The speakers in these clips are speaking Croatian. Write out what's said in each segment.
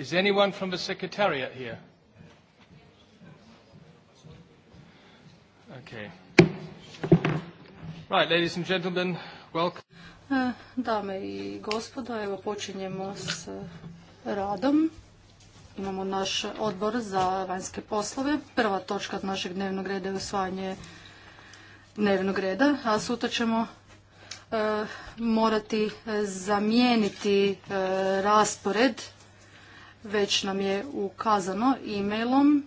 Is anyone from the Secretariat here? Okay. Right, ladies and gentlemen, welcome. E, dame i gospodo, evo počinjemo s radom. Imamo naš odbor za vanjske poslove. Prva točka od našeg dnevnog reda je usvajanje dnevnog reda, a sutra ćemo e, morati zamijeniti e, raspored već nam je ukazano e-mailom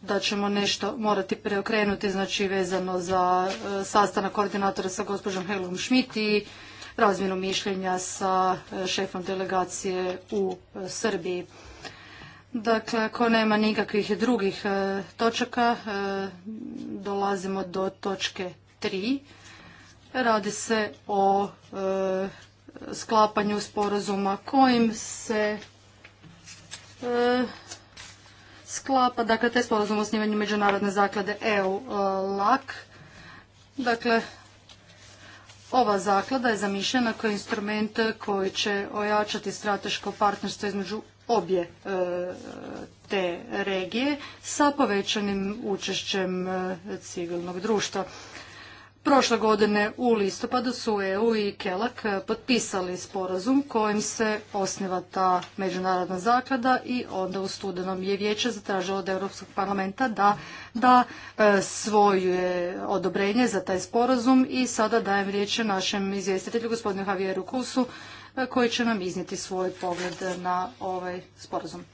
da ćemo nešto morati preokrenuti, znači vezano za e, sastanak koordinatora sa gospođom Helom Schmidt i razmjenu mišljenja sa e, šefom delegacije u e, Srbiji. Dakle, ako nema nikakvih drugih točaka, dolazimo do točke tri. Radi se o sklapanju sporazuma kojim se E, sklapa, dakle, te sporazum o osnivanju Međunarodne zaklade EU-LAC. E, dakle, ova zaklada je zamišljena kao instrument koji će ojačati strateško partnerstvo između obje e, te regije sa povećanim učešćem civilnog društva. Prošle godine u listopadu su EU i KELAK eh, potpisali sporazum kojim se osniva ta međunarodna zaklada i onda u studenom je vijeće zatražilo od Europskog parlamenta da da eh, svoje odobrenje za taj sporazum i sada dajem riječ našem izvjestitelju gospodinu Javieru Kusu eh, koji će nam iznijeti svoj pogled na ovaj sporazum.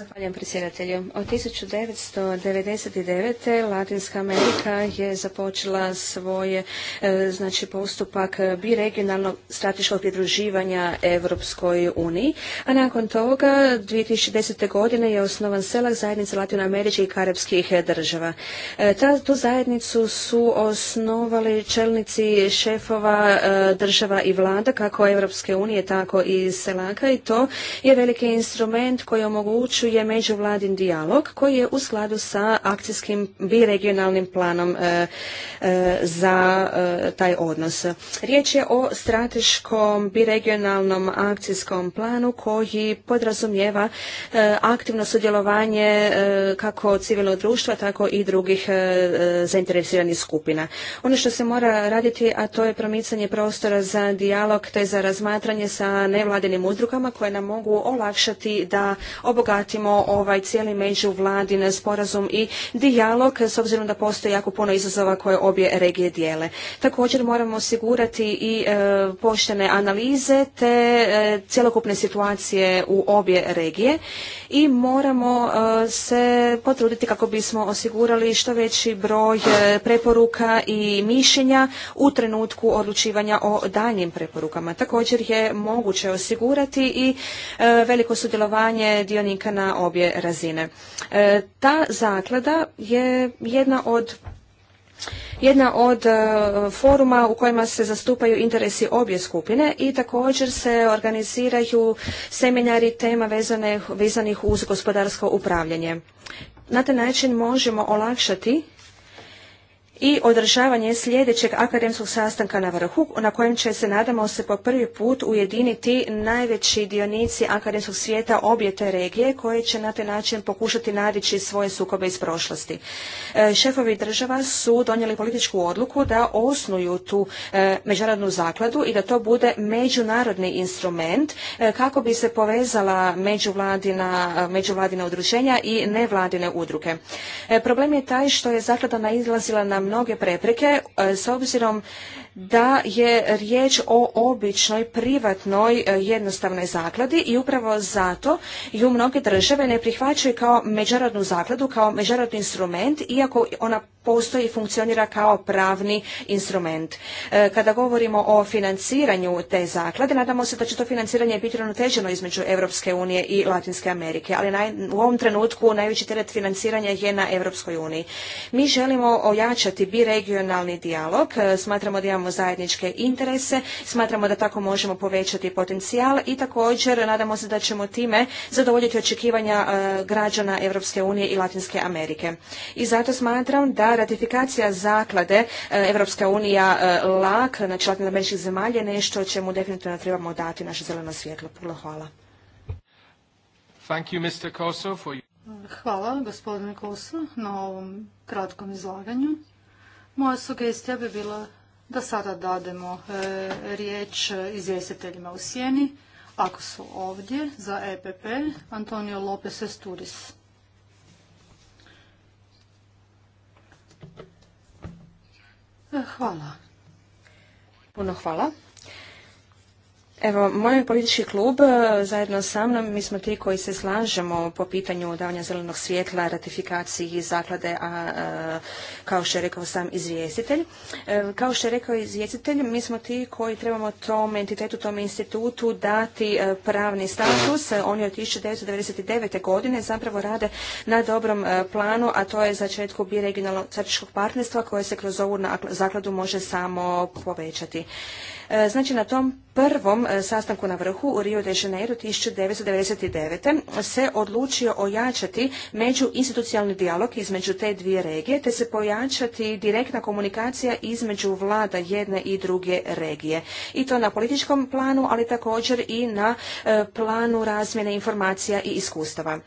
Zahvaljujem predsjedatelju. Od 1999. Latinska Amerika je započela svoje e, znači postupak biregionalnog strateškog pridruživanja Europskoj uniji, a nakon toga 2010. godine je osnovan selak zajednica Latinoameričkih i Karabskih država. E, ta, tu zajednicu su osnovali čelnici šefova e, država i vlada kako Europske unije tako i selaka i to je veliki instrument koji omogućuje omogućuje međuvladin dijalog koji je u skladu sa akcijskim biregionalnim planom e, e, za e, taj odnos. Riječ je o strateškom biregionalnom akcijskom planu koji podrazumijeva aktivno sudjelovanje kako civilnog društva, tako i drugih zainteresiranih skupina. Ono što se mora raditi, a to je promicanje prostora za dijalog te za razmatranje sa nevladinim udrugama koje nam mogu olakšati da obogatimo obogatimo ovaj cijeli međuvladin sporazum i dijalog s obzirom da postoji jako puno izazova koje obje regije dijele. Također moramo osigurati i e, poštene analize te e, cjelokupne situacije u obje regije i moramo e, se potruditi kako bismo osigurali što veći broj preporuka i mišljenja u trenutku odlučivanja o daljnjim preporukama. Također je moguće osigurati i veliko sudjelovanje dionika na obje razine. E, ta zaklada je jedna od jedna od e, foruma u kojima se zastupaju interesi obje skupine i također se organiziraju seminari tema vezanih uz gospodarsko upravljanje. Na taj način možemo olakšati i održavanje sljedećeg akademskog sastanka na vrhu na kojem će se nadamo se po prvi put ujediniti najveći dionici akademskog svijeta obje te regije koje će na taj način pokušati nadići svoje sukobe iz prošlosti. E, šefovi država su donijeli političku odluku da osnuju tu e, međunarodnu zakladu i da to bude međunarodni instrument e, kako bi se povezala međuvladina, međuvladina udruženja i nevladine udruge. Problem je taj što je zaklada nailazila na mnoge prepreke e, s obzirom da je riječ o običnoj, privatnoj, e, jednostavnoj zakladi i upravo zato ju mnoge države ne prihvaćaju kao međunarodnu zakladu, kao međunarodni instrument, iako ona postoji i funkcionira kao pravni instrument. E, kada govorimo o financiranju te zaklade, nadamo se da će to financiranje biti ravnoteženo između Europske unije i Latinske Amerike, ali u ovom trenutku najveći teret financiranja je na Europskoj uniji. Mi želimo ojačati bi regionalni dijalog, e, smatramo da imamo imamo zajedničke interese, smatramo da tako možemo povećati potencijal i također nadamo se da ćemo time zadovoljiti očekivanja e, građana Europske unije i Latinske Amerike. I zato smatram da ratifikacija zaklade Europska unija e, LAK, znači zemalja, je nešto čemu definitivno trebamo dati naše zeleno svjetlo. hvala. Hvala gospodine Koso na ovom kratkom izlaganju. Moja sugestija bi bila da sada dademo e, riječ izvjestiteljima u sjeni, ako su ovdje, za EPP, Antonio Lopez Esturis. E, hvala. Puno hvala. Evo, moj politički klub e, zajedno sa mnom, mi smo ti koji se slažemo po pitanju davanja zelenog svjetla, ratifikaciji i zaklade, a, e, kao što je rekao sam izvjestitelj. E, kao što je rekao izvjestitelj, mi smo ti koji trebamo tom entitetu, tom institutu dati pravni status. Oni od 1999. godine zapravo rade na dobrom planu, a to je začetku biregionalnog strateškog partnerstva koje se kroz ovu zakladu može samo povećati. E, znači na tom prvom e, sastanku na vrhu u Rio de Janeiro 1999. se odlučio ojačati međuinstitucionalni dijalog između te dvije regije, te se pojačati direktna komunikacija između vlada jedne i druge regije. I to na političkom planu, ali također i na e, planu razmjene informacija i iskustava.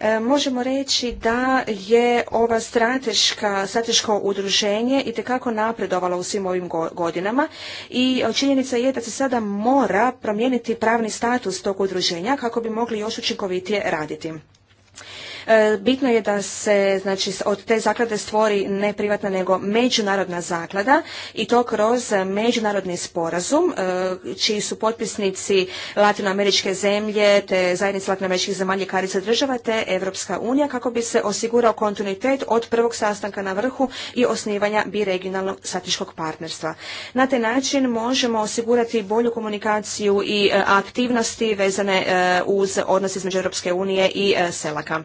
E, možemo reći da je ova strateška, strateško udruženje i tekako napredovalo u svim ovim godinama i činjenica je da se sada mora promijeniti pravni status tog udruženja kako bi mogli još učinkovitije raditi. E, bitno je da se znači, od te zaklade stvori ne privatna nego međunarodna zaklada i to kroz međunarodni sporazum e, čiji su potpisnici latinoameričke zemlje te zajednice latinoameričkih zemalja Karica država te Evropska unija kako bi se osigurao kontinuitet od prvog sastanka na vrhu i osnivanja bi biregionalnog strateškog partnerstva. Na taj način možemo osigurati bolju komunikaciju i e, aktivnosti vezane uz odnos između Europske unije i Selaka.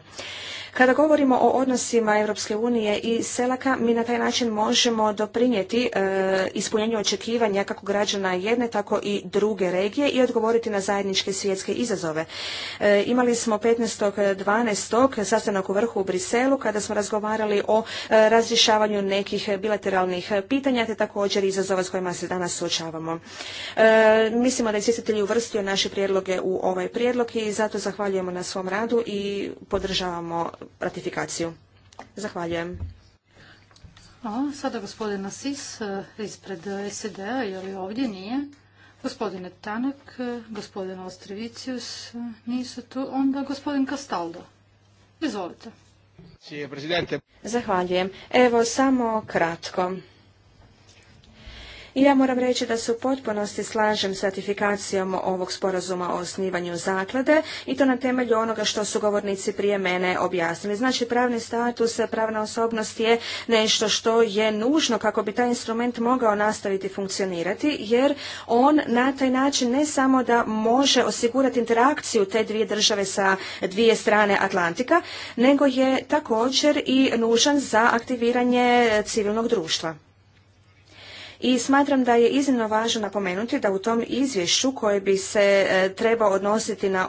Kada govorimo o odnosima Europske unije i Selaka, mi na taj način možemo doprinijeti e, ispunjenju očekivanja kako građana jedne, tako i druge regije i odgovoriti na zajedničke svjetske izazove. E, imali smo 15.12. sastanak u vrhu u Briselu kada smo razgovarali o e, razrješavanju nekih bilateralnih pitanja te također izazova s kojima se danas suočavamo. E, mislimo da je svjestitelj uvrstio naše prijedloge u ovaj prijedlog i zato zahvaljujemo na svom radu i podržavamo ratifikaciju. Zahvaljujem. Hvala. Sada gospodin Asis e, ispred SED-a, je li ovdje nije? Gospodine Tanak, e, gospodin Ostrevicius e, nisu tu, onda gospodin Kastaldo. Izvolite. Zahvaljujem. Evo, samo kratko. I ja moram reći da se u potpunosti slažem s ratifikacijom ovog sporazuma o osnivanju zaklade i to na temelju onoga što su govornici prije mene objasnili. Znači pravni status, pravna osobnost je nešto što je nužno kako bi taj instrument mogao nastaviti funkcionirati jer on na taj način ne samo da može osigurati interakciju te dvije države sa dvije strane Atlantika, nego je također i nužan za aktiviranje civilnog društva i smatram da je iznimno važno napomenuti da u tom izvješću koje bi se e, trebao odnositi na,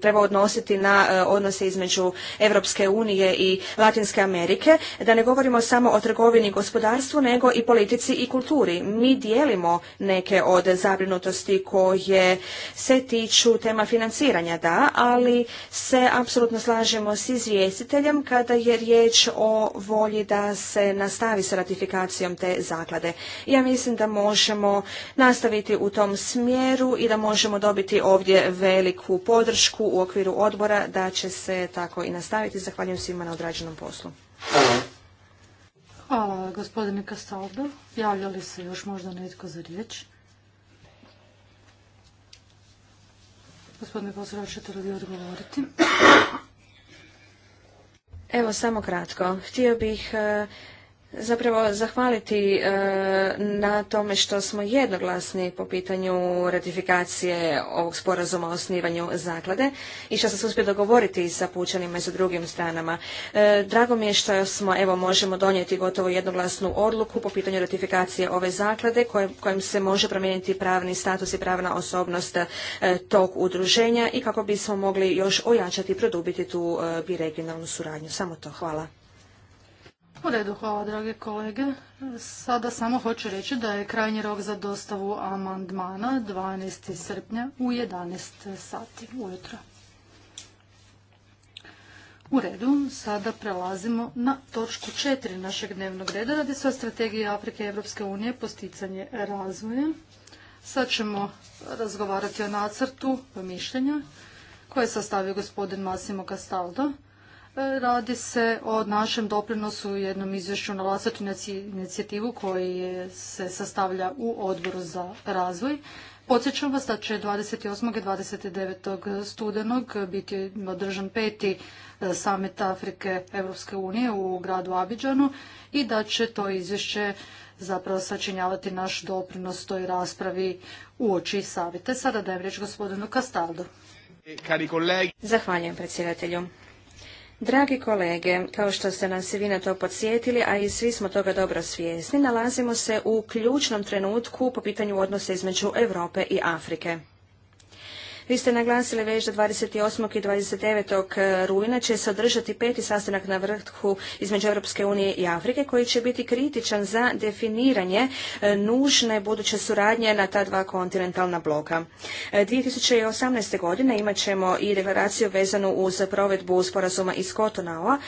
treba odnositi e, odnose između Europske unije i Latinske Amerike, da ne govorimo samo o trgovini i gospodarstvu, nego i politici i kulturi. Mi dijelimo neke od zabrinutosti koje se tiču tema financiranja, da, ali se apsolutno slažemo s izvjestiteljem kada je riječ o volji da se nastavi sa ratifikacijom te zaklade. Ja mislim da možemo nastaviti u tom smjeru i da možemo dobiti ovdje veliku podršku u okviru odbora da će se tako i nastaviti. Zahvaljujem svima na odrađenom poslu. Hvala gospodine Kastaldo. Javlja se još možda netko za riječ? Gospodine Kastaldo, hoćete li odgovoriti? Evo, samo kratko. Htio bih eh, zapravo zahvaliti e, na tome što smo jednoglasni po pitanju ratifikacije ovog sporazuma o osnivanju zaklade i što sam se uspio dogovoriti sa pučanima i sa drugim stranama. E, drago mi je što smo, evo, možemo donijeti gotovo jednoglasnu odluku po pitanju ratifikacije ove zaklade kojim se može promijeniti pravni status i pravna osobnost e, tog udruženja i kako bismo mogli još ojačati i produbiti tu biregionalnu suradnju. Samo to. Hvala. U redu, hvala drage kolege. Sada samo hoću reći da je krajnji rok za dostavu amandmana 12. srpnja u 11. sati ujutro. U redu, sada prelazimo na točku četiri našeg dnevnog reda. Radi se o strategiji Afrike i Europske unije posticanje razvoja. Sad ćemo razgovarati o nacrtu mišljenja koje je sastavio gospodin Massimo Castaldo. Radi se o našem doprinosu u jednom izvješću na vlastitu inicijativu koji se sastavlja u odboru za razvoj. Podsjećam vas da će 28. i 29. studenog biti održan peti e, samit Afrike Europske unije u gradu Abidžanu i da će to izvješće zapravo sačinjavati naš doprinos toj raspravi u oči savite. Sada dajem riječ gospodinu Kastaldu. Zahvaljujem predsjedatelju. Dragi kolege, kao što ste nam i vi na to podsjetili, a i svi smo toga dobro svjesni, nalazimo se u ključnom trenutku po pitanju odnosa između Europe i Afrike. Vi ste naglasili već da 28. i 29. E, rujna će se održati peti sastanak na vrhu između Europske unije i Afrike koji će biti kritičan za definiranje e, nužne buduće suradnje na ta dva kontinentalna bloka. 2018. E, godine imat ćemo i deklaraciju vezanu uz provedbu sporazuma iz Kotonaua,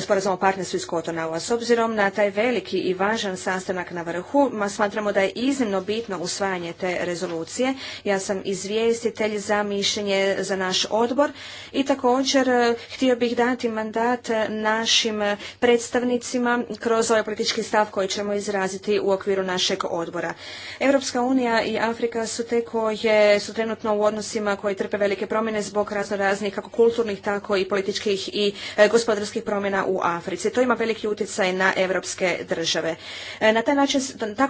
sporazuma o partnerstvu iz Kotonaua. S obzirom na taj veliki i važan sastanak na vrhu, smatramo da je iznimno bitno usvajanje te rezolucije. Ja sam izvjestitelj za mišljenje za naš odbor i također e, htio bih dati mandat našim predstavnicima kroz ovaj politički stav koji ćemo izraziti u okviru našeg odbora. Europska unija i Afrika su te koje su trenutno u odnosima koji trpe velike promjene zbog razno raznih kako kulturnih tako i političkih i e, gospodarskih promjena u Africi. To ima veliki utjecaj na europske države. E, na taj način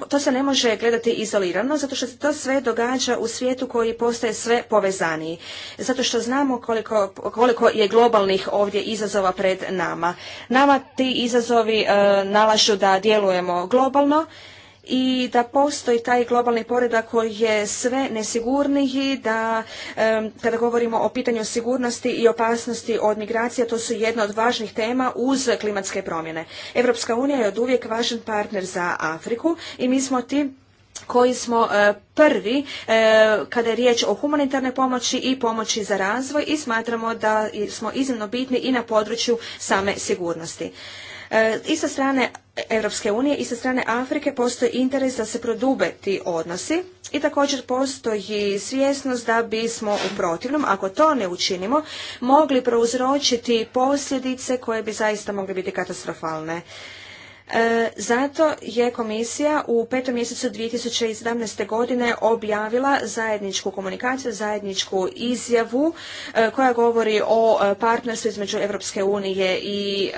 to se ne može gledati izolirano zato što se to sve događa u svijetu koji postaje sve povezan Tanzaniji. Zato što znamo koliko, koliko je globalnih ovdje izazova pred nama. Nama ti izazovi e, nalažu da djelujemo globalno i da postoji taj globalni poredak koji je sve nesigurniji, da e, kada govorimo o pitanju sigurnosti i opasnosti od migracija, to su jedna od važnih tema uz klimatske promjene. Europska unija je od uvijek važan partner za Afriku i mi smo ti koji smo e, prvi e, kada je riječ o humanitarnoj pomoći i pomoći za razvoj i smatramo da smo iznimno bitni i na području same sigurnosti. E, I sa strane Europske unije i sa strane Afrike postoji interes da se prodube ti odnosi i također postoji svjesnost da bismo u protivnom, ako to ne učinimo, mogli prouzročiti posljedice koje bi zaista mogle biti katastrofalne. E, zato je komisija u petom mjesecu 2017. godine objavila zajedničku komunikaciju, zajedničku izjavu e, koja govori o e, partnerstvu između Europske unije i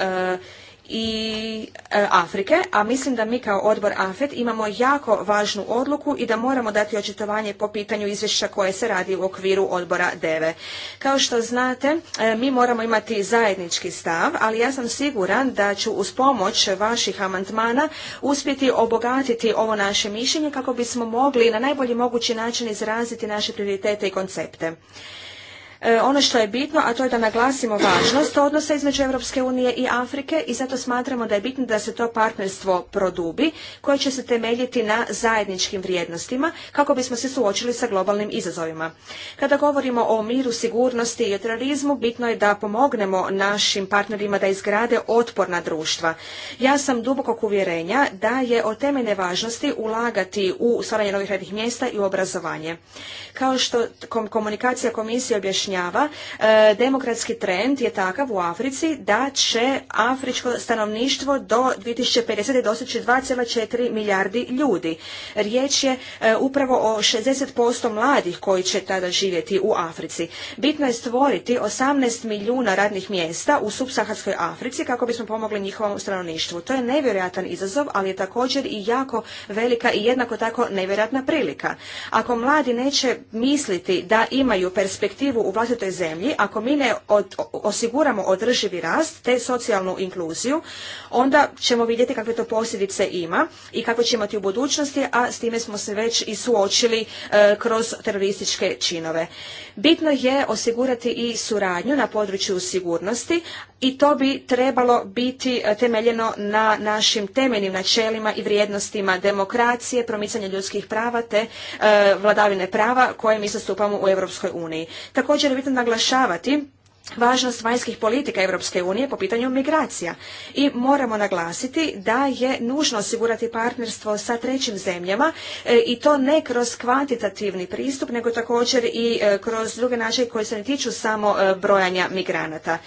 i e, Afrike, a mislim da mi kao odbor AFET imamo jako važnu odluku i da moramo dati očitovanje po pitanju izvješća koje se radi u okviru odbora DEVE. Kao što znate, e, mi moramo imati zajednički stav, ali ja sam siguran da ću uz pomoć vaših amandmana uspjeti obogatiti ovo naše mišljenje kako bismo mogli na najbolji mogući način izraziti naše prioritete i koncepte. E, ono što je bitno, a to je da naglasimo važnost odnosa između Europske unije i Afrike i zato smatramo da je bitno da se to partnerstvo produbi koje će se temeljiti na zajedničkim vrijednostima kako bismo se suočili sa globalnim izazovima. Kada govorimo o miru, sigurnosti i o terorizmu, bitno je da pomognemo našim partnerima da izgrade otporna društva. Ja sam dubokog uvjerenja da je od temeljne važnosti ulagati u stvaranje novih radnih mjesta i u obrazovanje. Kao što komunikacija komisije objašnjava objašnjava, e, demokratski trend je takav u Africi da će afričko stanovništvo do 2050. dostići 2,4 milijardi ljudi. Riječ je e, upravo o 60% mladih koji će tada živjeti u Africi. Bitno je stvoriti 18 milijuna radnih mjesta u subsaharskoj Africi kako bismo pomogli njihovom stanovništvu. To je nevjerojatan izazov, ali je također i jako velika i jednako tako nevjerojatna prilika. Ako mladi neće misliti da imaju perspektivu u vlastitoj zemlji, ako mi ne osiguramo održivi rast te socijalnu inkluziju, onda ćemo vidjeti kakve to posljedice ima i kako će imati u budućnosti, a s time smo se već i suočili e, kroz terorističke činove. Bitno je osigurati i suradnju na području sigurnosti i to bi trebalo biti e, temeljeno na našim temeljnim načelima i vrijednostima demokracije, promicanja ljudskih prava te e, vladavine prava koje mi zastupamo u Europskoj uniji. Također također je bitno naglašavati važnost vanjskih politika Europske unije po pitanju migracija i moramo naglasiti da je nužno osigurati partnerstvo sa trećim zemljama e, i to ne kroz kvantitativni pristup nego također i e, kroz druge načine koji se ne tiču samo e, brojanja migranata.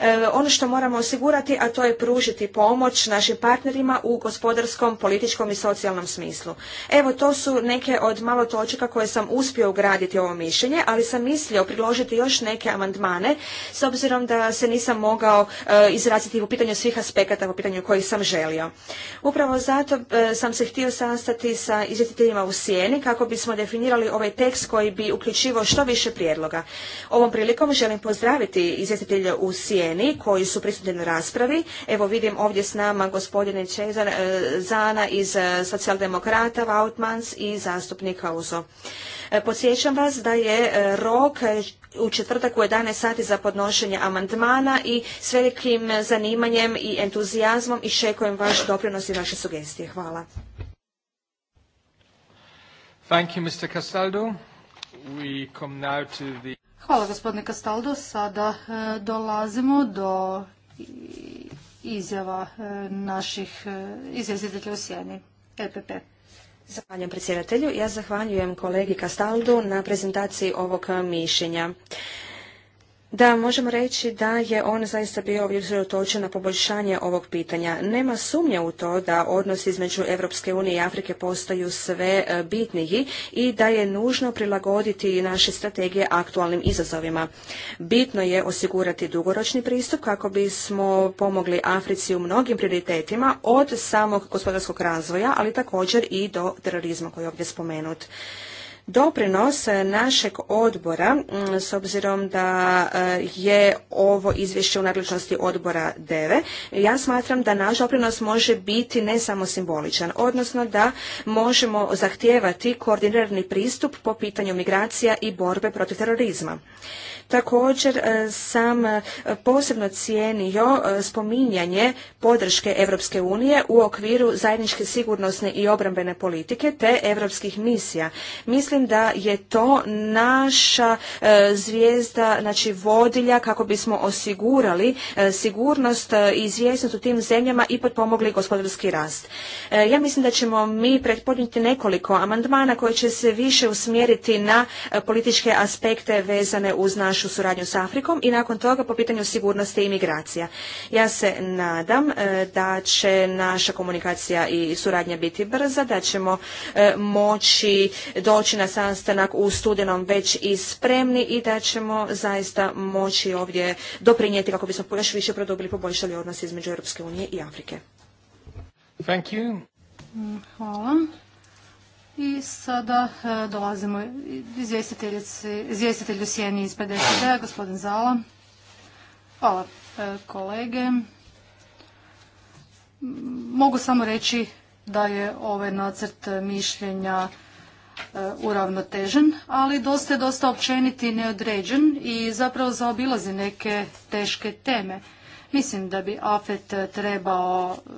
E, ono što moramo osigurati, a to je pružiti pomoć našim partnerima u gospodarskom, političkom i socijalnom smislu. Evo, to su neke od malo točaka koje sam uspio ugraditi u ovo mišljenje, ali sam mislio priložiti još neke amandmane, s obzirom da se nisam mogao e, izraziti u pitanju svih aspekata, u pitanju kojih sam želio. Upravo zato e, sam se htio sastati sa izvjetiteljima u Sijeni, kako bismo definirali ovaj tekst koji bi uključivao što više prijedloga. Ovom prilikom želim pozdraviti izvjetitelje u koji su prisutni na raspravi. Evo vidim ovdje s nama gospodine eh, Zana iz eh, socijaldemokrata, Vautmans i zastupnik AUZO. Eh, podsjećam vas da je rok u četvrtak u 11 sati za podnošenje amandmana i s velikim zanimanjem i entuzijazmom iščekujem vaš doprinos i vaše sugestije. Hvala. Thank you, Mr. Castaldo. We come now to the... Hvala gospodine Kastaldo. Sada e, dolazimo do izjava e, naših e, izvjestitelja u sjeni EPP. Zahvaljujem predsjedatelju. Ja zahvaljujem kolegi Kastaldu na prezentaciji ovog mišljenja. Da, možemo reći da je on zaista bio ovdje usredotočen na poboljšanje ovog pitanja. Nema sumnje u to da odnos između Europske unije i Afrike postaju sve e, bitniji i da je nužno prilagoditi naše strategije aktualnim izazovima. Bitno je osigurati dugoročni pristup kako bismo pomogli Africi u mnogim prioritetima od samog gospodarskog razvoja, ali također i do terorizma koji je ovdje spomenut. Doprinos e, našeg odbora, s obzirom da e, je ovo izvješće u nadležnosti odbora DEVE, ja smatram da naš doprinos može biti ne samo simboličan, odnosno da možemo zahtijevati koordinirani pristup po pitanju migracija i borbe protiv terorizma. Također e, sam e, posebno cijenio e, spominjanje podrške Europske unije u okviru zajedničke sigurnosne i obrambene politike te europskih misija. Mislim da je to naša zvijezda, znači vodilja kako bismo osigurali sigurnost i izvjesnost u tim zemljama i potpomogli gospodarski rast. Ja mislim da ćemo mi pretpodnijeti nekoliko amandmana koje će se više usmjeriti na političke aspekte vezane uz naš našu suradnju s Afrikom i nakon toga po pitanju sigurnosti i migracija. Ja se nadam e, da će naša komunikacija i suradnja biti brza, da ćemo e, moći doći na sastanak u studenom već i spremni i da ćemo zaista moći ovdje doprinijeti kako bismo još više produbili poboljšali odnos između Europske unije i Afrike. Thank you. Mm, hvala. I sada e, dolazimo izvjestitelju Sjeni iz PDSD-a, gospodin Zala. Hvala e, kolege. Mogu samo reći da je ovaj nacrt mišljenja e, uravnotežen, ali dosta je dosta općeniti i neodređen i zapravo zaobilazi neke teške teme. Mislim da bi AFET eh, trebao eh,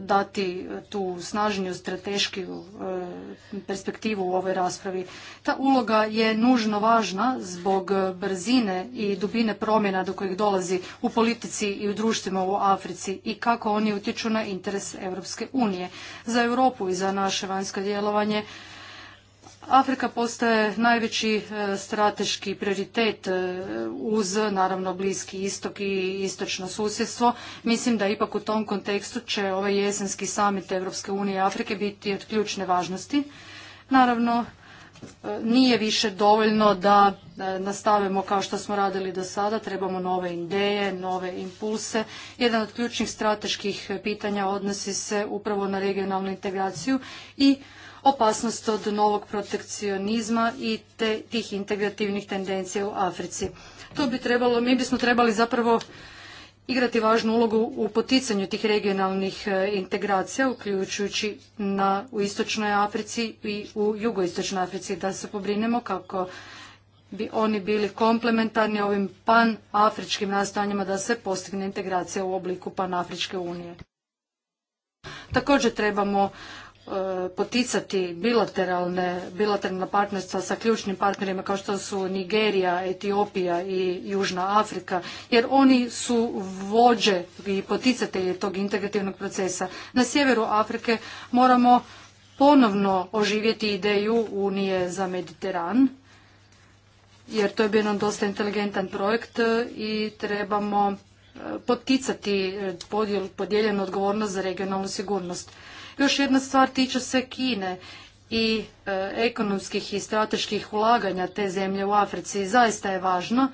dati tu snažniju stratešku eh, perspektivu u ovoj raspravi. Ta uloga je nužno važna zbog brzine i dubine promjena do kojih dolazi u politici i u društvima u Africi i kako oni utječu na interes Europske unije. Za Europu i za naše vanjsko djelovanje Afrika postaje najveći e, strateški prioritet e, uz naravno Bliski istok i istočno susjedstvo. Mislim da ipak u tom kontekstu će ovaj jesenski samit Europske unije i Afrike biti od ključne važnosti. Naravno, e, nije više dovoljno da nastavimo kao što smo radili do sada, trebamo nove ideje, nove impulse. Jedan od ključnih strateških pitanja odnosi se upravo na regionalnu integraciju i opasnost od novog protekcionizma i tih integrativnih tendencija u Africi. To bi trebalo, mi bismo trebali zapravo igrati važnu ulogu u poticanju tih regionalnih e, integracija, uključujući na, u Istočnoj Africi i u Jugoistočnoj Africi, da se pobrinemo kako bi oni bili komplementarni ovim panafričkim nastojanjima da se postigne integracija u obliku panafričke unije. Također trebamo E, poticati bilateralne, bilateralna partnerstva sa ključnim partnerima kao što su Nigerija, Etiopija i Južna Afrika, jer oni su vođe i poticatelji tog integrativnog procesa. Na sjeveru Afrike moramo ponovno oživjeti ideju Unije za Mediteran, jer to je bio nam dosta inteligentan projekt i trebamo e, poticati e, podijeljenu odgovornost za regionalnu sigurnost. Još jedna stvar tiče se Kine i e, ekonomskih i strateških ulaganja te zemlje u Africi. Zaista je važno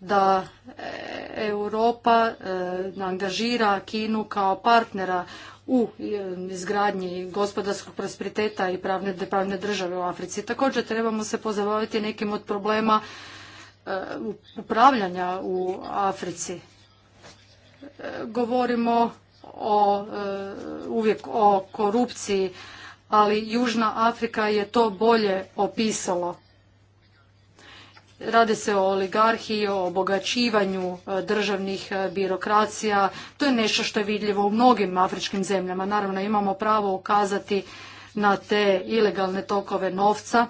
da e, Europa e, angažira Kinu kao partnera u izgradnji gospodarskog prosperiteta i pravne, pravne države u Africi. Također trebamo se pozabaviti nekim od problema upravljanja u Africi. govorimo o, e, uvijek o korupciji, ali Južna Afrika je to bolje opisalo. Radi se o oligarhiji, o obogaćivanju e, državnih e, birokracija. To je nešto što je vidljivo u mnogim afričkim zemljama. Naravno, imamo pravo ukazati na te ilegalne tokove novca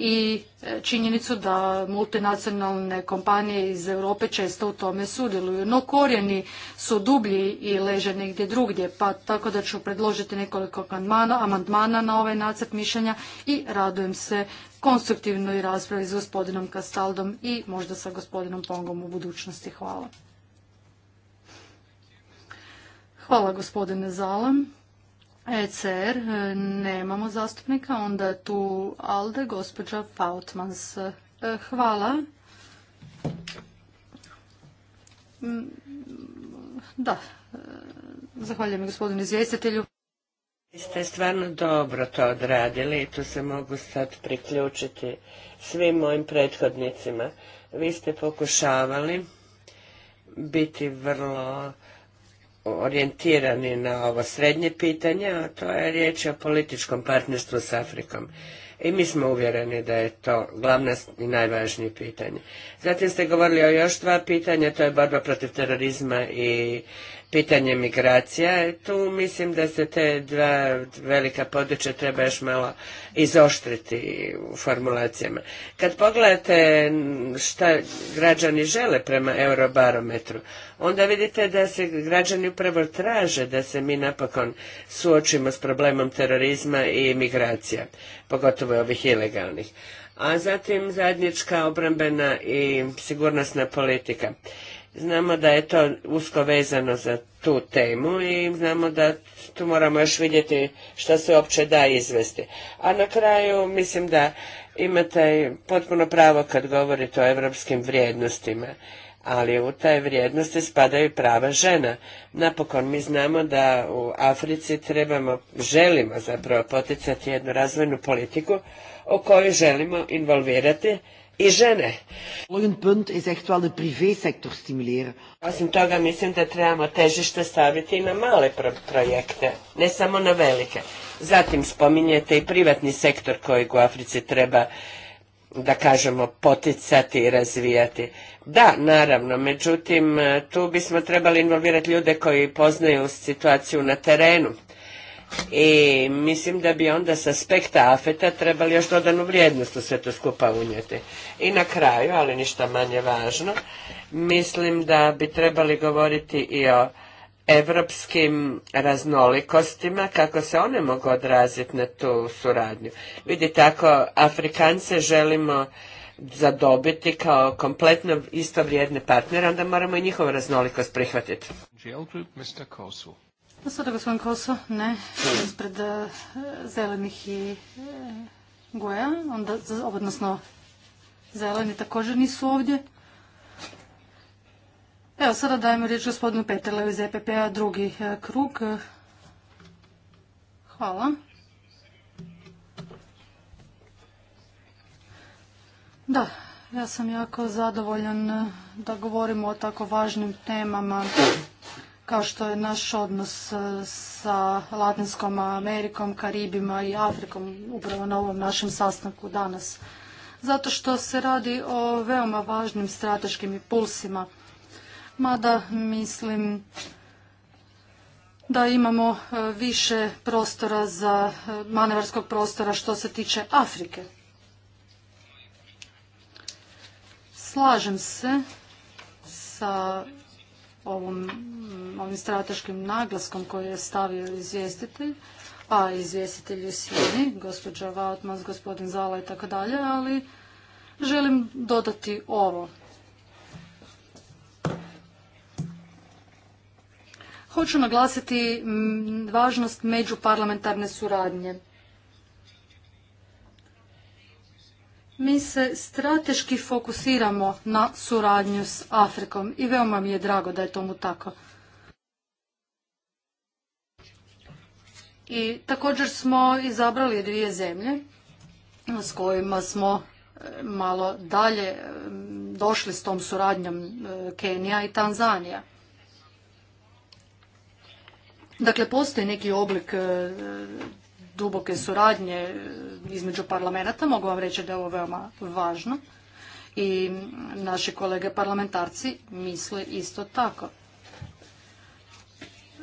i e, činjenicu da multinacionalne kompanije iz Europe često u tome sudjeluju. No korijeni su dublji i leže negdje drugdje, pa tako da ću predložiti nekoliko amandmana na ovaj nacrt mišljenja i radujem se konstruktivnoj raspravi sa gospodinom Kastaldom i možda sa gospodinom Pongom u budućnosti. Hvala. Hvala gospodine Zalam. ECR, e, nemamo zastupnika, onda je tu Alde, gospođa Pautmans. E, hvala. Mm, da, e, zahvaljujem gospodinu izvjestitelju. Vi ste stvarno dobro to odradili i tu se mogu sad priključiti svim mojim prethodnicima. Vi ste pokušavali biti vrlo orijentirani na ovo srednje pitanje, a to je riječ o političkom partnerstvu s Afrikom. I mi smo uvjereni da je to glavna i najvažnije pitanje. Zatim ste govorili o još dva pitanja, to je borba protiv terorizma i pitanje migracija. Tu mislim da se te dva velika područja treba još malo izoštriti u formulacijama. Kad pogledate šta građani žele prema eurobarometru, onda vidite da se građani upravo traže da se mi napokon suočimo s problemom terorizma i migracija, pogotovo ovih ilegalnih. A zatim zadnjička obrambena i sigurnosna politika. Znamo da je to usko vezano za tu temu i znamo da tu moramo još vidjeti što se uopće da izvesti. A na kraju mislim da imate potpuno pravo kad govorite o evropskim vrijednostima ali u taj vrijednosti spadaju prava žena. Napokon mi znamo da u Africi trebamo, želimo zapravo poticati jednu razvojnu politiku o kojoj želimo involvirati i žene. punt is echt wel de Osim toga mislim da trebamo težište staviti i na male projekte, ne samo na velike. Zatim spominjete i privatni sektor kojeg u Africi treba da kažemo poticati i razvijati. Da, naravno, međutim tu bismo trebali involvirati ljude koji poznaju situaciju na terenu i mislim da bi onda sa aspekta afeta trebali još dodanu vrijednost u sve to skupa unijeti. I na kraju, ali ništa manje važno, mislim da bi trebali govoriti i o evropskim raznolikostima, kako se one mogu odraziti na tu suradnju. Vidite, ako Afrikance želimo zadobiti kao kompletno vrijedne partnere, onda moramo i njihovu raznolikost prihvatiti. Sada gospodin Koso, ne, ispred eh, zelenih i eh, goja, onda, odnosno zeleni također nisu ovdje. Evo, sada dajemo riječ gospodinu Petrlevi iz EPP-a, drugi eh, krug. Hvala. Da, ja sam jako zadovoljan da govorimo o tako važnim temama kao što je naš odnos e, sa Latinskom Amerikom, Karibima i Afrikom upravo na ovom našem sastanku danas. Zato što se radi o veoma važnim strateškim impulsima. Mada mislim da imamo e, više prostora za e, manevarskog prostora što se tiče Afrike. Slažem se sa ovom, ovim strateškim naglaskom koji je stavio izvjestitelj, a izvjestitelj je sjeni, gospođa Vautmans, gospodin Zala i tako dalje, ali želim dodati ovo. Hoću naglasiti važnost međuparlamentarne suradnje. Mi se strateški fokusiramo na suradnju s Afrikom i veoma mi je drago da je tomu tako. I također smo izabrali dvije zemlje s kojima smo e, malo dalje e, došli s tom suradnjom e, Kenija i Tanzanija. Dakle, postoji neki oblik duboke suradnje e, između parlamenta. Mogu vam reći da je ovo veoma važno i naši kolege parlamentarci misle isto tako.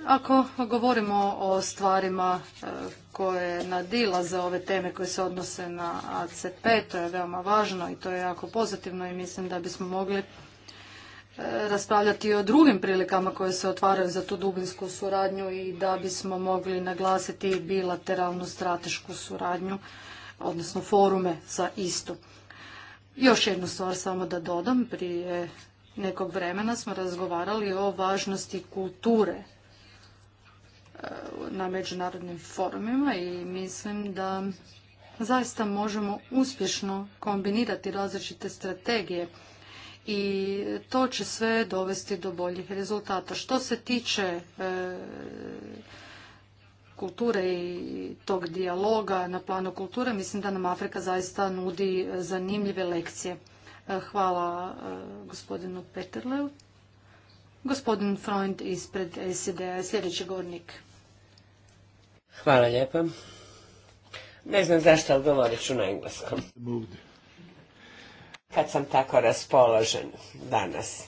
Ako govorimo o stvarima e, koje nadila za ove teme koje se odnose na ACP, to je veoma važno i to je jako pozitivno i mislim da bismo mogli raspravljati o drugim prilikama koje se otvaraju za tu dubinsku suradnju i da bismo mogli naglasiti bilateralnu stratešku suradnju, odnosno forume za istu. Još jednu stvar samo da dodam, prije nekog vremena smo razgovarali o važnosti kulture eh, na međunarodnim forumima i mislim da zaista možemo uspješno kombinirati različite strategije i to će sve dovesti do boljih rezultata. Što se tiče e, kulture i tog dijaloga na planu kulture, mislim da nam Afrika zaista nudi zanimljive lekcije. E, hvala e, gospodinu Peterleu. Gospodin Freund ispred SED-a sljedeći govornik. Hvala lijepa. Ne znam zašto, ali govorit ću na engleskom kad sam tako raspoložen danas.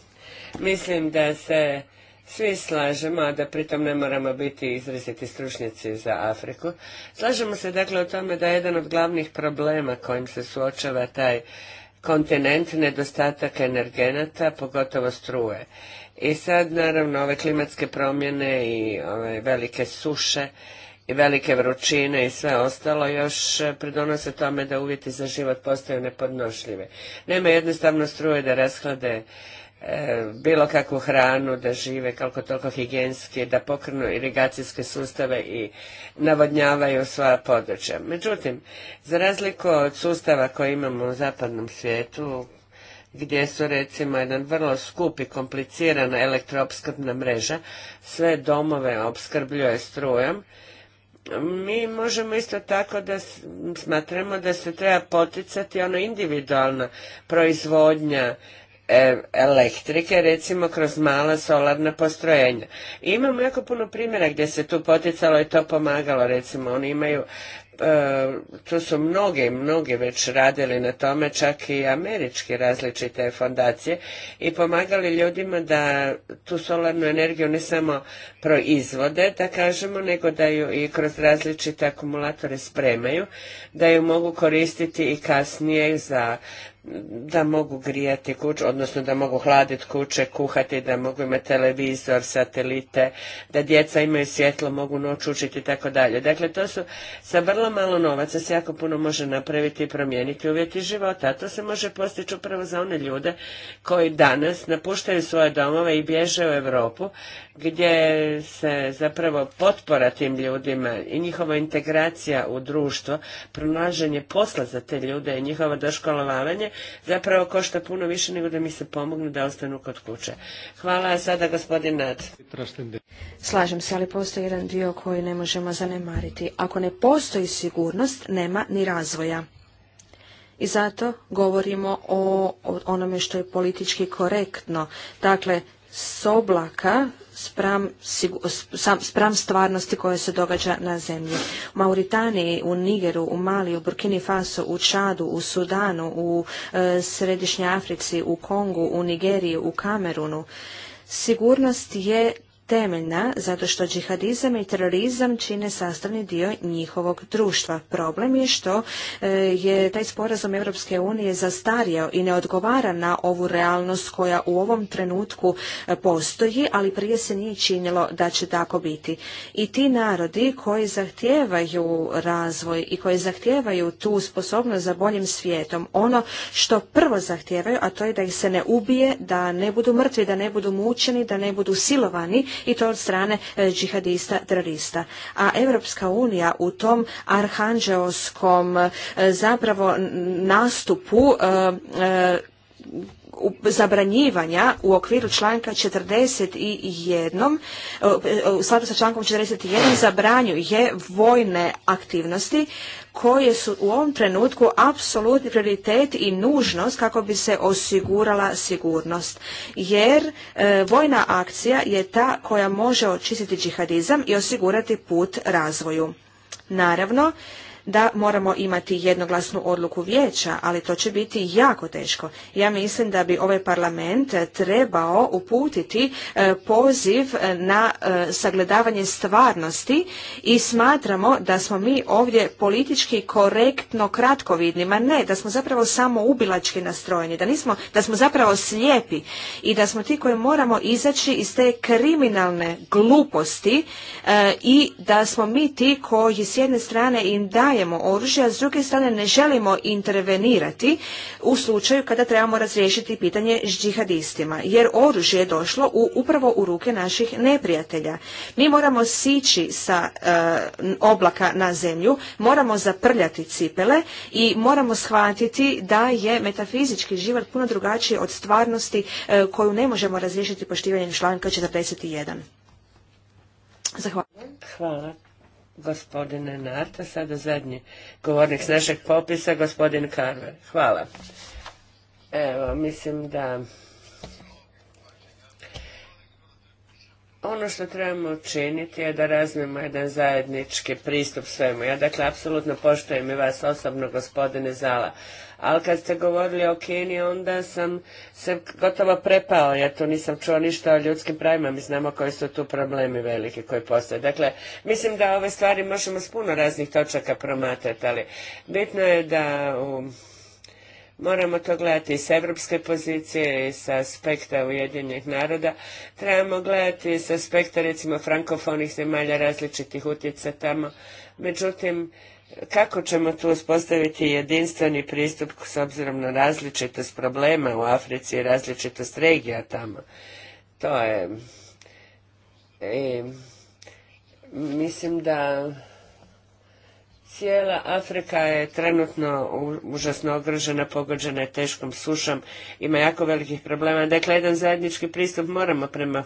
Mislim da se svi slažemo, a da pritom ne moramo biti izraziti stručnjaci za Afriku. Slažemo se dakle o tome da je jedan od glavnih problema kojim se suočava taj kontinent nedostatak energenata, pogotovo struje. I sad naravno ove klimatske promjene i ove velike suše i velike vrućine i sve ostalo još e, pridonose tome da uvjeti za život postaju nepodnošljivi. Nema jednostavno struje da rashlade e, bilo kakvu hranu, da žive koliko toliko higijenski, da pokrnu irigacijske sustave i navodnjavaju sva područja. Međutim, za razliku od sustava koje imamo u zapadnom svijetu, gdje su recimo jedan vrlo skup i komplicirana elektroopskrbna mreža, sve domove opskrbljuje strujem mi možemo isto tako da smatramo da se treba poticati ono individualna proizvodnja e, elektrike, recimo kroz mala solarna postrojenja. imamo jako puno primjera gdje se tu poticalo i to pomagalo, recimo oni imaju E, tu su i mnoge već radili na tome, čak i američke različite fondacije i pomagali ljudima da tu solarnu energiju ne samo proizvode, da kažemo, nego da ju i kroz različite akumulatore spremaju, da ju mogu koristiti i kasnije za da mogu grijati kuću, odnosno da mogu hladiti kuće, kuhati, da mogu imati televizor, satelite, da djeca imaju svjetlo, mogu noć učiti i tako dalje. Dakle, to su sa vrlo malo novaca se jako puno može napraviti i promijeniti uvjeti života. A to se može postići upravo za one ljude koji danas napuštaju svoje domove i bježe u Europu gdje se zapravo potpora tim ljudima i njihova integracija u društvo, pronaženje posla za te ljude i njihovo doškolovanje zapravo košta puno više nego da mi se pomognu da ostanu kod kuće. Hvala sada gospodin Nad. Slažem se, ali postoji jedan dio koji ne možemo zanemariti. Ako ne postoji sigurnost, nema ni razvoja. I zato govorimo o onome što je politički korektno. Dakle, s oblaka spram, stvarnosti koja se događa na zemlji. U Mauritaniji, u Nigeru, u Mali, u Burkini Faso, u Čadu, u Sudanu, u e, Središnjoj Africi, u Kongu, u Nigeriji, u Kamerunu. Sigurnost je temeljna zato što džihadizam i terorizam čine sastavni dio njihovog društva. Problem je što e, je taj sporazum Europske unije zastario i ne odgovara na ovu realnost koja u ovom trenutku e, postoji, ali prije se nije činilo da će tako biti. I ti narodi koji zahtijevaju razvoj i koji zahtijevaju tu sposobnost za boljim svijetom, ono što prvo zahtijevaju, a to je da ih se ne ubije, da ne budu mrtvi, da ne budu mučeni, da ne budu silovani, i to od strane e, džihadista, terorista. A Europska unija u tom arhanđeoskom e, zapravo nastupu e, zabranjivanja u okviru članka 41, e, e, u skladu sa člankom 41 zabranjuje vojne aktivnosti koje su u ovom trenutku apsolutni prioritet i nužnost kako bi se osigurala sigurnost. Jer e, vojna akcija je ta koja može očistiti džihadizam i osigurati put razvoju. Naravno, da moramo imati jednoglasnu odluku vijeća, ali to će biti jako teško. Ja mislim da bi ovaj parlament trebao uputiti e, poziv e, na e, sagledavanje stvarnosti i smatramo da smo mi ovdje politički korektno kratkovidni, ma ne, da smo zapravo samo ubilački nastrojeni, da, nismo, da smo zapravo slijepi i da smo ti koji moramo izaći iz te kriminalne gluposti i da smo mi ti koji s jedne strane im da dajemo oružje, a s druge strane ne želimo intervenirati u slučaju kada trebamo razriješiti pitanje s džihadistima, jer oružje je došlo upravo u ruke naših neprijatelja. Mi moramo sići sa eh, oblaka na zemlju, moramo zaprljati cipele i moramo shvatiti da je metafizički život puno drugačiji od stvarnosti eh, koju ne možemo razriješiti poštivanjem članka 41. Zahvaljujem. Hvala gospodine Narta, sada zadnji govornik s našeg popisa, gospodin Karver. Hvala. Evo, mislim da ono što trebamo učiniti je da razmijemo jedan zajednički pristup svemu. Ja dakle apsolutno poštujem i vas osobno gospodine Zala, ali kad ste govorili o Kini onda sam se gotovo prepao, ja tu nisam čuo ništa o ljudskim pravima, mi znamo koji su tu problemi veliki koji postoje. Dakle, mislim da ove stvari možemo s puno raznih točaka promatrati, ali bitno je da um, moramo to gledati i s evropske pozicije i sa aspekta Ujedinjenih naroda. Trebamo gledati i s aspekta recimo frankofonih zemalja različitih utjeca tamo. Međutim, kako ćemo tu uspostaviti jedinstveni pristup s obzirom na različitost problema u Africi i različitost regija tamo. To je... E, mislim da Cijela Afrika je trenutno užasno ogrožena, pogođena je teškom sušom, ima jako velikih problema. Dakle, jedan zajednički pristup moramo prema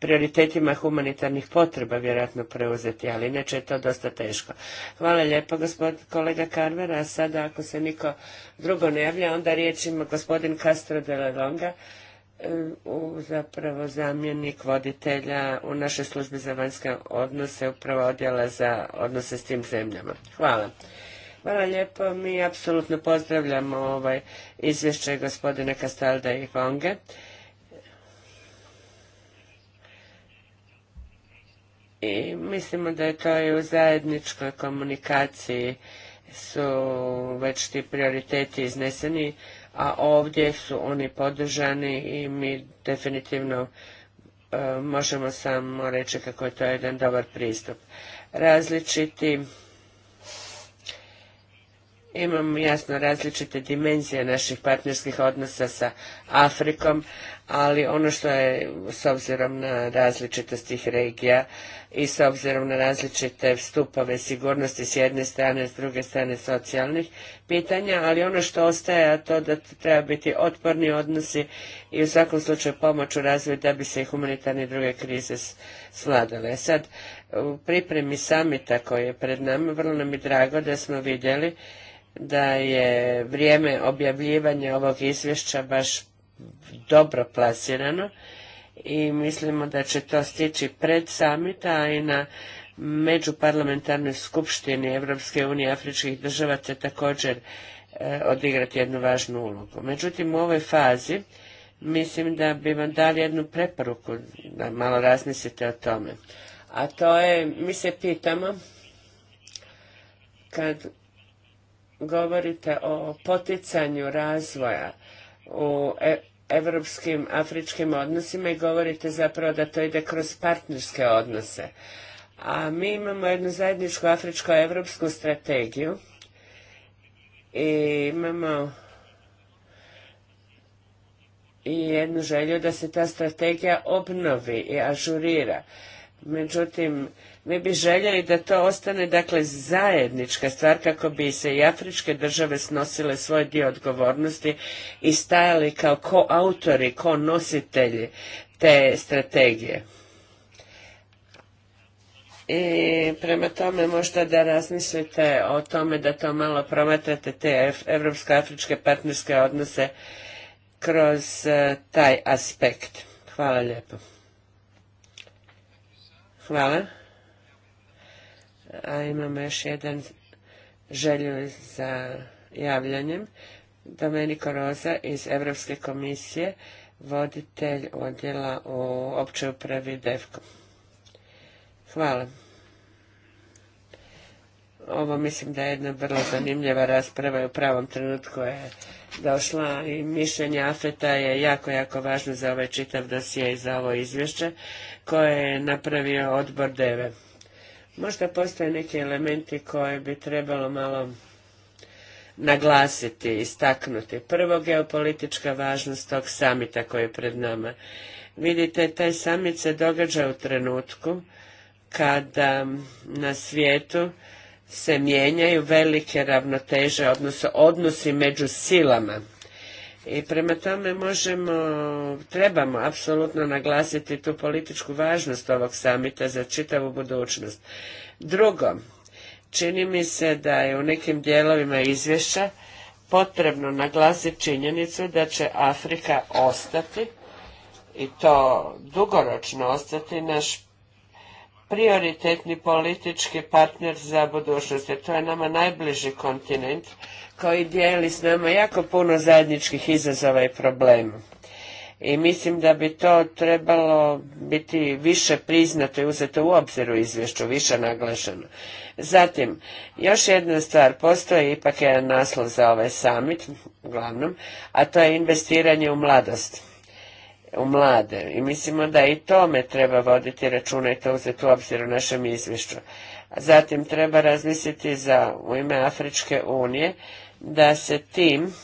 prioritetima humanitarnih potreba vjerojatno preuzeti, ali inače je to dosta teško. Hvala lijepo, gospod kolega Karver, a sada ako se niko drugo ne javlja, onda riječ ima gospodin Castro de la Longa E, zapravo zamjenik voditelja u našoj službi za vanjske odnose, upravo odjela za odnose s tim zemljama. Hvala. Hvala lijepo. Mi apsolutno pozdravljamo ovaj izvješće gospodine Kastalda i Honge. I mislimo da je to i u zajedničkoj komunikaciji su već ti prioriteti izneseni a ovdje su oni podržani i mi definitivno e, možemo samo reći kako je to jedan dobar pristup. Različiti Imamo jasno različite dimenzije naših partnerskih odnosa sa Afrikom, ali ono što je s obzirom na različitost tih regija i s obzirom na različite stupove sigurnosti s jedne strane, s druge strane socijalnih pitanja, ali ono što ostaje, a to da treba biti otporni odnosi i u svakom slučaju pomoć u razvoju da bi se i humanitarne druge krize svladale. Sad, u pripremi samita koji je pred nama, vrlo nam je drago da smo vidjeli da je vrijeme objavljivanja ovog izvješća baš dobro plasirano i mislimo da će to stići pred samita, a i na međuparlamentarnoj skupštini Evropske unije afričkih država će također e, odigrati jednu važnu ulogu. Međutim, u ovoj fazi mislim da bi vam dali jednu preporuku da malo razmislite o tome. A to je, mi se pitamo kad govorite o poticanju razvoja u e, evropskim, afričkim odnosima i govorite zapravo da to ide kroz partnerske odnose. A mi imamo jednu zajedničku afričko-evropsku strategiju i imamo i jednu želju da se ta strategija obnovi i ažurira. Međutim, mi bi željeli da to ostane dakle zajednička stvar kako bi se i afričke države snosile svoj dio odgovornosti i stajali kao koautori, ko nositelji te strategije. I prema tome možda da razmislite o tome da to malo promatrate te evropsko-afričke partnerske odnose kroz e, taj aspekt. Hvala lijepo. Hvala a imamo još jedan želju za javljanjem. Domenico Roza iz Europske komisije, voditelj odjela u općoj upravi DEFCO. Hvala. Ovo mislim da je jedna vrlo zanimljiva rasprava i u pravom trenutku je došla i mišljenje Afeta je jako, jako važno za ovaj čitav dosije i za ovo izvješće koje je napravio odbor DEVE. Možda postoje neki elementi koje bi trebalo malo naglasiti, istaknuti. Prvo, geopolitička važnost tog samita koji je pred nama. Vidite, taj samit se događa u trenutku kada na svijetu se mijenjaju velike ravnoteže, odnosno odnosi među silama i prema tome možemo, trebamo apsolutno naglasiti tu političku važnost ovog samita za čitavu budućnost. Drugo, čini mi se da je u nekim dijelovima izvješća potrebno naglasiti činjenicu da će Afrika ostati i to dugoročno ostati naš prioritetni politički partner za budućnost, jer to je nama najbliži kontinent koji dijeli s nama jako puno zajedničkih izazova i problema. I mislim da bi to trebalo biti više priznato i uzeto u obzir u izvješću, više naglašeno. Zatim, još jedna stvar, postoji ipak jedan naslov za ovaj summit, uglavnom, a to je investiranje u mladost u mlade. I mislimo da i tome treba voditi računa i to uzeti u obzir u našem izvješću. Zatim treba razmisliti za u ime Afričke unije da se tim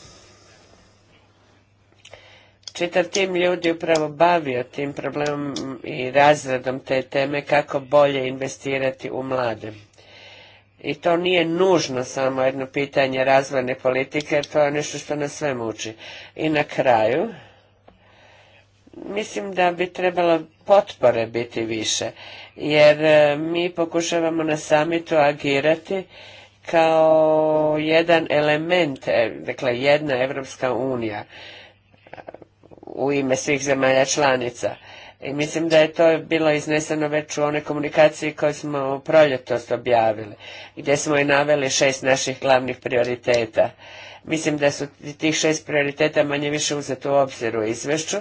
čitav tim ljudi upravo bavio tim problemom i razredom te teme kako bolje investirati u mlade. I to nije nužno samo jedno pitanje razvojne politike, jer to je nešto što nas sve muči. I na kraju, Mislim da bi trebalo potpore biti više, jer e, mi pokušavamo na samitu agirati kao jedan element, e, dakle jedna Evropska unija e, u ime svih zemalja članica. I mislim da je to bilo izneseno već u onoj komunikaciji koju smo u proljetost objavili, gdje smo i naveli šest naših glavnih prioriteta. Mislim da su tih šest prioriteta manje više uzeti u obzir u izvješću,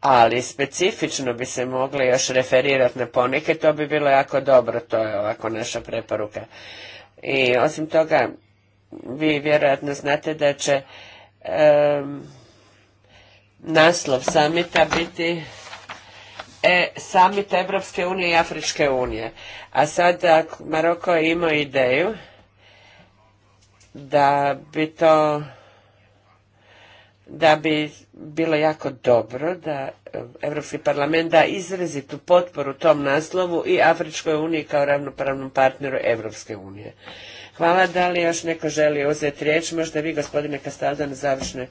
ali specifično bi se mogli još referirati na poneke, to bi bilo jako dobro, to je ovako naša preporuka. I osim toga, vi vjerojatno znate da će naslov samita biti e, samit Evropske unije i Afričke unije. A sada Maroko je imao ideju da bi to da bi bilo jako dobro da Europski parlament da tu potporu tom naslovu i Afričkoj uniji kao ravnopravnom partneru Europske unije. Hvala, da li još neko želi uzeti riječ? Možda vi, gospodine Kastadan, završne.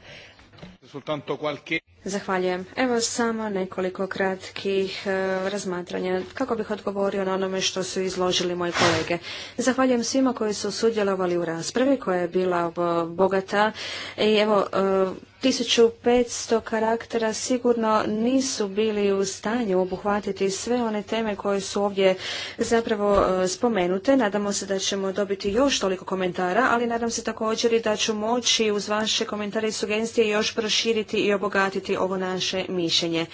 Zahvaljujem. Evo samo nekoliko kratkih e, razmatranja kako bih odgovorio na onome što su izložili moji kolege. Zahvaljujem svima koji su sudjelovali u raspravi koja je bila bogata i evo e, 1500 karaktera sigurno nisu bili u stanju obuhvatiti sve one teme koje su ovdje zapravo e, spomenute. Nadamo se da ćemo dobiti još toliko komentara, ali nadam se također i da ću moći uz vaše komentare i sugestije još proširiti i obogatiti ovo naše mišljenje.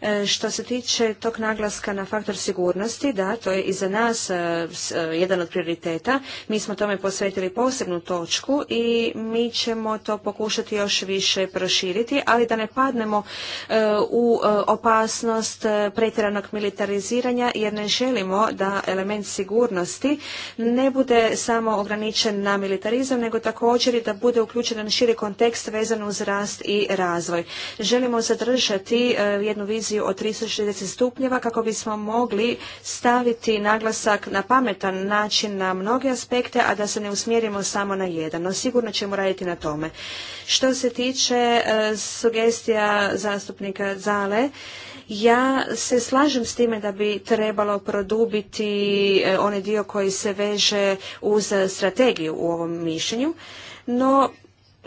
E, što se tiče tog naglaska na faktor sigurnosti, da, to je i za nas e, e, jedan od prioriteta. Mi smo tome posvetili posebnu točku i mi ćemo to pokušati još više proširiti, ali da ne padnemo u opasnost pretjeranog militariziranja jer ne želimo da element sigurnosti ne bude samo ograničen na militarizam, nego također i da bude uključen širi kontekst vezan uz rast i razvoj. Želimo zadržati jednu viziju dimenziju od 360 stupnjeva kako bismo mogli staviti naglasak na pametan način na mnoge aspekte, a da se ne usmjerimo samo na jedan. No sigurno ćemo raditi na tome. Što se tiče e, sugestija zastupnika Zale, ja se slažem s time da bi trebalo produbiti e, onaj dio koji se veže uz strategiju u ovom mišljenju, no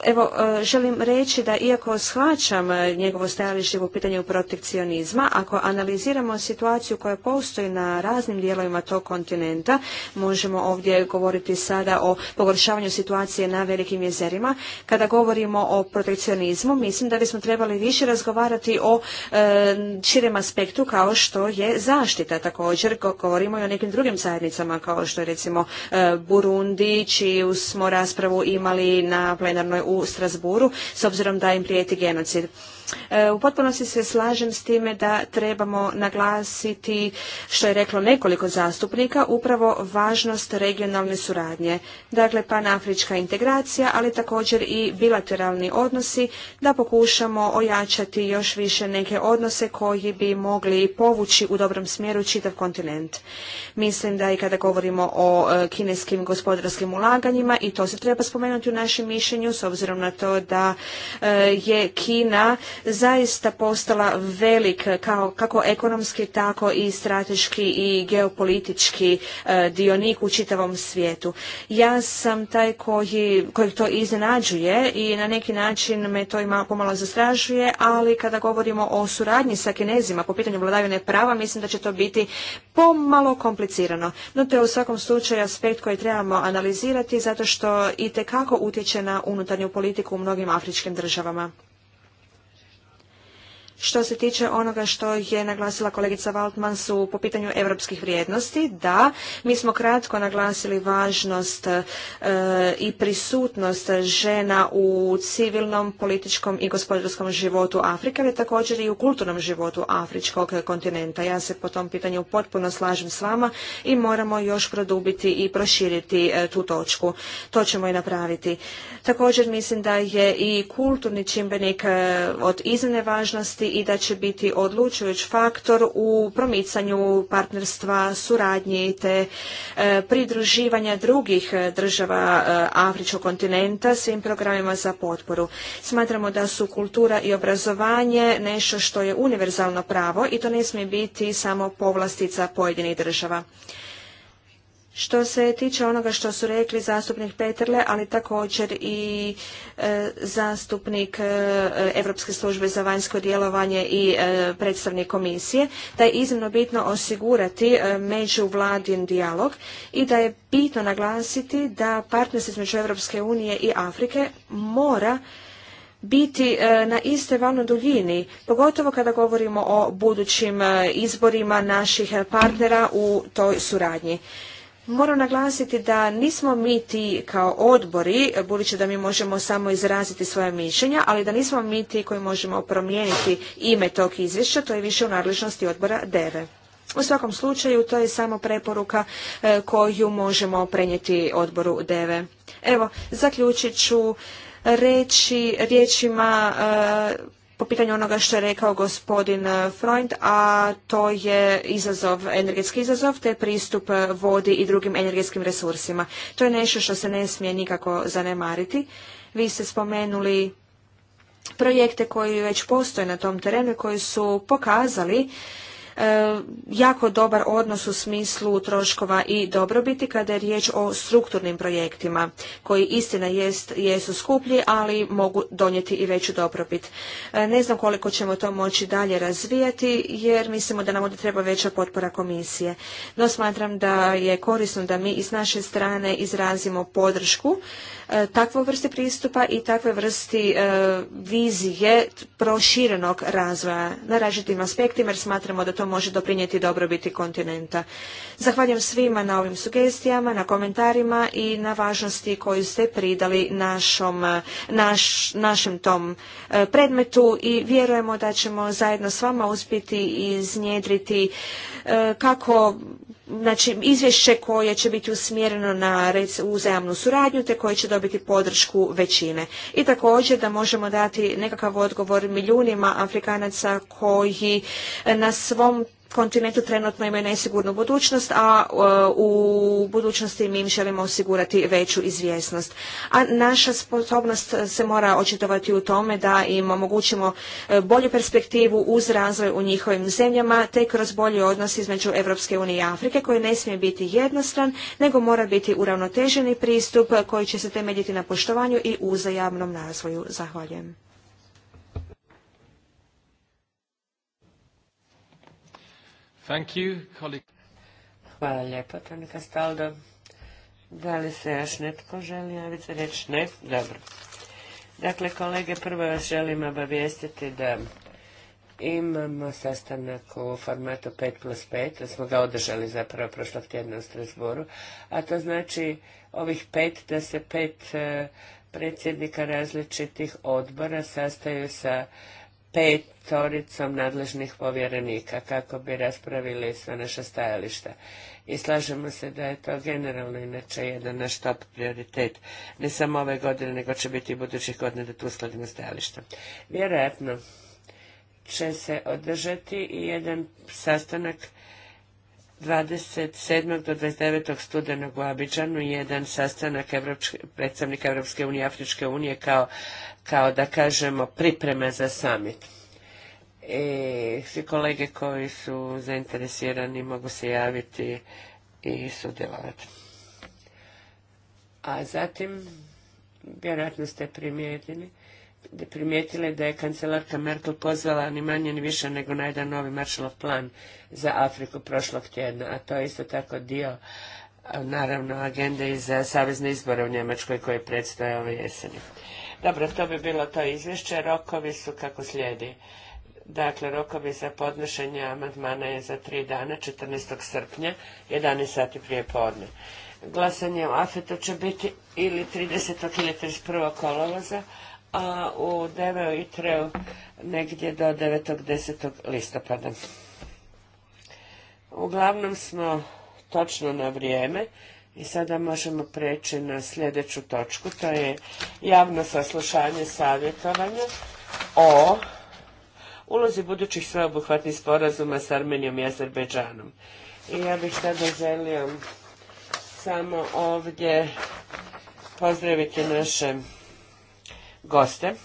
Evo, e, želim reći da iako shvaćam e, njegovo stajalište u pitanju protekcionizma, ako analiziramo situaciju koja postoji na raznim dijelovima tog kontinenta, možemo ovdje govoriti sada o pogoršavanju situacije na velikim jezerima, kada govorimo o protekcionizmu, mislim da bismo trebali više razgovarati o e, širem aspektu kao što je zaštita. Također govorimo i o nekim drugim zajednicama kao što je recimo Burundi, čiju smo raspravu imali na plenarnoj u Strasburu s obzirom da im prijeti genocid. E, u potpunosti se slažem s time da trebamo naglasiti što je reklo nekoliko zastupnika, upravo važnost regionalne suradnje. Dakle, panafrička integracija, ali također i bilateralni odnosi da pokušamo ojačati još više neke odnose koji bi mogli povući u dobrom smjeru čitav kontinent. Mislim da i kada govorimo o e, kineskim gospodarskim ulaganjima i to se treba spomenuti u našem mišljenju s obzirom na to da e, je Kina zaista postala velik kao, kako ekonomski, tako i strateški i geopolitički e, dionik u čitavom svijetu. Ja sam taj koji, kojeg to iznenađuje i na neki način me to ima pomalo zastražuje, ali kada govorimo o suradnji sa kinezima po pitanju vladavine prava, mislim da će to biti pomalo komplicirano. No to je u svakom slučaju aspekt koji trebamo analizirati zato što i kako utječe na unutarnju politiku u mnogim afričkim državama što se tiče onoga što je naglasila kolegica Waltman su po pitanju europskih vrijednosti. Da, mi smo kratko naglasili važnost e, i prisutnost žena u civilnom, političkom i gospodarskom životu Afrike, ali također i u kulturnom životu afričkog kontinenta. Ja se po tom pitanju potpuno slažem s vama i moramo još produbiti i proširiti e, tu točku. To ćemo i napraviti. Također mislim da je i kulturni čimbenik e, od iznimne važnosti i da će biti odlučujući faktor u promicanju partnerstva, suradnje te e, pridruživanja drugih e, država e, Afričkog kontinenta svim programima za potporu. Smatramo da su kultura i obrazovanje nešto što je univerzalno pravo i to ne smije biti samo povlastica pojedinih država što se tiče onoga što su rekli zastupnik Peterle, ali također i e, zastupnik e, Europske službe za vanjsko djelovanje i e, predstavnik komisije, da je iznimno bitno osigurati e, međuvladin dijalog i da je bitno naglasiti da partnerstvo između Europske unije i Afrike mora biti na iste valnoj duljini, pogotovo kada govorimo o budućim izborima naših partnera u toj suradnji. Moram naglasiti da nismo mi ti kao odbori, budući da mi možemo samo izraziti svoje mišljenja, ali da nismo mi ti koji možemo promijeniti ime tog izvješća, to je više u nadležnosti odbora DEVE. U svakom slučaju to je samo preporuka e, koju možemo prenijeti odboru DEVE. Evo, zaključit ću reći riječima e, po pitanju onoga što je rekao gospodin eh, Freund, a to je izazov, energetski izazov, te pristup eh, vodi i drugim energetskim resursima. To je nešto što se ne smije nikako zanemariti. Vi ste spomenuli projekte koji već postoje na tom terenu i koji su pokazali E, jako dobar odnos u smislu troškova i dobrobiti kada je riječ o strukturnim projektima koji istina jesu skuplji, ali mogu donijeti i veću dobrobit. E, ne znam koliko ćemo to moći dalje razvijati jer mislimo da nam ovdje treba veća potpora komisije. No smatram da je korisno da mi iz naše strane izrazimo podršku e, takvoj vrsti pristupa i takve vrsti vizije proširenog razvoja na različitim aspektima jer smatramo da to može doprinijeti dobrobiti kontinenta. Zahvaljujem svima na ovim sugestijama, na komentarima i na važnosti koju ste pridali našom, našem tom e, predmetu i vjerujemo da ćemo zajedno s vama uspjeti iznjedriti e, kako znači izvješće koje će biti usmjereno na uzajamnu suradnju te koje će dobiti podršku većine. I također da možemo dati nekakav odgovor milijunima Afrikanaca koji e, na svom kontinentu trenutno imaju nesigurnu budućnost, a e, u budućnosti mi im želimo osigurati veću izvjesnost. A naša sposobnost se mora očitovati u tome da im omogućimo e, bolju perspektivu uz razvoj u njihovim zemljama, te kroz bolji odnos između Europske unije i Afrike, koji ne smije biti jednostran, nego mora biti uravnoteženi pristup e, koji će se temeljiti na poštovanju i uzajamnom razvoju. Zahvaljujem. Thank Hvala lijepo, Toni Castaldo. Da li se još netko želi javiti Ne? Dobro. Dakle, kolege, prvo vas želim obavijestiti da imamo sastanak u formatu 5 plus 5, da smo ga održali zapravo prošlog tjedna u Strasboru, a to znači ovih pet, da se pet eh, predsjednika različitih odbora sastaju sa petoricom nadležnih povjerenika kako bi raspravili sva naša stajališta. I slažemo se da je to generalno inače jedan naš top prioritet, ne samo ove godine, nego će biti i budućih godina da tu uskladimo stajališta. Vjerojatno će se održati i jedan sastanak 27. do 29. studenog u Abidžanu jedan sastanak predstavnika Evropske unije i Afričke unije kao, da kažemo pripreme za summit. I e, svi kolege koji su zainteresirani mogu se javiti i sudjelovati. A zatim, vjerojatno ste primijetili, primijetili da je kancelarka Merkel pozvala ni manje ni više nego na jedan novi maršalov plan za Afriku prošlog tjedna, a to je isto tako dio naravno agende i za eh, savezne izbore u Njemačkoj koje predstoje ove jeseni. Dobro, to bi bilo to izvješće. Rokovi su kako slijedi. Dakle, rokovi za podnošenje amandmana je za tri dana, 14. srpnja, 11 sati prije podne. Glasanje u Afetu će biti ili 30. ili 31. kolovoza, a u Deveo i Treo negdje do 9. 10. listopada. Uglavnom smo točno na vrijeme i sada možemo preći na sljedeću točku. To je javno saslušanje savjetovanja o ulozi budućih sveobuhvatnih sporazuma s Armenijom i Azerbejdžanom. I ja bih sada želio samo ovdje pozdraviti naše goste.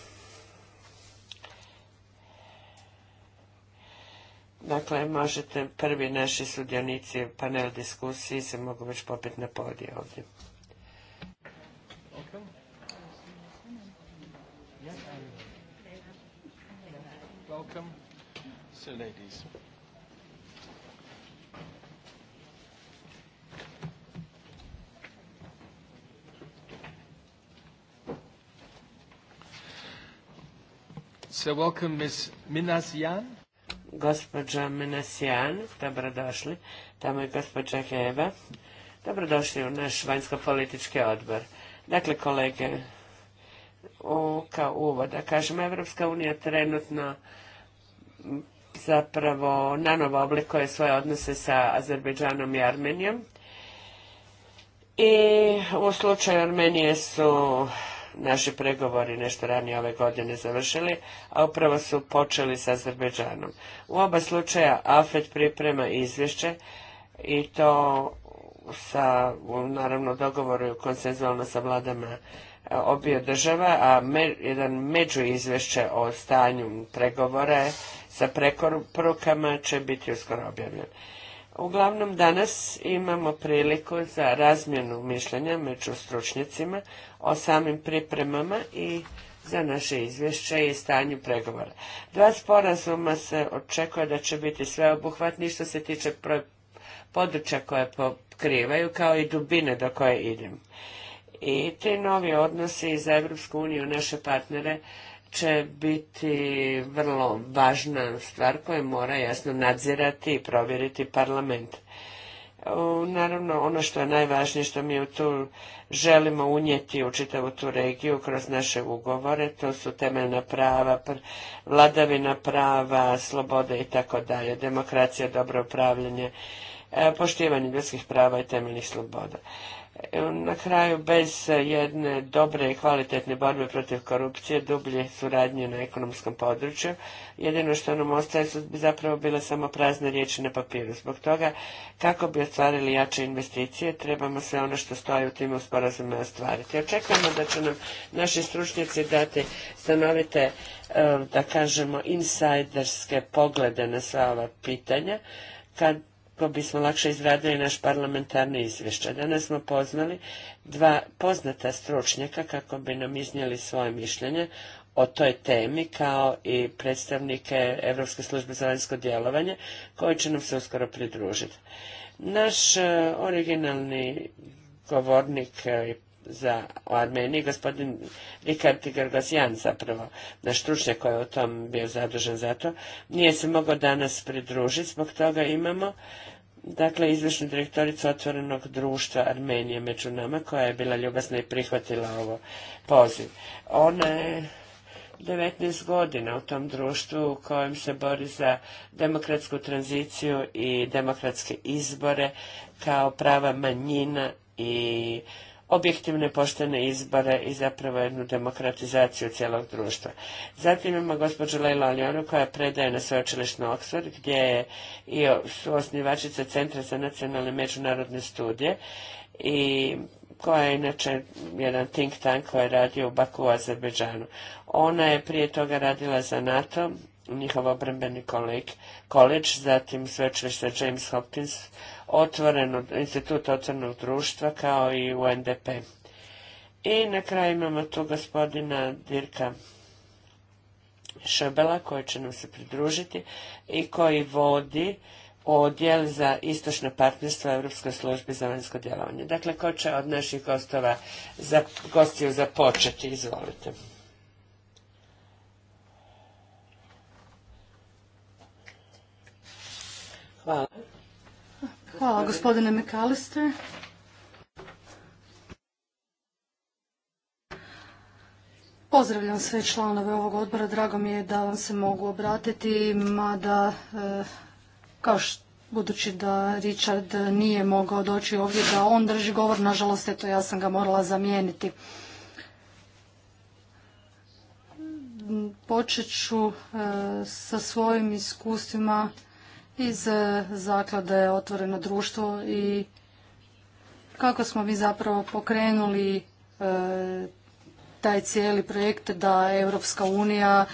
Dakle, možete, prvi naši sudionici panel diskusiji se mogu već popiti na podije ovdje. Welcome. So ladies. So welcome Ms. Minasian. Gospođo Minasian, dobrodošli. Tamo je gospođa Heva. Dobrodošli u naš vanjsko-politički odbor. Dakle, kolege, u, kao uvoda, kažem, Evropska unija trenutno zapravo nanovo oblikuje svoje odnose sa Azerbejdžanom i Armenijom. I u slučaju Armenije su naši pregovori nešto ranije ove godine završili, a upravo su počeli sa Azerbeđanom. U oba slučaja Afet priprema izvješće i to sa, naravno, dogovoru konsenzualno sa vladama e, obje država, a jedan jedan međuizvješće o stanju pregovora sa preporukama će biti uskoro objavljen. Uglavnom danas imamo priliku za razmjenu mišljenja među stručnjacima o samim pripremama i za naše izvješće i stanju pregovora. Dva sporazuma se očekuje da će biti sveobuhvatni što se tiče područja koje pokrivaju kao i dubine do koje idem. I ti novi odnosi za EU, uniju, naše partnere, će biti vrlo važna stvar koju mora jasno nadzirati i provjeriti parlament. Naravno, ono što je najvažnije što mi tu želimo unijeti u čitavu tu regiju kroz naše ugovore, to su temeljna prava, vladavina prava, slobode i tako dalje, demokracija, dobro upravljanje, e, poštivanje ljudskih prava i temeljnih sloboda na kraju bez jedne dobre i kvalitetne borbe protiv korupcije, dublje suradnje na ekonomskom području, jedino što nam ostaje su zapravo bile samo prazne riječi na papiru. Zbog toga, kako bi ostvarili jače investicije, trebamo sve ono što stoji u tim sporazumima ostvariti. Očekujemo da će nam naši stručnjaci dati stanovite, e, da kažemo, insajderske poglede na sva ova pitanja, kad bismo lakše izradili naš parlamentarni izvješće. Danas smo poznali dva poznata stručnjaka kako bi nam iznijeli svoje mišljenje o toj temi kao i predstavnike Europske službe za vanjsko djelovanje koji će nam se uskoro pridružiti. Naš e, originalni govornik e, za o Armeniji, gospodin Rikard Tigargazijan zapravo, naš stručnjak koji je o tom bio zadužen za to, nije se mogao danas pridružiti, zbog toga imamo dakle izvršna direktorica otvorenog društva Armenije među nama koja je bila ljubazna i prihvatila ovo poziv. Ona je 19 godina u tom društvu u kojem se bori za demokratsku tranziciju i demokratske izbore kao prava manjina i objektivne poštene izbore i zapravo jednu demokratizaciju cijelog društva. Zatim ima gospođu Leila Aljonu koja predaje na sveučilišnu Oxford gdje je i osnivačica Centra za nacionalne međunarodne studije i koja je inače jedan think tank koji je radio u Baku u Azerbeđanu. Ona je prije toga radila za NATO njihov obrambeni količ, zatim sveučilište James Hopkins, otvoreno, institut otvorenog društva kao i UNDP. I na kraju imamo tu gospodina Dirka Šebela koji će nam se pridružiti i koji vodi odjel za istočno partnerstvo Europskoj službi za vanjsko djelovanje. Dakle, ko će od naših gostova za, gostiju započeti? Izvolite. Hvala. gospodine McAllister. Pozdravljam sve članove ovog odbora, drago mi je da vam se mogu obratiti, mada e, kao što budući da Richard nije mogao doći ovdje da on drži govor, nažalost eto ja sam ga morala zamijeniti. Počet ću e, sa svojim iskustvima iz e, zaklade Otvoreno društvo i kako smo mi zapravo pokrenuli e, taj cijeli projekt da Europska unija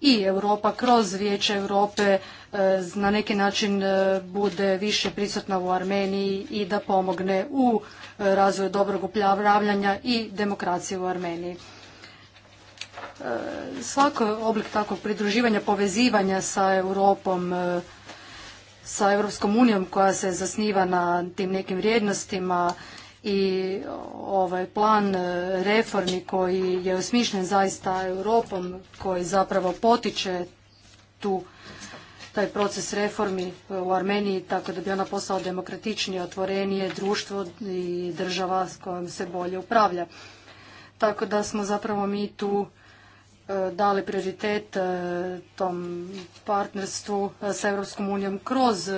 i Europa kroz Vijeće Europe e, na neki način bude više prisutna u Armeniji i da pomogne u razvoju dobrog upravljanja i demokracije u Armeniji. Svako oblik takvog pridruživanja, povezivanja sa Europom sa Europskom unijom koja se zasniva na tim nekim vrijednostima i ovaj plan e, reformi koji je osmišljen zaista Europom koji zapravo potiče tu taj proces reformi u Armeniji tako da bi ona postala demokratičnije, otvorenije društvo i država s kojom se bolje upravlja. Tako da smo zapravo mi tu E, dali prioritet e, tom partnerstvu e, sa Europskom unijom kroz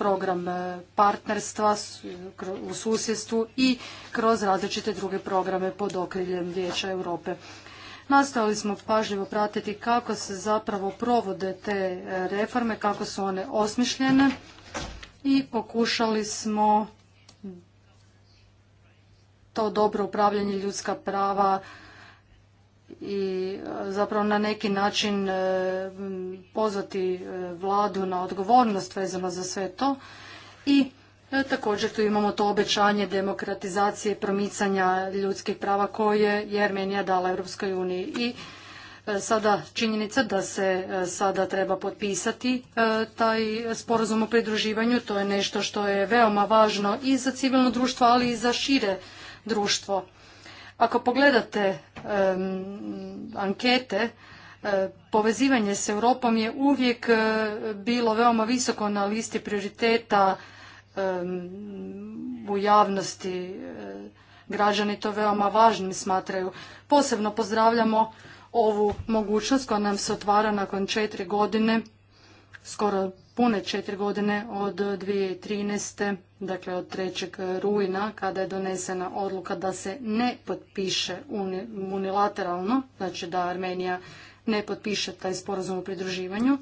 program partnerstva u susjedstvu i kroz različite druge programe pod okriljem Vijeća Europe. Nastavili smo pažljivo pratiti kako se zapravo provode te reforme, kako su one osmišljene i pokušali smo to dobro upravljanje ljudska prava i e, zapravo na neki način e, pozvati e, vladu na odgovornost vezano za sve to i također tu imamo to obećanje demokratizacije promicanja ljudskih prava koje je Armenija dala Europskoj uniji i sada činjenica da se sada treba potpisati taj sporazum o pridruživanju to je nešto što je veoma važno i za civilno društvo ali i za šire društvo ako pogledate ankete, eh, povezivanje s Europom je uvijek eh, bilo veoma visoko na listi prioriteta u javnosti. Eh, građani to veoma važnim smatraju. Posebno pozdravljamo ovu mogućnost koja nam se otvara nakon četiri godine skoro pune četiri godine od 2013. dakle od 3. rujna kada je donesena odluka da se ne potpiše unilateralno, znači da Armenija ne potpiše taj sporazum o pridruživanju.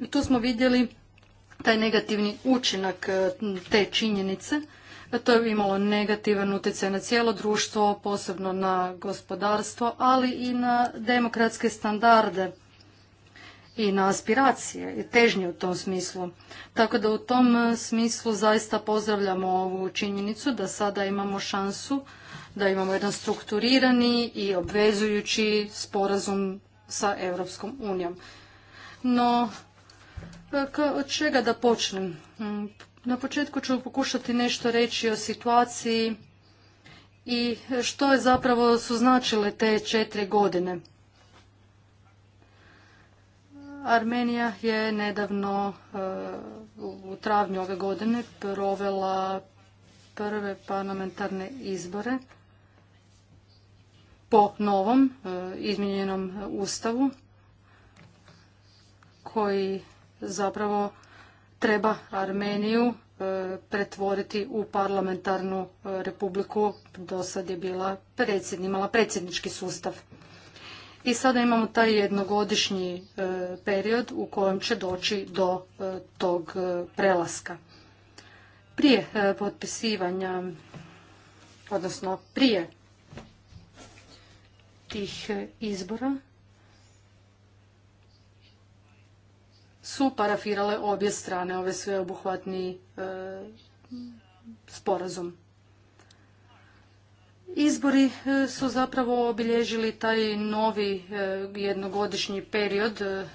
I tu smo vidjeli taj negativni učinak e, te činjenice. To je imalo negativan utjecaj na cijelo društvo, posebno na gospodarstvo, ali i na demokratske standarde i na aspiracije i težnje u tom smislu. Tako da u tom e, smislu zaista pozdravljamo ovu činjenicu da sada imamo šansu da imamo jedan strukturirani i obvezujući sporazum sa Europskom unijom. No, e, od čega da počnem? Mm, na početku ću pokušati nešto reći o situaciji i što je zapravo su značile te četiri godine Armenija je nedavno e, u travnju ove godine provela prve parlamentarne izbore po novom e, izmijenjenom ustavu koji zapravo treba Armeniju e, pretvoriti u parlamentarnu republiku. Do sad je bila imala predsjednički sustav i sada imamo taj jednogodišnji e, period u kojem će doći do e, tog e, prelaska. Prije potpisivanja, odnosno prije tih izbora, su parafirale obje strane ove ovaj sveobuhvatni sporazum. Izbori e, su zapravo obilježili taj novi e, jednogodišnji period e,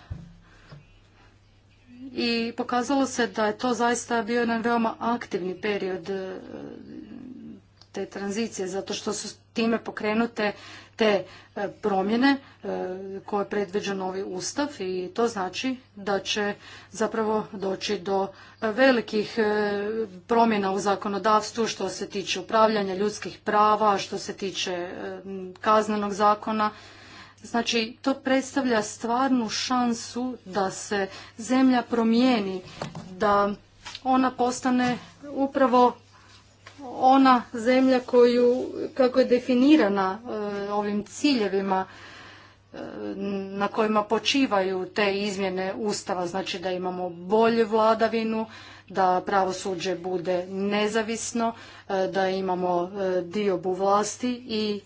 i pokazalo se da je to zaista bio jedan veoma aktivni period te tranzicije, zato što su time pokrenute te e, promjene e, koje predviđa novi ustav i to znači da će zapravo doći do velikih e, promjena u zakonodavstvu što se tiče upravljanja ljudskih prava, što se tiče kaznenog zakona. Znači, to predstavlja stvarnu šansu da se zemlja promijeni, da ona postane upravo ona zemlja koju, kako je definirana e, ovim ciljevima e, na kojima počivaju te izmjene Ustava, znači da imamo bolju vladavinu, da pravosuđe bude nezavisno, e, da imamo diobu vlasti i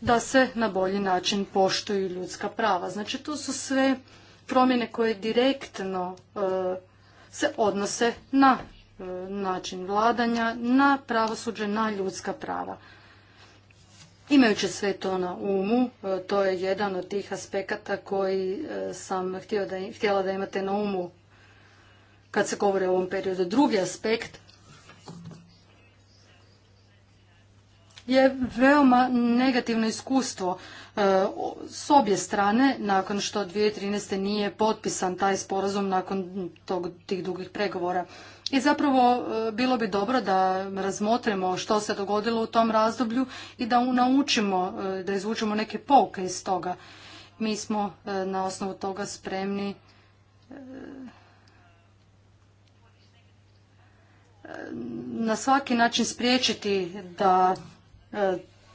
da se na bolji način poštuju ljudska prava. Znači to su sve promjene koje direktno se odnose na način vladanja, na pravosuđe, na ljudska prava. Imajući sve to na umu, e, to je jedan od tih aspekata koji e, sam htjela da imate na umu kad se govori o ovom periodu. Drugi aspekt je veoma negativno iskustvo e, s obje strane nakon što 2013. nije potpisan taj sporazum nakon tih dugih pregovora. I zapravo e, bilo bi dobro da razmotrimo što se dogodilo u tom razdoblju i da naučimo, e, da izvučemo neke pouke iz toga. Mi smo e, na osnovu toga spremni na svaki način spriječiti da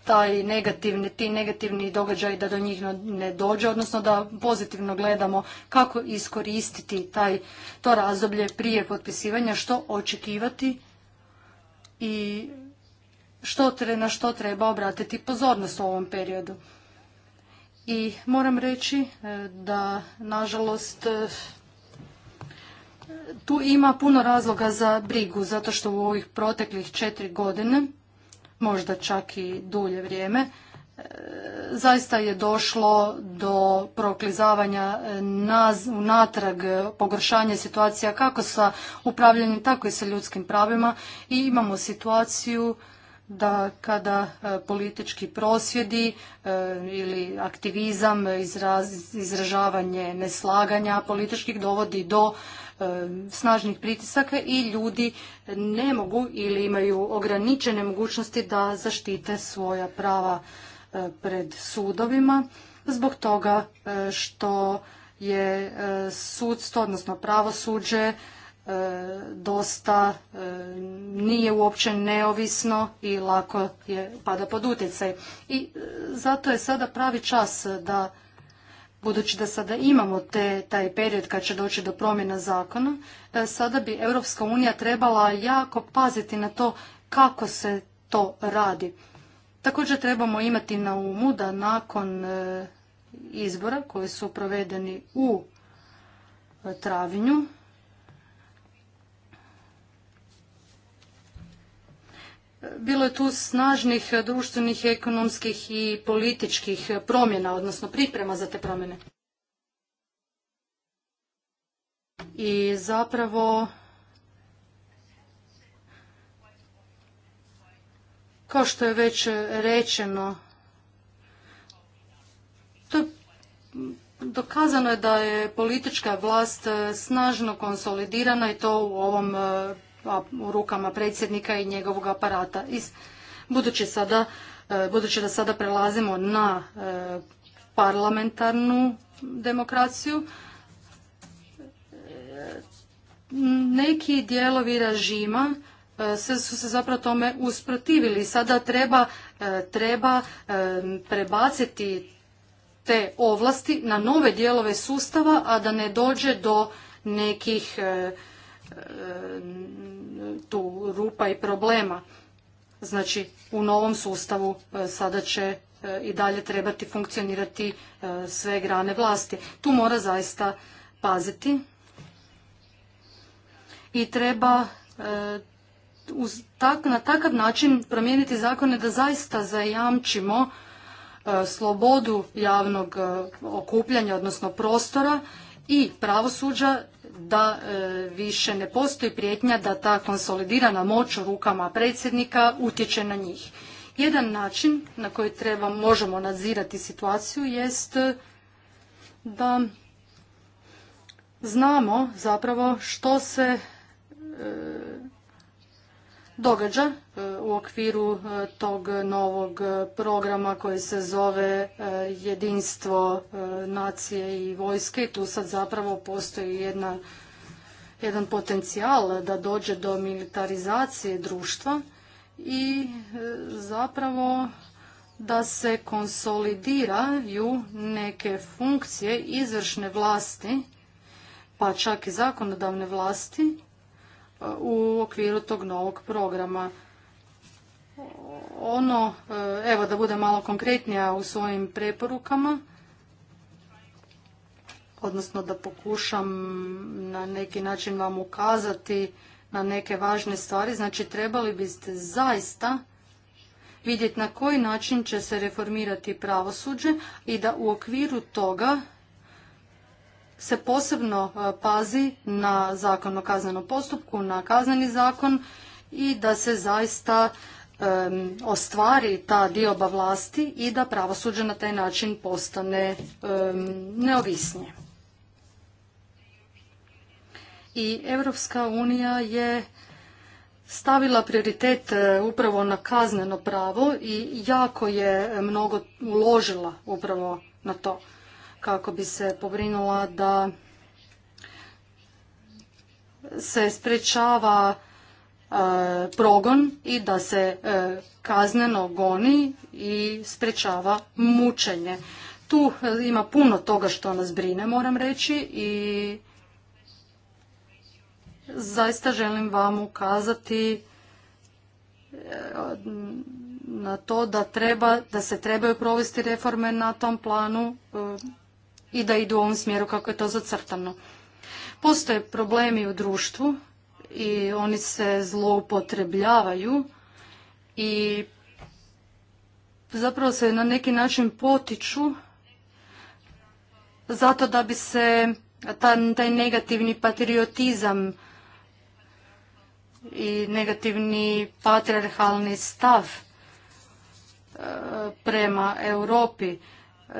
taj negativni, ti negativni događaji da do njih ne dođe, odnosno da pozitivno gledamo kako iskoristiti taj, to razdoblje prije potpisivanja, što očekivati i na što treba obratiti pozornost u ovom periodu. I moram reći e, da, nažalost, e, tu ima puno razloga za brigu, zato što u ovih proteklih četiri godine možda čak i dulje vrijeme, e, zaista je došlo do proklizavanja e, u natrag, pogoršanja situacija kako sa upravljanjem, tako i sa ljudskim pravima i imamo situaciju da kada e, politički prosvjedi ili aktivizam, izražavanje neslaganja političkih dovodi do E, snažnih pritisaka i ljudi ne mogu ili imaju ograničene mogućnosti da zaštite svoja prava e, pred sudovima zbog toga e, što je sudstvo, odnosno pravosuđe dosta nije uopće neovisno i lako je pada pod utjecaj. I zato je sada pravi čas da budući da sada imamo te, taj period kad će doći do promjena zakona, e, sada bi Europska unija trebala jako paziti na to kako se to radi. Također trebamo imati na umu da nakon e, izbora koji su provedeni u e, travinju, bilo je tu snažnih društvenih, ekonomskih i političkih promjena, odnosno priprema za te promjene. I zapravo, kao što je već rečeno, to dokazano je da je politička vlast snažno konsolidirana i to u ovom u rukama predsjednika i njegovog aparata. Budući, sada, e, budući da sada prelazimo na e, parlamentarnu demokraciju, e, neki dijelovi režima su se zapravo tome usprotivili. Sada treba, treba prebaciti te ovlasti na nove dijelove sustava, a da ne dođe do nekih E, tu rupa i problema. Znači, u novom sustavu e, sada će e, i dalje trebati funkcionirati sve grane vlasti. Tu mora zaista paziti i treba na takav način promijeniti zakone da zaista zajamčimo slobodu javnog okupljanja, odnosno prostora i pravosuđa da e, više ne postoji prijetnja da ta konsolidirana moć u rukama predsjednika utječe na njih. Jedan način na koji treba, možemo nadzirati situaciju jest da znamo zapravo što se e, događa e, u okviru e, tog novog e, programa koji se zove jedinstvo nacije i vojske. Tu sad zapravo postoji jedna, jedan potencijal da dođe do militarizacije društva i zapravo da se konsolidiraju neke funkcije izvršne vlasti, pa čak i zakonodavne vlasti u okviru tog novog programa. Ono, e, evo da bude malo konkretnija u svojim preporukama, odnosno da pokušam na neki način vam ukazati na neke važne stvari. Znači, trebali biste zaista vidjeti na koji način će se reformirati pravosuđe i da u okviru toga se posebno e, pazi na zakon o kaznenom postupku, na kazneni zakon i da se zaista ostvari ta dioba vlasti i da pravosuđe na taj način postane neovisnije. I Europska unija je stavila prioritet e, upravo na kazneno pravo i jako je mnogo uložila upravo na to kako bi se pobrinula da se sprečava e, progon i da se e, kazneno goni i sprečava mučenje. Tu e, ima puno toga što nas brine, moram reći, i zaista želim vam ukazati na to da se trebaju provesti reforme na tom planu i da idu u ovom smjeru kako je to zacrtano. Postoje problemi u društvu i oni se zloupotrebljavaju i zapravo se na neki način potiču zato da bi se taj negativni patriotizam i negativni patriarhalni stav e, prema Europi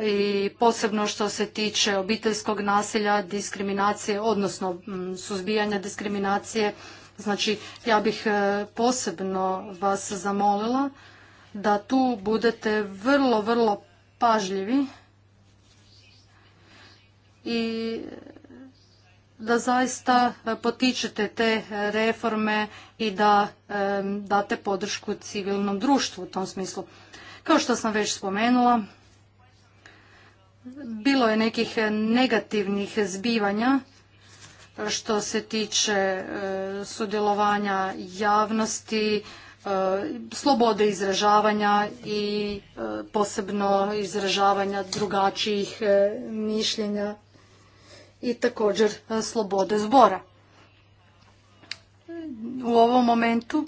i posebno što se tiče obiteljskog nasilja, diskriminacije, odnosno mm, suzbijanja diskriminacije. Znači, ja bih e, posebno vas zamolila da tu budete vrlo, vrlo pažljivi i da zaista e, potičete te reforme i da e, date podršku civilnom društvu u tom smislu. Kao što sam već spomenula, bilo je nekih negativnih zbivanja što se tiče e, sudjelovanja javnosti, e, slobode izražavanja i e, posebno izražavanja drugačijih mišljenja i također slobode zbora. U ovom momentu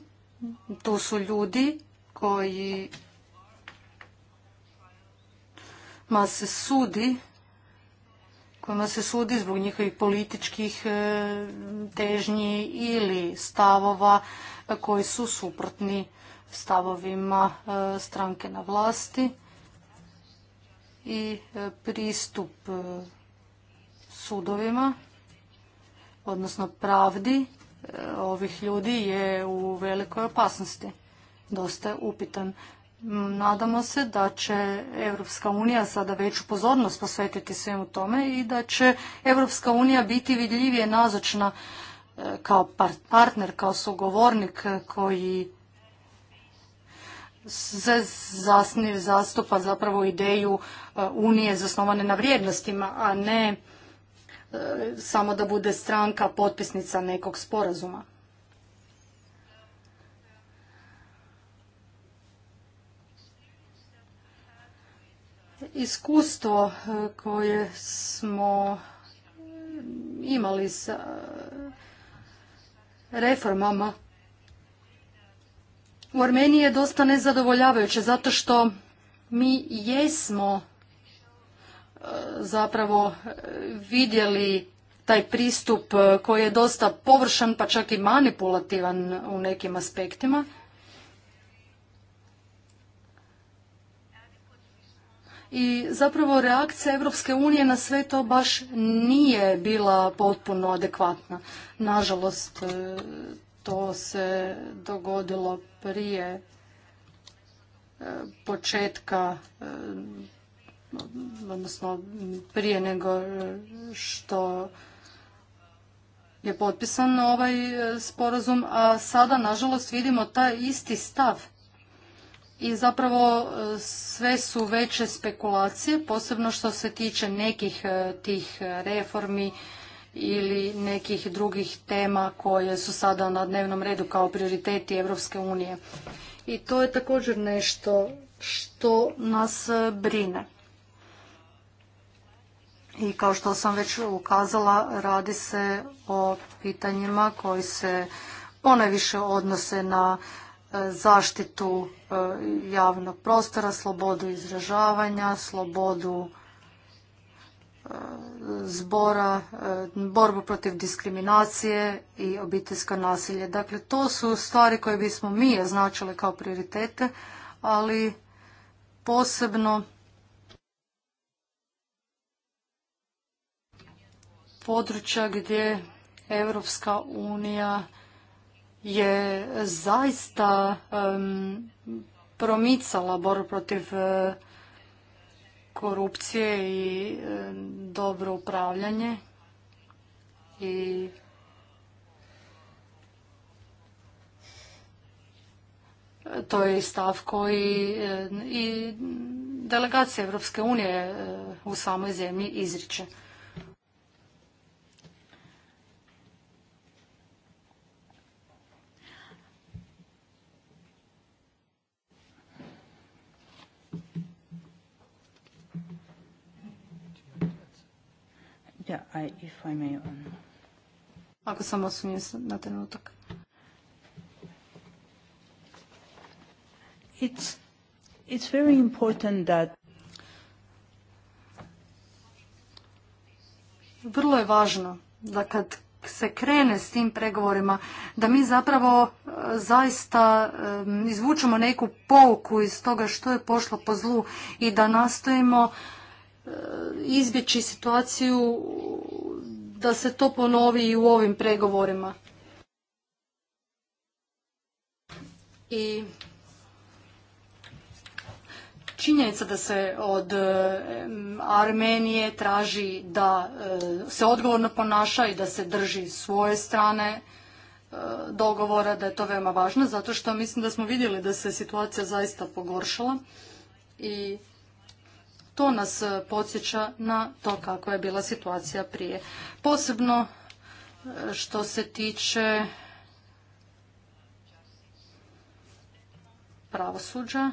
tu su ljudi koji kojima se sudi kojima se sudi zbog njihovih političkih e, težnji ili stavova e, koji su suprotni stavovima e, stranke na vlasti i pristup sudovima, odnosno pravdi ovih ljudi je u velikoj opasnosti. Dosta je upitan. Nadamo se da će Europska unija sada veću pozornost posvetiti svemu tome i da će Europska unija biti vidljivije nazočna e, kao partner, kao sugovornik koji se zastupa zapravo ideju e, unije zasnovane na vrijednostima, a ne e, samo da bude stranka potpisnica nekog sporazuma. Iskustvo e, koje smo imali sa reformama u Armeniji je dosta nezadovoljavajuće zato što mi jesmo e, zapravo e, vidjeli taj pristup koji je dosta površan pa čak i manipulativan u nekim aspektima. i zapravo reakcija Europske unije na sve to baš nije bila potpuno adekvatna. Nažalost, e, to se dogodilo prije e, početka e, odnosno prije nego što je potpisan ovaj sporazum, a sada nažalost vidimo taj isti stav i zapravo e, sve su veće spekulacije, posebno što se tiče nekih e, tih reformi ili nekih drugih tema koje su sada na dnevnom redu kao prioriteti Europske unije. I to je također nešto što nas e, brine. I kao što sam već ukazala, radi se o pitanjima koji se ponajviše odnose na zaštitu e, javnog prostora, slobodu izražavanja, slobodu e, zbora, e, borbu protiv diskriminacije i obiteljska nasilje. Dakle, to su stvari koje bismo mi označili kao prioritete, ali posebno područja gdje Europska unija je zaista promicala borbu protiv e, korupcije i e, dobro upravljanje i to je stav koji e, i delegacija Europske unije u samoj zemlji izriče. Um, Ako sam osunijem na trenutak. It's, Vrlo je važno da kad se krene s tim pregovorima, da mi zapravo e, zaista e, izvučemo neku pouku iz toga što je pošlo po zlu i da nastojimo izbjeći situaciju da se to ponovi i u ovim pregovorima. I činjenica da se od e, Armenije traži da e, se odgovorno ponaša i da se drži svoje strane e, dogovora, da je to veoma važno, zato što mislim da smo vidjeli da se situacija zaista pogoršala i to nas e, podsjeća na to kakva je bila situacija prije. Posebno e, što se tiče pravosuđa,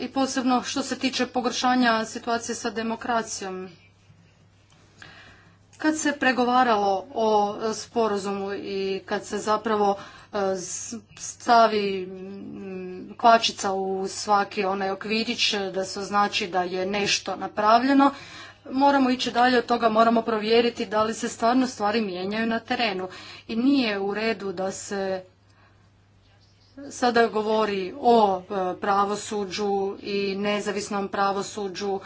i posebno što se tiče pogoršanja situacije sa demokracijom. Kad se pregovaralo o sporazumu i kad se zapravo E, stavi mm, kvačica u svaki onaj okvirić e, da se označi da je nešto napravljeno. Moramo ići dalje od toga, moramo provjeriti da li se stvarno stvari mijenjaju na terenu. I nije u redu da se sada govori o e, pravosuđu i nezavisnom pravosuđu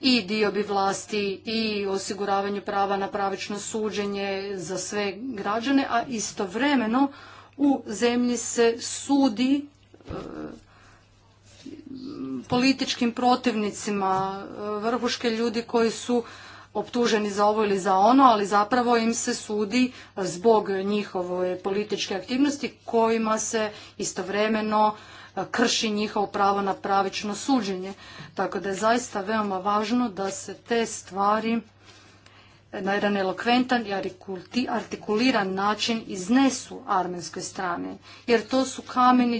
i diobi vlasti i osiguravanju prava na pravično suđenje za sve građane, a istovremeno u zemlji se sudi e, političkim protivnicima, e, vrhuške ljudi koji su optuženi za ovo ili za ono, ali zapravo im se sudi e, zbog njihove političke aktivnosti kojima se istovremeno krši njihovo pravo na pravično suđenje. Tako da je zaista veoma važno da se te stvari na jedan elokventan i artikuliran način iznesu armenskoj strani, jer to su kameni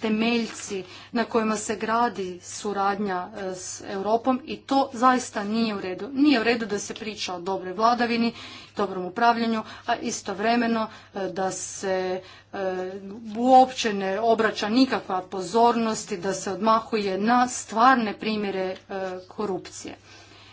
temeljci na kojima se gradi suradnja e, s Europom i to zaista nije u redu. Nije u redu da se priča o dobroj vladavini, dobrom upravljanju, a istovremeno e, da se e, uopće ne obraća nikakva pozornost i da se odmahuje na stvarne primjere korupcije.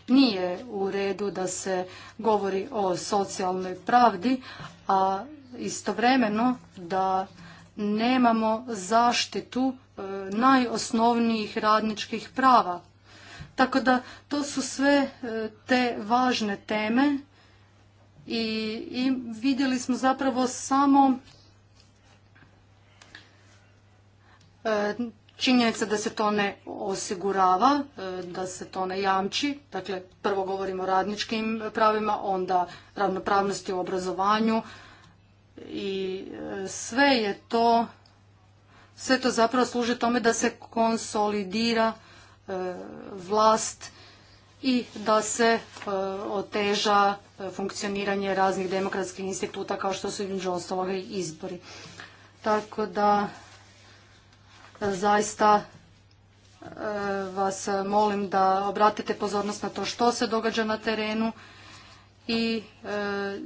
Nije u redu da se govori o socijalnoj pravdi, a istovremeno da nemamo zaštitu e, najosnovnijih radničkih prava. Tako da to su sve e, te važne teme i, i vidjeli smo zapravo samo e, Činjenica da se to ne osigurava, e, da se to ne jamči, dakle prvo govorimo o radničkim pravima, onda ravnopravnosti u obrazovanju i e, sve je to, sve to zapravo služi tome da se konsolidira e, vlast i da se oteža funkcioniranje raznih demokratskih instituta kao što su između ostaloga i izbori. Tako da zaista e, vas molim da obratite pozornost na to što se događa na terenu i e,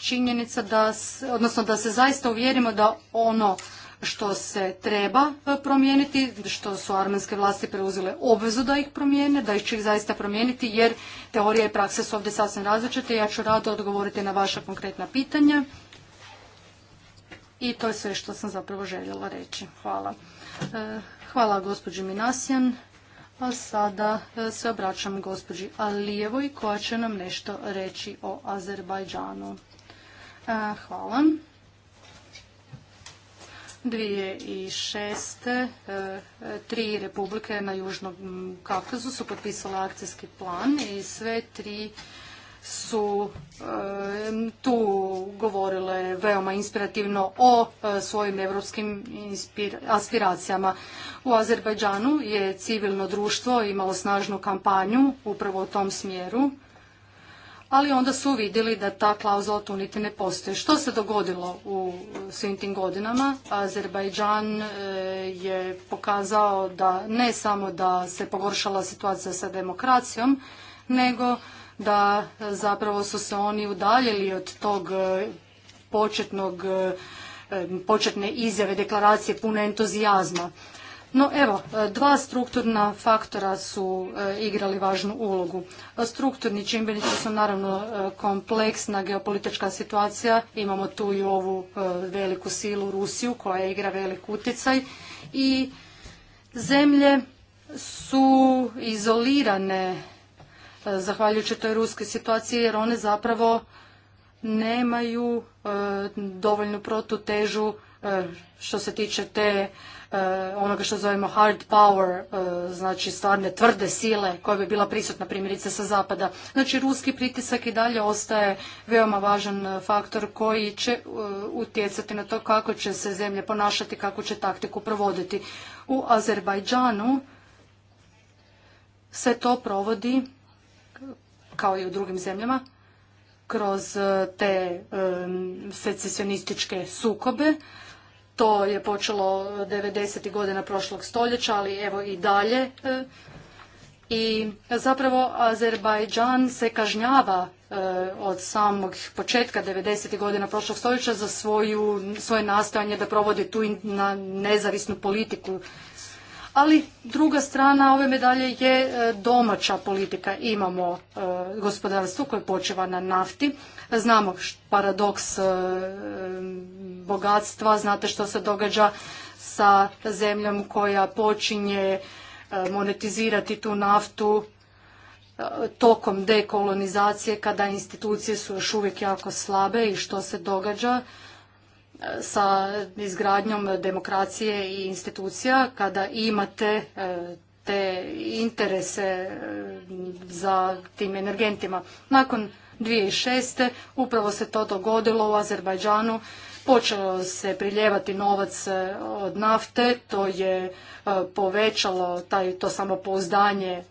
činjenica da, odnosno da se zaista uvjerimo da ono što se treba promijeniti, što su armenske vlasti preuzele obvezu da ih promijene, da ih će ih zaista promijeniti jer teorija i praksa su ovdje sasvim različite. Ja ću rado odgovoriti na vaša konkretna pitanja. I to je sve što sam zapravo željela reći. Hvala. E, hvala gospođi Minasijan. A sada e, se obraćam gospođi Alijevoj koja će nam nešto reći o Azerbajdžanu. E, hvala. 2006. tri republike na Južnom Kakazu su potpisale akcijski plan i sve tri su tu govorile veoma inspirativno o e, svojim evropskim aspiracijama. U Azerbajdžanu je civilno društvo imalo snažnu kampanju upravo u tom smjeru, ali onda su vidjeli da ta klauzula tu niti ne postoji. Što se dogodilo u e, svim tim godinama? Azerbajdžan e, je pokazao da ne samo da se pogoršala situacija sa demokracijom, nego da zapravo su se oni udaljili od tog e, početnog, e, e, početne izjave deklaracije pune entuzijazma. No evo, dva strukturna faktora su igrali važnu ulogu. Strukturni čimbenici su naravno kompleksna geopolitička situacija. Imamo tu i ovu veliku silu Rusiju koja igra velik utjecaj i zemlje su izolirane zahvaljujući toj ruskoj situaciji jer one zapravo nemaju e, dovoljnu protutežu e, što se tiče te e, onoga što zovemo hard power, znači stvarne tvrde sile koja bi bila prisutna primjerice sa zapada. Znači ruski pritisak i dalje ostaje veoma važan faktor koji će utjecati na to kako će se zemlje ponašati, kako će taktiku provoditi. U Azerbajdžanu se to provodi kao i u drugim zemljama, kroz e, te e, secesionističke sukobe. To je počelo 90. godina prošlog stoljeća, ali evo i dalje. E, I zapravo Azerbajdžan se kažnjava od samog početka 90. godina prošlog stoljeća za svoje nastojanje da provodi tu nezavisnu politiku ali druga strana ove medalje je e, domaća politika. Imamo e, gospodarstvo koje počeva na nafti. Znamo paradoks e, bogatstva, znate što se događa sa zemljom koja počinje monetizirati tu naftu tokom dekolonizacije kada institucije su još uvijek jako slabe i što se događa sa izgradnjom demokracije i institucija kada imate e, te interese e, za tim energentima. Nakon 2006. upravo se to dogodilo u Azerbajdžanu. počelo se priljevati novac e, od nafte, to je povećalo taj, to samopouzdanje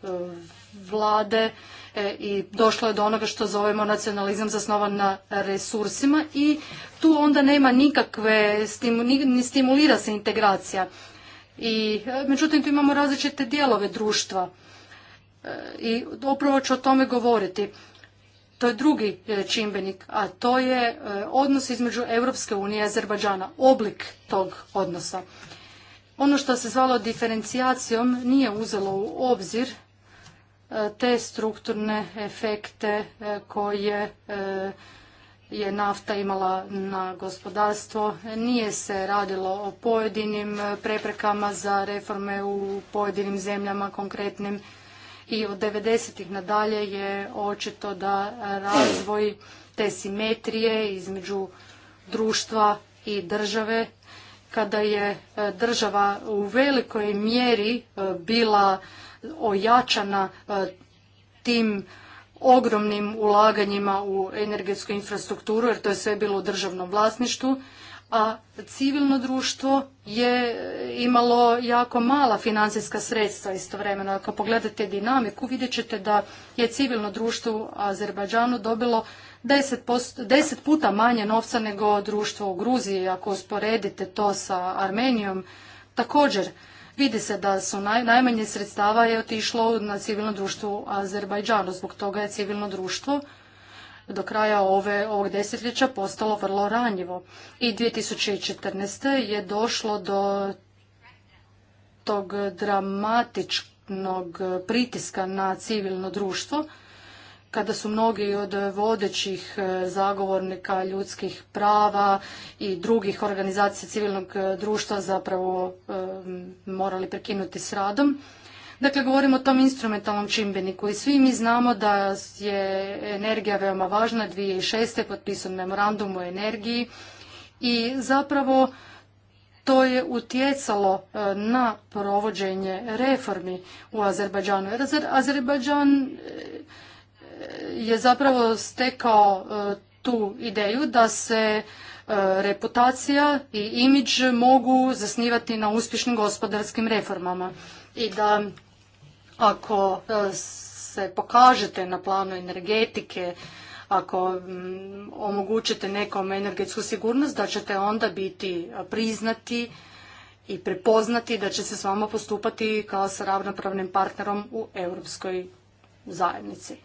vlade E, i došlo je do onoga što zovemo nacionalizam zasnovan na resursima i tu onda nema nikakve, ni stimulira se integracija. I, e, međutim, tu imamo različite dijelove društva e, i upravo ću o tome govoriti. To je drugi čimbenik, a to je odnos između Europske unije i Azerbađana, oblik tog odnosa. Ono što se zvalo diferencijacijom nije uzelo u obzir E, te strukturne efekte e, koje e, je nafta imala na gospodarstvo. Nije se radilo o pojedinim preprekama za reforme u pojedinim zemljama konkretnim i od 90-ih nadalje je očito da razvoj te simetrije između društva i države kada je država u velikoj mjeri bila ojačana e, tim ogromnim ulaganjima u energetsku infrastrukturu, jer to je sve bilo u državnom vlasništvu, a civilno društvo je imalo jako mala financijska sredstva istovremeno. Ako pogledate dinamiku, vidjet ćete da je civilno društvo u Azerbajdžanu dobilo 10%, puta manje novca nego društvo u Gruziji. Ako usporedite to sa Armenijom, također Vidi se da su najmanje sredstava je otišlo na civilno društvo u Azerbajdžanu. Zbog toga je civilno društvo do kraja ove, ovog desetljeća postalo vrlo ranjivo. I 2014. je došlo do tog dramatičnog pritiska na civilno društvo kada su mnogi od vodećih e, zagovornika ljudskih prava i drugih organizacija civilnog e, društva zapravo e, morali prekinuti s radom. Dakle, govorimo o tom instrumentalnom čimbeniku i svi mi znamo da je energija veoma važna. 2006. je potpisan memorandum o energiji i zapravo to je utjecalo na provođenje reformi u Azerbajdžanu. Jer Azerbajdžan je zapravo stekao e, tu ideju da se e, reputacija i imidž mogu zasnivati na uspješnim gospodarskim reformama i da ako e, se pokažete na planu energetike, ako mm, omogućite nekom energetsku sigurnost, da ćete onda biti priznati i prepoznati da će se s vama postupati kao sa ravnopravnim partnerom u europskoj zajednici.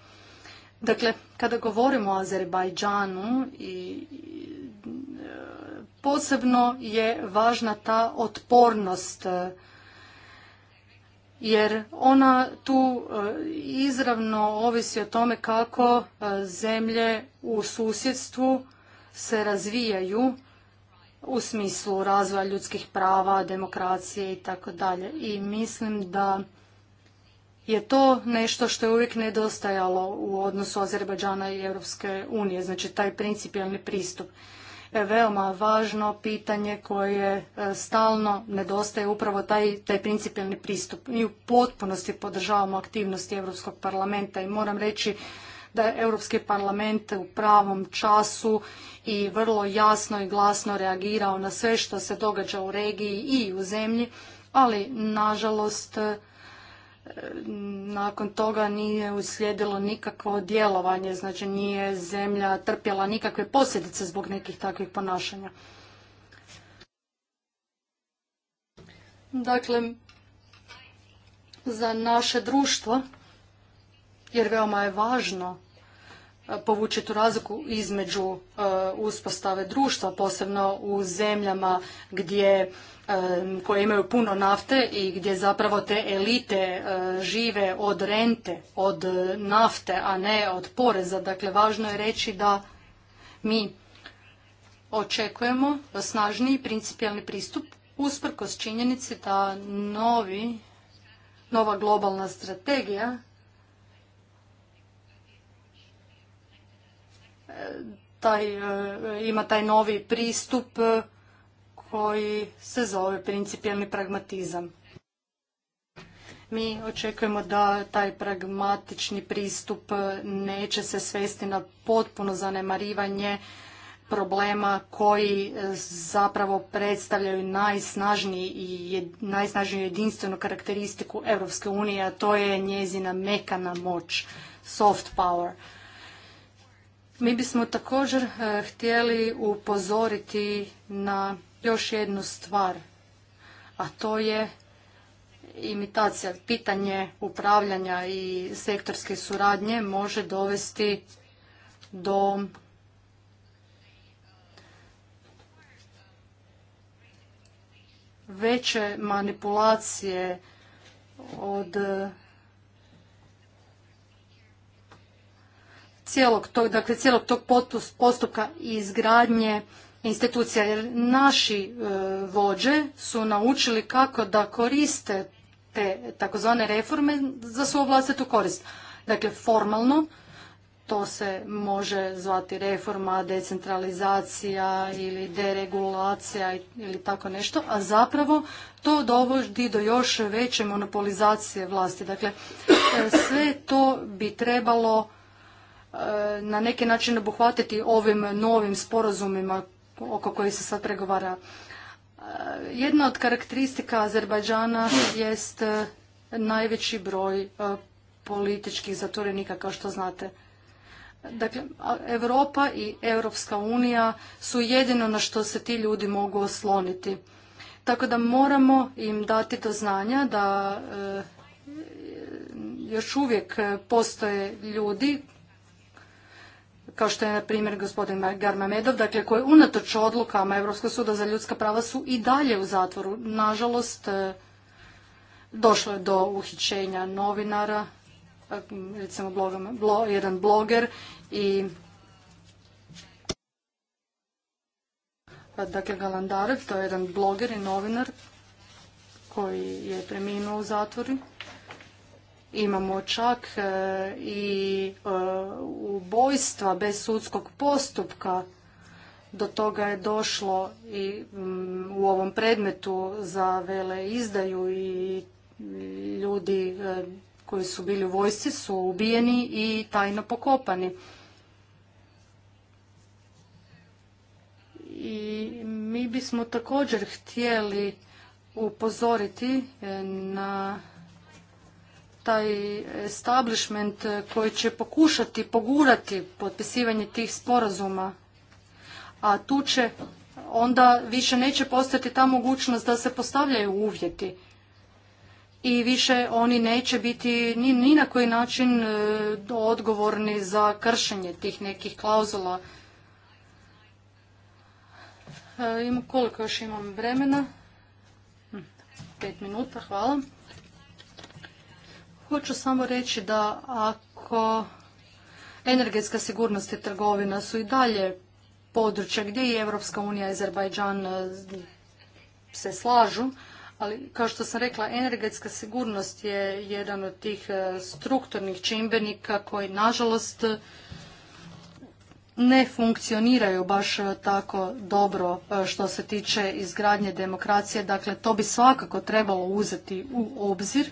Dakle, kada govorimo o Azerbajdžanu i posebno je važna ta otpornost jer ona tu e, izravno ovisi o tome kako e, zemlje u susjedstvu se razvijaju u smislu razvoja ljudskih prava, demokracije i tako dalje. I mislim da je to nešto što je uvijek nedostajalo u odnosu Azerbajdžana i Europske unije, znači taj principijalni pristup. Je veoma važno pitanje koje e, stalno nedostaje upravo taj, taj principijalni pristup. Mi u potpunosti podržavamo aktivnosti Europskog parlamenta i moram reći da je Europski parlament u pravom času i vrlo jasno i glasno reagirao na sve što se događa u regiji i u zemlji, ali nažalost nakon toga nije uslijedilo nikakvo djelovanje, znači nije zemlja trpjela nikakve posljedice zbog nekih takvih ponašanja. Dakle, za naše društvo, jer veoma je važno povući tu razliku između e, uspostave društva, posebno u zemljama gdje e, koje imaju puno nafte i gdje zapravo te elite e, žive od rente, od nafte, a ne od poreza. Dakle, važno je reći da mi očekujemo snažniji principijalni pristup usprkos činjenici da novi, nova globalna strategija taj, e, ima taj novi pristup e, koji se zove principijalni pragmatizam. Mi očekujemo da taj pragmatični pristup e, neće se svesti na potpuno zanemarivanje problema koji zapravo predstavljaju najsnažniji i najsnažniju jedinstvenu karakteristiku Europske unije, a to je njezina mekana moć, soft power. Mi bismo također e, htjeli upozoriti na još jednu stvar, a to je imitacija. Pitanje upravljanja i sektorske suradnje može dovesti do veće manipulacije od cijelog tog, dakle, cijelog tog postupka izgradnje institucija, jer naši e, vođe su naučili kako da koriste te takozvane reforme za svoju vlastitu korist. Dakle, formalno to se može zvati reforma, decentralizacija ili deregulacija ili tako nešto, a zapravo to dovodi do još veće monopolizacije vlasti. Dakle, e, sve to bi trebalo E, na neki način obuhvatiti ovim novim sporazumima oko kojih se sad pregovara. E, jedna od karakteristika Azerbajdžana jest e, najveći broj političkih zatvorenika, kao što znate. Dakle, Europa i Europska unija su jedino na što se ti ljudi mogu osloniti. Tako da moramo im dati do znanja da još uvijek postoje ljudi kao što je na primjer gospodin Garmamedov, dakle koji unatoč odlukama Europskog suda za ljudska prava su i dalje u zatvoru. Nažalost, e, došlo je do uhićenja novinara, e, recimo jedan bloger i pa, dakle Galandarev, to je jedan bloger i novinar koji je preminuo u zatvoru Imamo čak e, i e, ubojstva bez sudskog postupka. Do toga je došlo i mm, u ovom predmetu za vele izdaju i ljudi e, koji su bili u vojsci su ubijeni i tajno pokopani. I mi bismo također htjeli upozoriti na taj establishment koji će pokušati pogurati potpisivanje tih sporazuma, a tu će onda više neće postati ta mogućnost da se postavljaju uvjeti i više oni neće biti ni, ni na koji način e, odgovorni za kršenje tih nekih klauzula. E, koliko još imam vremena? Hm, pet minuta, hvala. Hoću samo reći da ako energetska sigurnost i trgovina su i dalje područja gdje i Europska unija i Azerbajdžan e, se slažu, ali kao što sam rekla, energetska sigurnost je jedan od tih e, strukturnih čimbenika koji nažalost ne funkcioniraju baš e, tako dobro što se tiče izgradnje demokracije. Dakle, to bi svakako trebalo uzeti u obzir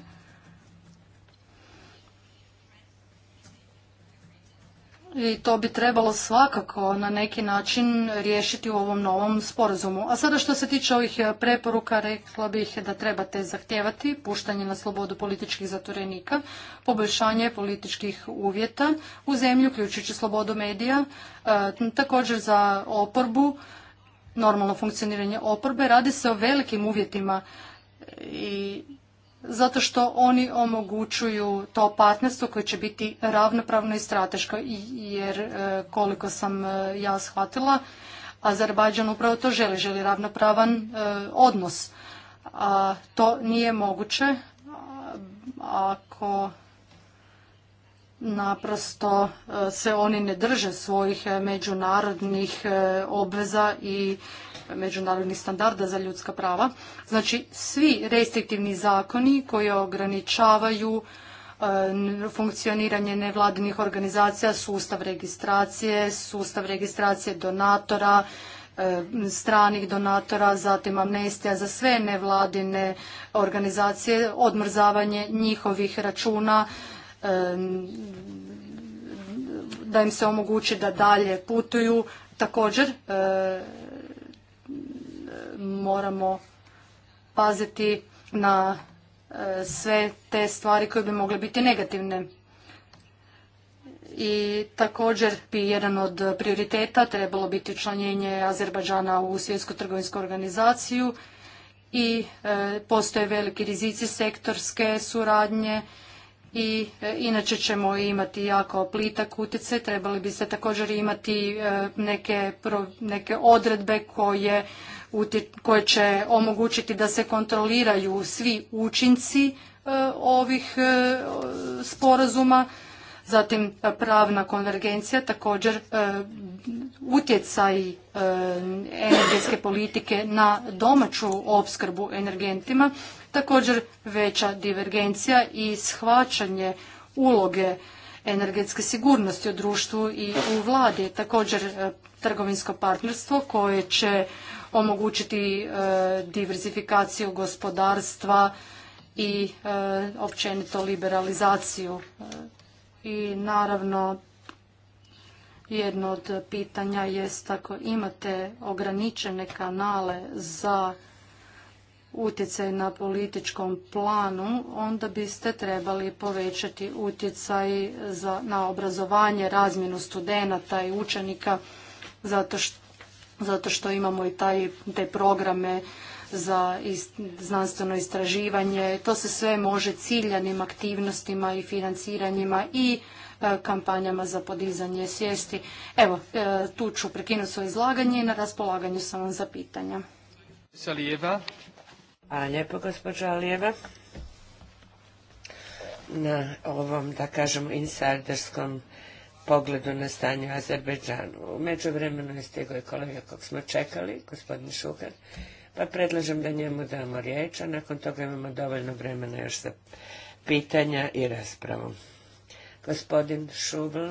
i to bi trebalo svakako na neki način riješiti u ovom novom sporazumu. A sada što se tiče ovih e, preporuka, rekla bih da trebate zahtijevati puštanje na slobodu političkih zatvorenika, poboljšanje političkih uvjeta u zemlju, uključujući slobodu medija, e, također za oporbu, normalno funkcioniranje oporbe. Radi se o velikim uvjetima i zato što oni omogućuju to partnerstvo koje će biti ravnopravno i strateško jer e, koliko sam e, ja shvatila Azerbajdžan upravo to želi, želi ravnopravan e, odnos. A to nije moguće ako naprosto se oni ne drže svojih međunarodnih obveza i međunarodnih standarda za ljudska prava. Znači, svi restriktivni zakoni koji ograničavaju e, funkcioniranje nevladinih organizacija, sustav registracije, sustav registracije donatora, e, stranih donatora, zatim amnestija za sve nevladine organizacije, odmrzavanje njihovih računa, e, da im se omogući da dalje putuju. Također, moramo paziti na e, sve te stvari koje bi mogle biti negativne. I također bi jedan od prioriteta trebalo biti učlanjenje Azerbađana u svjetsku trgovinsku organizaciju i e, postoje veliki rizici sektorske suradnje i e, inače ćemo imati jako plitak utjecaj. Trebali bi se također imati neke, neke odredbe koje koje će omogućiti da se kontroliraju svi učinci e, ovih e, sporazuma. Zatim e, pravna konvergencija, također utjecaj energetske politike na domaću opskrbu energentima, također veća divergencija i shvaćanje uloge energetske sigurnosti u društvu i u vladi. Također trgovinsko partnerstvo koje će omogućiti e, diversifikaciju gospodarstva i e, općenito liberalizaciju. E, I naravno jedno od pitanja jest ako imate ograničene kanale za utjecaj na političkom planu, onda biste trebali povećati utjecaj na obrazovanje, razmjenu studenata i učenika, zato što zato što imamo i taj, te programe za znanstveno istraživanje. To se sve može ciljanim aktivnostima i financiranjima i e, kampanjama za podizanje svijesti. Evo, e, tu ću prekinuti svoje izlaganje i na raspolaganju sam vam za pitanja. Salijeva. A lijepo, gospođa Alijeva. Na ovom, da kažem, insiderskom pogledu na stanje u Azerbejdžanu. U međuvremenu je stigao i kolega kog smo čekali, gospodin Šuker, pa predlažem da njemu damo riječ, a nakon toga imamo dovoljno vremena još za pitanja i raspravu. Gospodin Šubl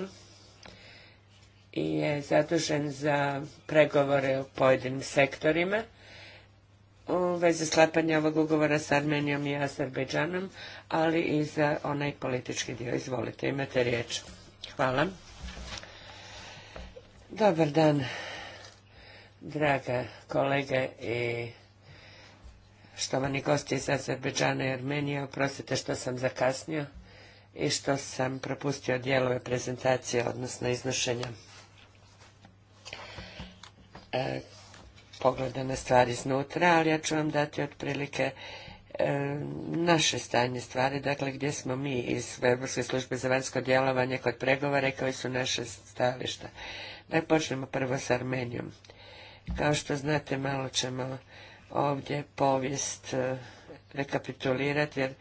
je zadužen za pregovore u pojedinim sektorima u vezi slapanja ovog ugovora s Armenijom i Azerbejdžanom, ali i za onaj politički dio. Izvolite, imate riječ. Hvala. Dobar dan, draga kolege i štovani gosti iz Azerbeđana i Armenije. Oprostite što sam zakasnio i što sam propustio dijelove prezentacije, odnosno iznošenja e, pogleda na stvari iznutra, ali ja ću vam dati otprilike e, naše stanje stvari, dakle gdje smo mi iz Europske službe za vanjsko djelovanje kod pregovora i su naše stajališta. Da e, počnemo prvo s Armenijom. Kao što znate, malo ćemo ovdje povijest e, rekapitulirati, jer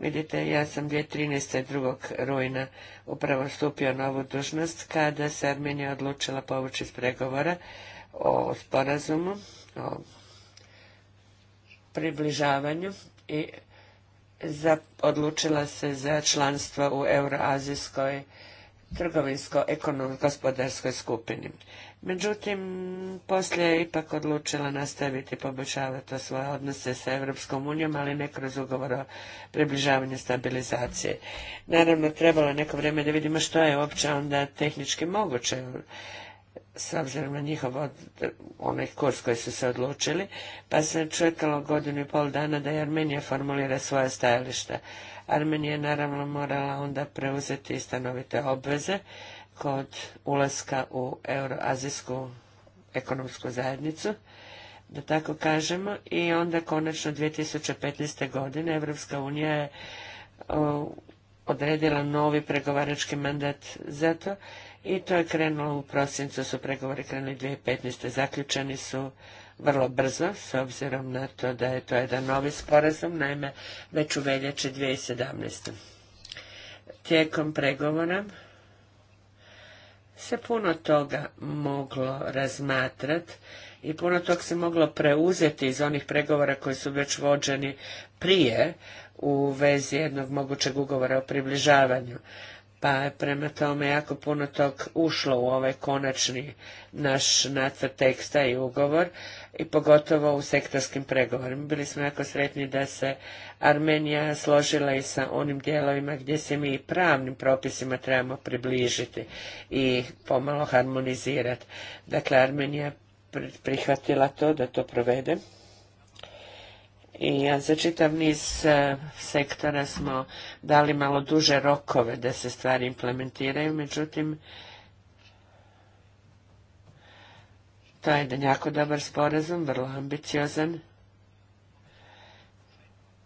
vidite, ja sam 2013. 2. rujna upravo stupio na ovu dužnost, kada se Armenija odlučila povući iz pregovora o sporazumu, o približavanju i za, odlučila se za članstvo u Euroazijskoj trgovinsko-ekonomsko-gospodarskoj skupini. Međutim, poslije je ipak odlučila nastaviti poboljšavati svoje odnose sa Europskom unijom, ali ne kroz ugovor o približavanju stabilizacije. Naravno, trebalo neko vrijeme da vidimo što je uopće onda tehnički moguće s obzirom na njihov onaj kurs koji su se odlučili, pa se čekalo godinu i pol dana da je Armenija formulira svoje stajališta. Armenija je naravno morala onda preuzeti stanovite obveze kod ulaska u Euroazijsku ekonomsku zajednicu, da tako kažemo, i onda konačno 2015. godine Evropska unija je odredila novi pregovarački mandat za to i to je krenulo u prosincu, su pregovori krenuli 2015. Zaključeni su vrlo brzo, s obzirom na to da je to jedan novi sporazum, naime već u veljači 2017. Tijekom pregovora se puno toga moglo razmatrati i puno tog se moglo preuzeti iz onih pregovora koji su već vođeni prije u vezi jednog mogućeg ugovora o približavanju pa je prema tome jako puno tog ušlo u ovaj konačni naš nacrt teksta i ugovor i pogotovo u sektorskim pregovorima. Bili smo jako sretni da se Armenija složila i sa onim dijelovima gdje se mi pravnim propisima trebamo približiti i pomalo harmonizirati. Dakle, Armenija prihvatila to da to provede i za čitav niz e, sektora smo dali malo duže rokove da se stvari implementiraju, međutim, to je jedan jako dobar sporazum, vrlo ambiciozan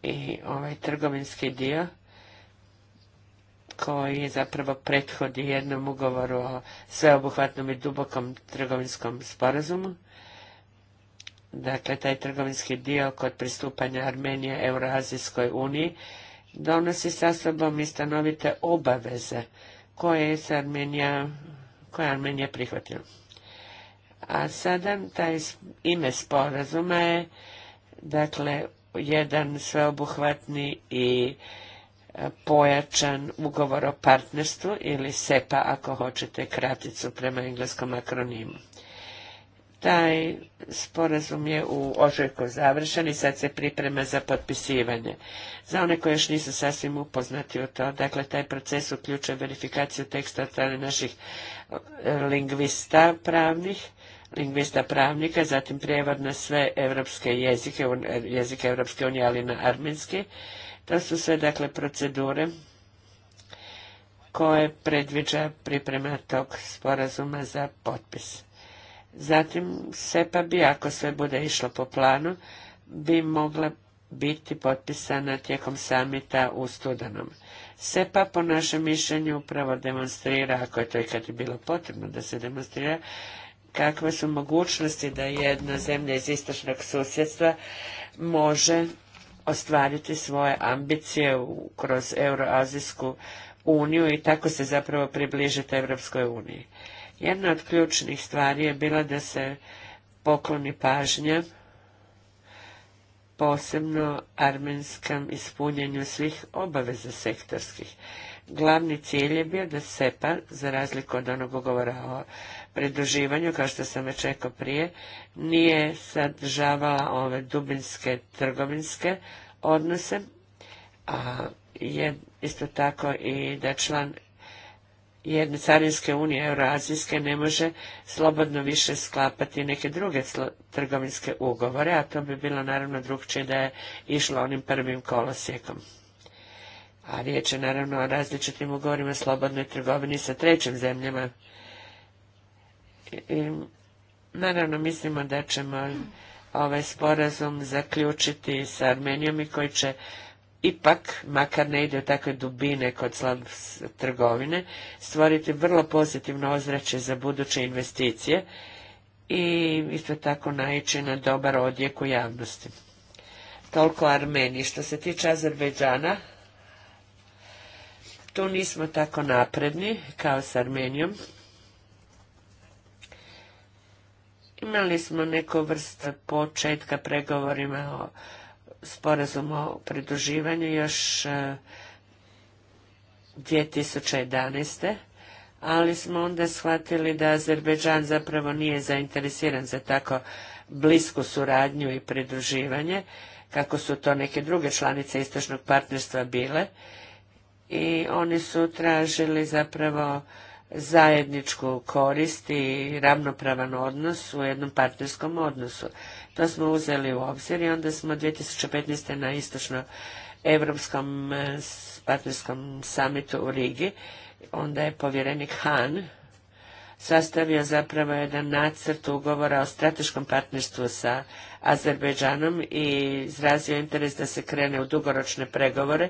i ovaj trgovinski dio koji zapravo prethodi jednom ugovoru o sveobuhvatnom i dubokom trgovinskom sporazumu dakle taj trgovinski dio kod pristupanja Armenije Euroazijskoj uniji, donosi sa sobom i stanovite obaveze koje je Armenija, koje Armenija prihvatila. A sada taj ime sporazuma je dakle jedan sveobuhvatni i e, pojačan ugovor o partnerstvu ili SEPA ako hoćete kraticu prema engleskom akronimu. Taj sporazum je u ožujku završen i sad se priprema za potpisivanje. Za one koji još nisu sasvim upoznati u to, dakle, taj proces uključuje verifikaciju teksta od strane naših e, lingvista pravnih, lingvista pravnika, zatim prijevod na sve evropske jezike, jezike Evropske unije, ali na armenski. To su sve, dakle, procedure koje predviđa priprema tog sporazuma za potpis. Zatim SEPA bi, ako sve bude išlo po planu, bi mogla biti potpisana tijekom samita u studenom. SEPA po našem mišljenju upravo demonstrira, ako je to ikad i bilo potrebno da se demonstrira, kakve su mogućnosti da jedna zemlja iz istočnog susjedstva može ostvariti svoje ambicije kroz Euroazijsku uniju i tako se zapravo približiti Europskoj uniji. Jedna od ključnih stvari je bila da se pokloni pažnja posebno armenskom ispunjenju svih obaveza sektorskih. Glavni cilj je bio da SEPA, za razliku od onog ugovora o pridruživanju, kao što sam već rekao prije, nije sadržavala ove dubinske trgovinske odnose, a je isto tako i da član jedne carinske unije euroazijske ne može slobodno više sklapati neke druge trgovinske ugovore, a to bi bilo naravno drugčije da je išlo onim prvim kolosijekom. A riječ je naravno o različitim ugovorima slobodnoj trgovini sa trećim zemljama. naravno mislimo da ćemo ovaj sporazum zaključiti sa Armenijom i koji će ipak, makar ne ide u takve dubine kod slab trgovine, stvoriti vrlo pozitivno ozračje za buduće investicije i isto tako naići na dobar odjek u javnosti. Toliko Armeniji. Što se tiče Azerbejdžana, tu nismo tako napredni kao s Armenijom. Imali smo neku vrstu početka pregovorima o sporazum o pridruživanju još 2011. E, ali smo onda shvatili da Azerbeđan zapravo nije zainteresiran za tako blisku suradnju i pridruživanje, kako su to neke druge članice istočnog partnerstva bile. I oni su tražili zapravo zajedničku korist i ravnopravan odnos u jednom partnerskom odnosu. To smo uzeli u obzir i onda smo 2015. na istočno evropskom e, partnerskom samitu u Rigi, onda je povjerenik Han sastavio zapravo jedan nacrt ugovora o strateškom partnerstvu sa Azerbejdžanom i izrazio interes da se krene u dugoročne pregovore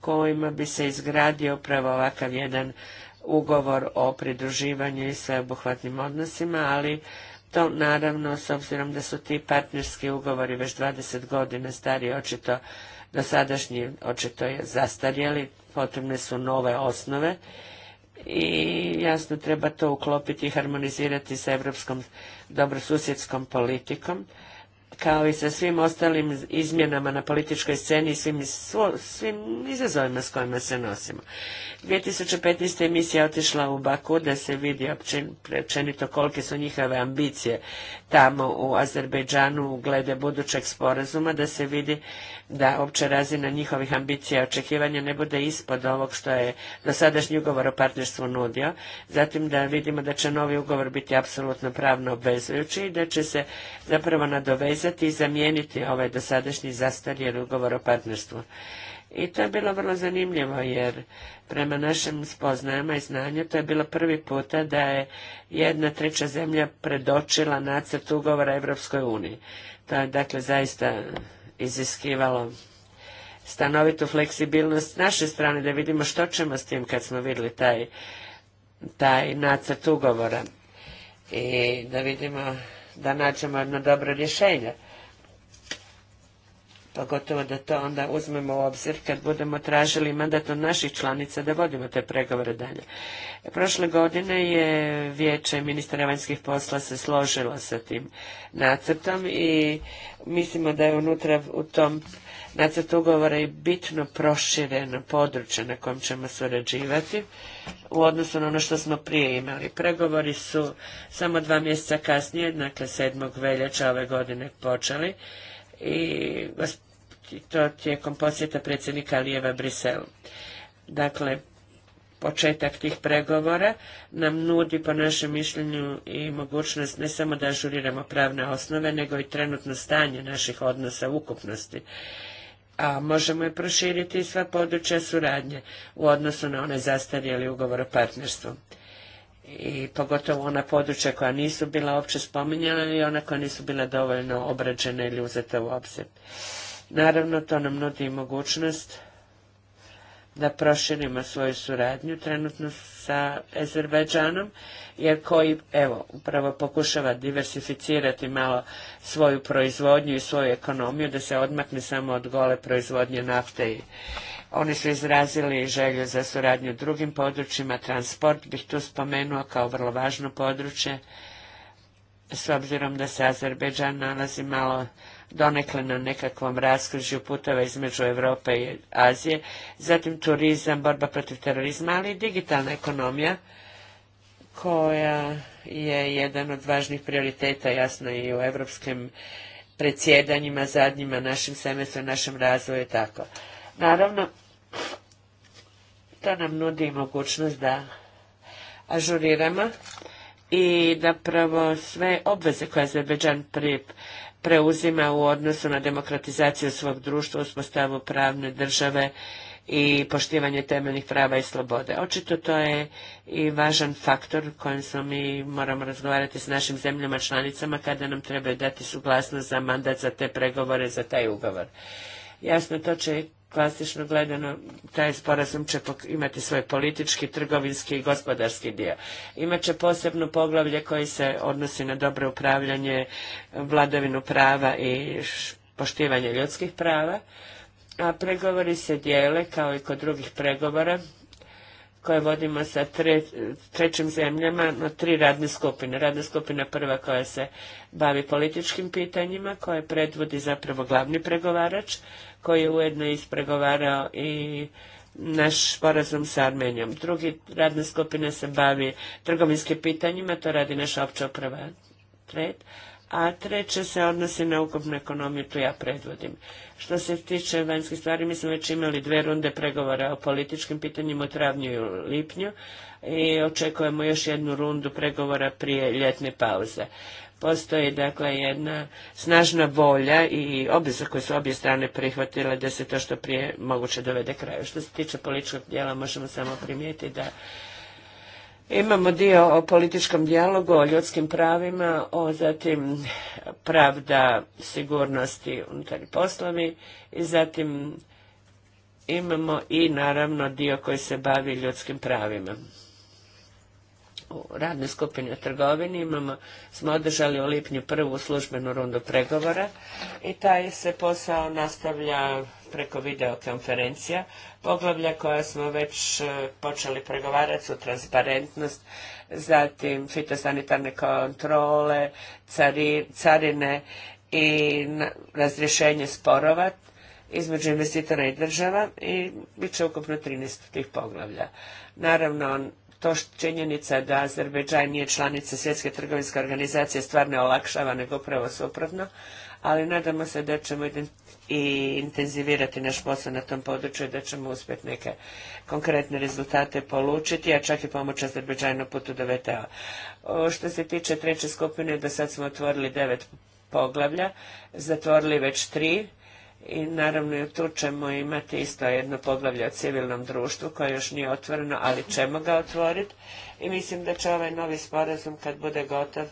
kojima bi se izgradio upravo ovakav jedan ugovor o pridruživanju i sveobuhvatnim odnosima, ali to naravno, s obzirom da su ti partnerski ugovori već 20 godina stari, očito sadašnji, očito je zastarjeli, potrebne su nove osnove i jasno treba to uklopiti i harmonizirati sa evropskom dobrosusjedskom politikom kao i sa svim ostalim izmjenama na političkoj sceni i svim, svim izazovima s kojima se nosimo. 2015. emisija otišla u Baku da se vidi općenito kolike su njihove ambicije tamo u Azerbejdžanu glede budućeg sporazuma, da se vidi da opće razina njihovih ambicija i očekivanja ne bude ispod ovog što je dosadašnji ugovor o partnerstvu nudio. Zatim da vidimo da će novi ugovor biti apsolutno pravno obvezujući i da će se zapravo nadovezati i zamijeniti ovaj dosadašnji zastarjeli ugovor o partnerstvu. I to je bilo vrlo zanimljivo jer prema našem spoznajama i znanju to je bilo prvi puta da je jedna treća zemlja predočila nacrt ugovora Evropskoj uniji. To je dakle zaista iziskivalo stanovitu fleksibilnost naše strane da vidimo što ćemo s tim kad smo vidjeli taj, taj nacrt ugovora i da vidimo da nađemo jedno dobro rješenje. Pogotovo da to onda uzmemo u obzir kad budemo tražili mandat od naših članica da vodimo te pregovore dalje. Prošle godine je vijeće ministra vanjskih posla se složilo sa tim nacrtom i mislimo da je unutra u tom nacrt ugovora je bitno prošireno područje na kojem ćemo surađivati u odnosu na ono što smo prije imali. Pregovori su samo dva mjeseca kasnije, dakle 7. veljača ove godine počeli i to tijekom posjeta predsjednika Lijeva Briselu. Dakle, početak tih pregovora nam nudi po našem mišljenju i mogućnost ne samo da ažuriramo pravne osnove, nego i trenutno stanje naših odnosa u ukupnosti a možemo i proširiti sva područja suradnje u odnosu na one zastarjeli ugovor o partnerstvu. I pogotovo ona područja koja nisu bila uopće spominjana i ona koja nisu bila dovoljno obrađena ili uzeta u obzir. Naravno, to nam nudi i mogućnost da proširimo svoju suradnju trenutno sa Azerbajdžanom, jer koji, evo, upravo pokušava diversificirati malo svoju proizvodnju i svoju ekonomiju, da se odmakne samo od gole proizvodnje nafte i oni su izrazili želju za suradnju drugim područjima. Transport bih tu spomenuo kao vrlo važno područje, s obzirom da se Azerbejdžan nalazi malo donekle na nekakvom raskrižju putova između Europe i Azije, zatim turizam, borba protiv terorizma, ali i digitalna ekonomija koja je jedan od važnih prioriteta jasno i u evropskim predsjedanjima, zadnjima, našim semestru, našem razvoju i tako. Naravno, to nam nudi mogućnost da ažuriramo i da pravo sve obveze koje Azerbeđan prije preuzima u odnosu na demokratizaciju svog društva, uspostavu pravne države i poštivanje temeljnih prava i slobode. Očito to je i važan faktor kojim smo mi moramo razgovarati s našim zemljama članicama kada nam trebaju dati suglasnost za mandat za te pregovore, za taj ugovor. Jasno, to će klasično gledano taj sporazum će imati svoj politički, trgovinski i gospodarski dio. Imaće posebno poglavlje koji se odnosi na dobro upravljanje, vladavinu prava i poštivanje ljudskih prava, a pregovori se dijele kao i kod drugih pregovora koje vodimo sa trećim zemljama na tri radne skupine. Radna skupina prva koja se bavi političkim pitanjima, koje predvodi zapravo glavni pregovarač, koji je ujedno ispregovarao i naš sporazum sa Armenijom. Drugi radna skupina se bavi trgovinskim pitanjima, to radi naša opća uprava a treće se odnosi na ukupnu ekonomiju, tu ja predvodim. Što se tiče vanjskih stvari, mi smo već imali dve runde pregovora o političkim pitanjima u travnju i u lipnju i očekujemo još jednu rundu pregovora prije ljetne pauze. Postoji dakle jedna snažna volja i obveza koje su obje strane prihvatile da se to što prije moguće dovede kraju. Što se tiče političkog dijela možemo samo primijetiti da Imamo dio o političkom dijalogu, o ljudskim pravima, o zatim pravda, sigurnosti unutarnji poslovi i zatim imamo i naravno dio koji se bavi ljudskim pravima. U radnoj skupini o trgovini imamo, smo održali u lipnju prvu službenu rundu pregovora i taj se posao nastavlja preko videokonferencija, poglavlja koja smo već e, počeli pregovarati su transparentnost, zatim fitosanitarne kontrole, carine i razrješenje sporova između investitora i država i bit će ukupno 13 tih poglavlja. Naravno, to činjenica da Azerbejdžan nije članica Svjetske trgovinske organizacije stvar ne olakšava, nego upravo suprotno, ali nadamo se da ćemo i intenzivirati naš posao na tom području i da ćemo uspjeti neke konkretne rezultate polučiti, a čak i pomoć Azerbeđajnu putu do VTA. Što se tiče treće skupine, do sad smo otvorili devet poglavlja, zatvorili već tri i naravno tu ćemo imati isto jedno poglavlje o civilnom društvu koje još nije otvoreno, ali ćemo ga otvoriti i mislim da će ovaj novi sporazum kad bude gotov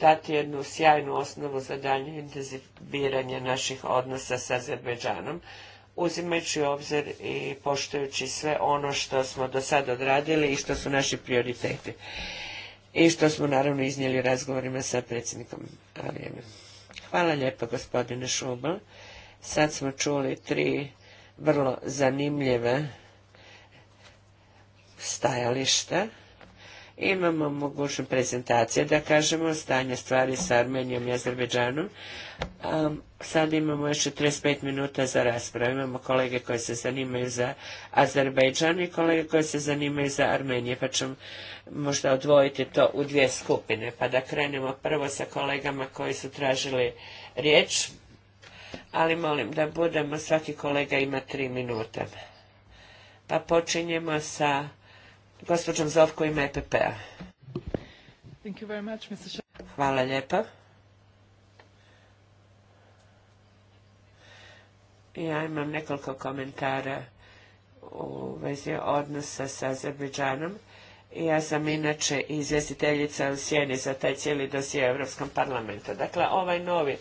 dati jednu sjajnu osnovu za dalje intenziviranje naših odnosa sa Azerbeđanom, uzimajući u obzir i poštujući sve ono što smo do sada odradili i što su naši prioriteti. I što smo naravno iznijeli razgovorima sa predsjednikom Hvala lijepo gospodine Šubal. Sad smo čuli tri vrlo zanimljive stajališta imamo mogućnost prezentacije, da kažemo, stanje stvari sa Armenijom i Azerbeđanom. Um, sad imamo još 35 minuta za raspravu. Imamo kolege koji se zanimaju za Azerbeđan i kolege koji se zanimaju za Armenije, pa ćemo možda odvojiti to u dvije skupine. Pa da krenemo prvo sa kolegama koji su tražili riječ, ali molim da budemo, svaki kolega ima tri minuta. Pa počinjemo sa Gospođom Zovko ime EPP-a. Hvala lijepa. Ja imam nekoliko komentara u vezi odnosa sa Azerbeđanom. Ja sam inače izvjestiteljica u sjeni za taj cijeli dosije Europskom parlamentu. Dakle, ovaj novi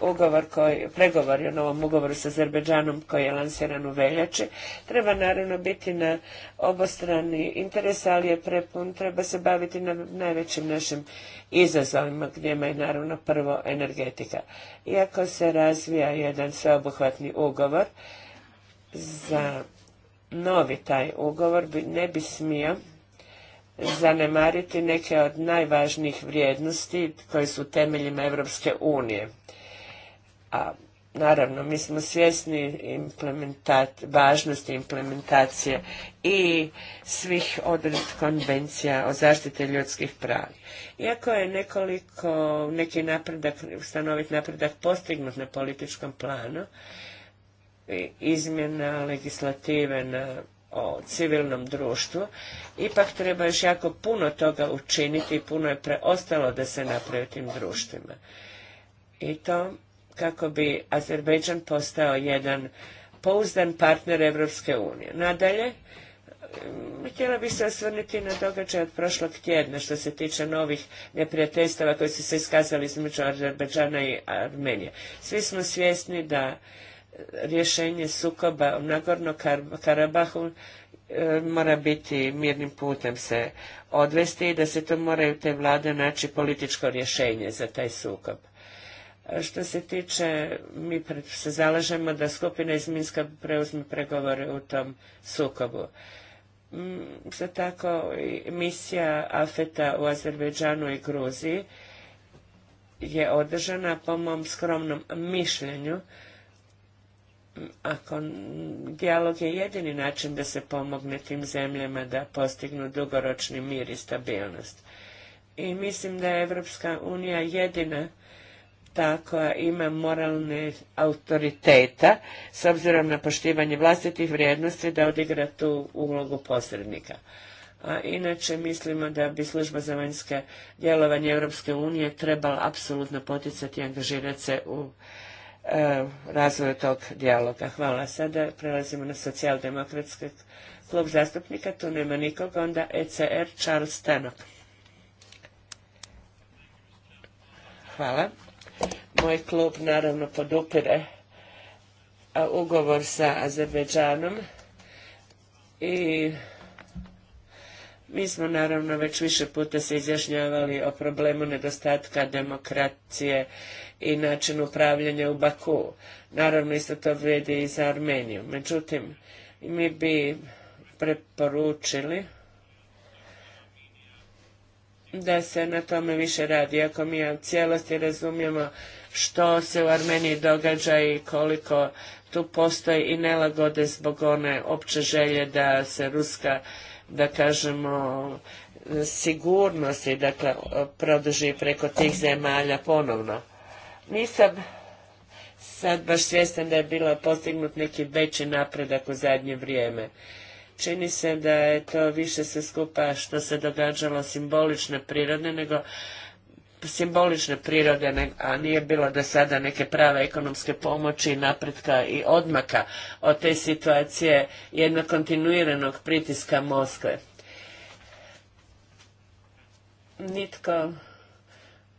ugovor koji, pregovori o novom ugovoru sa Azerbeđanom koji je lansiran u veljači. Treba naravno biti na obostrani interes, ali je prepun, treba se baviti na najvećim našim izazovima, gdje je naravno prvo energetika. Iako se razvija jedan sveobuhvatni ugovor, za novi taj ugovor bi, ne bi smio zanemariti neke od najvažnijih vrijednosti koje su temeljima Evropske unije a naravno, mi smo svjesni implementat, važnosti implementacije i svih odred konvencija o zaštiti ljudskih prava. Iako je nekoliko, neki napredak, ustanovit napredak postignut na političkom planu, izmjena legislative na o civilnom društvu, ipak treba još jako puno toga učiniti i puno je preostalo da se napravi u tim društvima. I to kako bi Azerbejdžan postao jedan pouzdan partner Evropske unije. Nadalje, htjela bih se osvrnuti na događaj od prošlog tjedna što se tiče novih neprijateljstava koji su se iskazali između Azerbejdžana i Armenije. Svi smo svjesni da rješenje sukoba u Nagorno Karabahu e, mora biti mirnim putem se odvesti i da se to moraju te vlade naći političko rješenje za taj sukob. Što se tiče, mi se zalažemo da skupina iz Minska preuzme pregovore u tom sukobu. Za mm, tako misija AFETA u Azerbejdžanu i Gruziji je održana po mom skromnom mišljenju mm, ako dijalog je jedini način da se pomogne tim zemljama da postignu dugoročni mir i stabilnost. I mislim da je Evropska unija jedina ta koja ima moralne autoriteta s obzirom na poštivanje vlastitih vrijednosti da odigra tu ulogu posrednika. A inače mislimo da bi služba za vanjske djelovanje Europske unije trebala apsolutno poticati i angažirati se u e, razvoju tog dijaloga. Hvala. Sada prelazimo na socijaldemokratski klub zastupnika. Tu nema nikoga. Onda ECR Charles Tenok. Hvala. Moj klub naravno podupire ugovor sa Azerbejdžanom i mi smo naravno već više puta se izjašnjavali o problemu nedostatka demokracije i način upravljanja u Baku. Naravno isto to vrijedi i za Armeniju. Međutim, mi bi preporučili da se na tome više radi. Ako mi u cijelosti razumijemo što se u Armeniji događa i koliko tu postoji i nelagode zbog one opće želje da se ruska, da kažemo, sigurnosti, dakle, produži preko tih zemalja ponovno. Nisam sad baš svjestan da je bilo postignut neki veći napredak u zadnje vrijeme. Čini se da je to više se skupa što se događalo simbolične prirode, nego simbolične prirode, a nije bilo da sada neke prave ekonomske pomoći, napretka i odmaka od te situacije jednog kontinuiranog pritiska Moskve. Nitko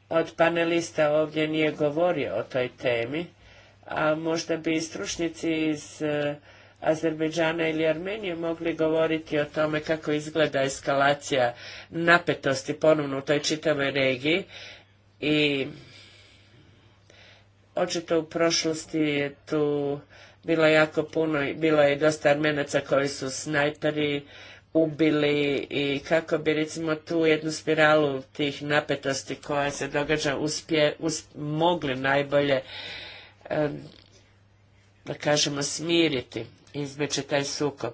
od panelista ovdje nije govorio o toj temi, a možda bi stručnjaci iz eh, Azerbejdžana ili Armenije mogli govoriti o tome kako izgleda eskalacija napetosti ponovno u toj čitavoj regiji i očito u prošlosti je tu bilo jako puno, bilo je dosta armenaca koji su snajperi ubili i kako bi recimo tu jednu spiralu tih napetosti koja se događa uspje, mogli najbolje da kažemo smiriti izbjeći taj sukob.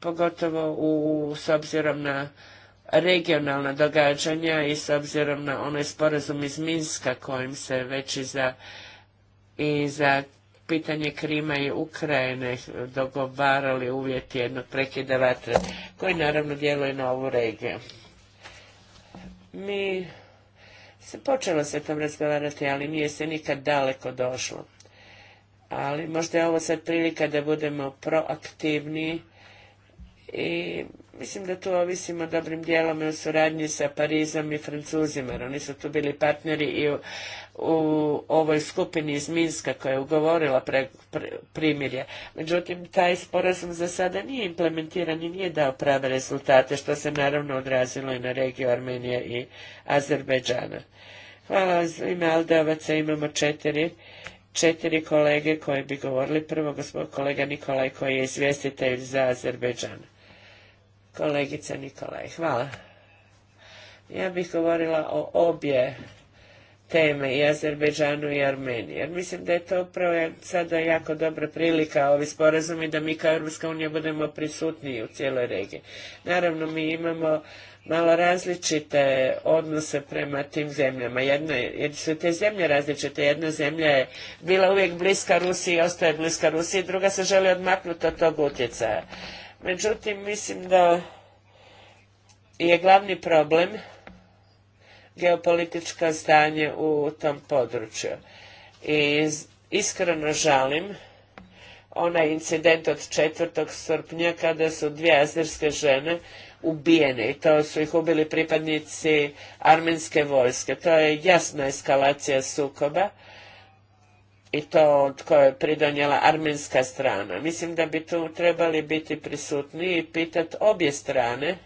Pogotovo u, s obzirom na regionalna događanja i s obzirom na onaj sporazum iz Minska kojim se već i za, i za pitanje Krima i Ukrajine dogovarali uvjeti jednog prekida vatre, koji naravno djeluje na ovu regiju. Mi se počelo se tom razgovarati, ali nije se nikad daleko došlo ali možda je ovo sad prilika da budemo proaktivni i mislim da tu ovisimo dobrim dijelom i u suradnji sa Parizom i Francuzima, jer oni su tu bili partneri i u, ovoj skupini iz Minska koja je ugovorila primirje. Međutim, taj sporazum za sada nije implementiran i nije dao prave rezultate, što se naravno odrazilo i na regiju Armenije i Azerbeđana. Hvala, ime Aldovaca imamo četiri četiri kolege koji bi govorili. Prvo kolega Nikolaj koji je izvjestitelj za Azerbejdžan. Kolegica Nikolaj, hvala. Ja bih govorila o obje teme i Azerbejdžanu i Armeniji. Jer mislim da je to upravo sada jako dobra prilika ovi sporazumi da mi kao Europska unija budemo prisutniji u cijeloj regiji. Naravno mi imamo malo različite odnose prema tim zemljama. Jedno, jer su te zemlje različite. Jedna zemlja je bila uvijek bliska Rusiji i ostaje bliska Rusiji, druga se želi odmaknuti od tog utjecaja. Međutim, mislim da je glavni problem geopolitičko stanje u tom području. I iskreno žalim onaj incident od 4. srpnja kada su dvije azerske žene ubijeni. i to su ih ubili pripadnici armenske vojske. To je jasna eskalacija sukoba i to od koje je pridonjela armenska strana. Mislim da bi tu trebali biti prisutni i pitati obje strane,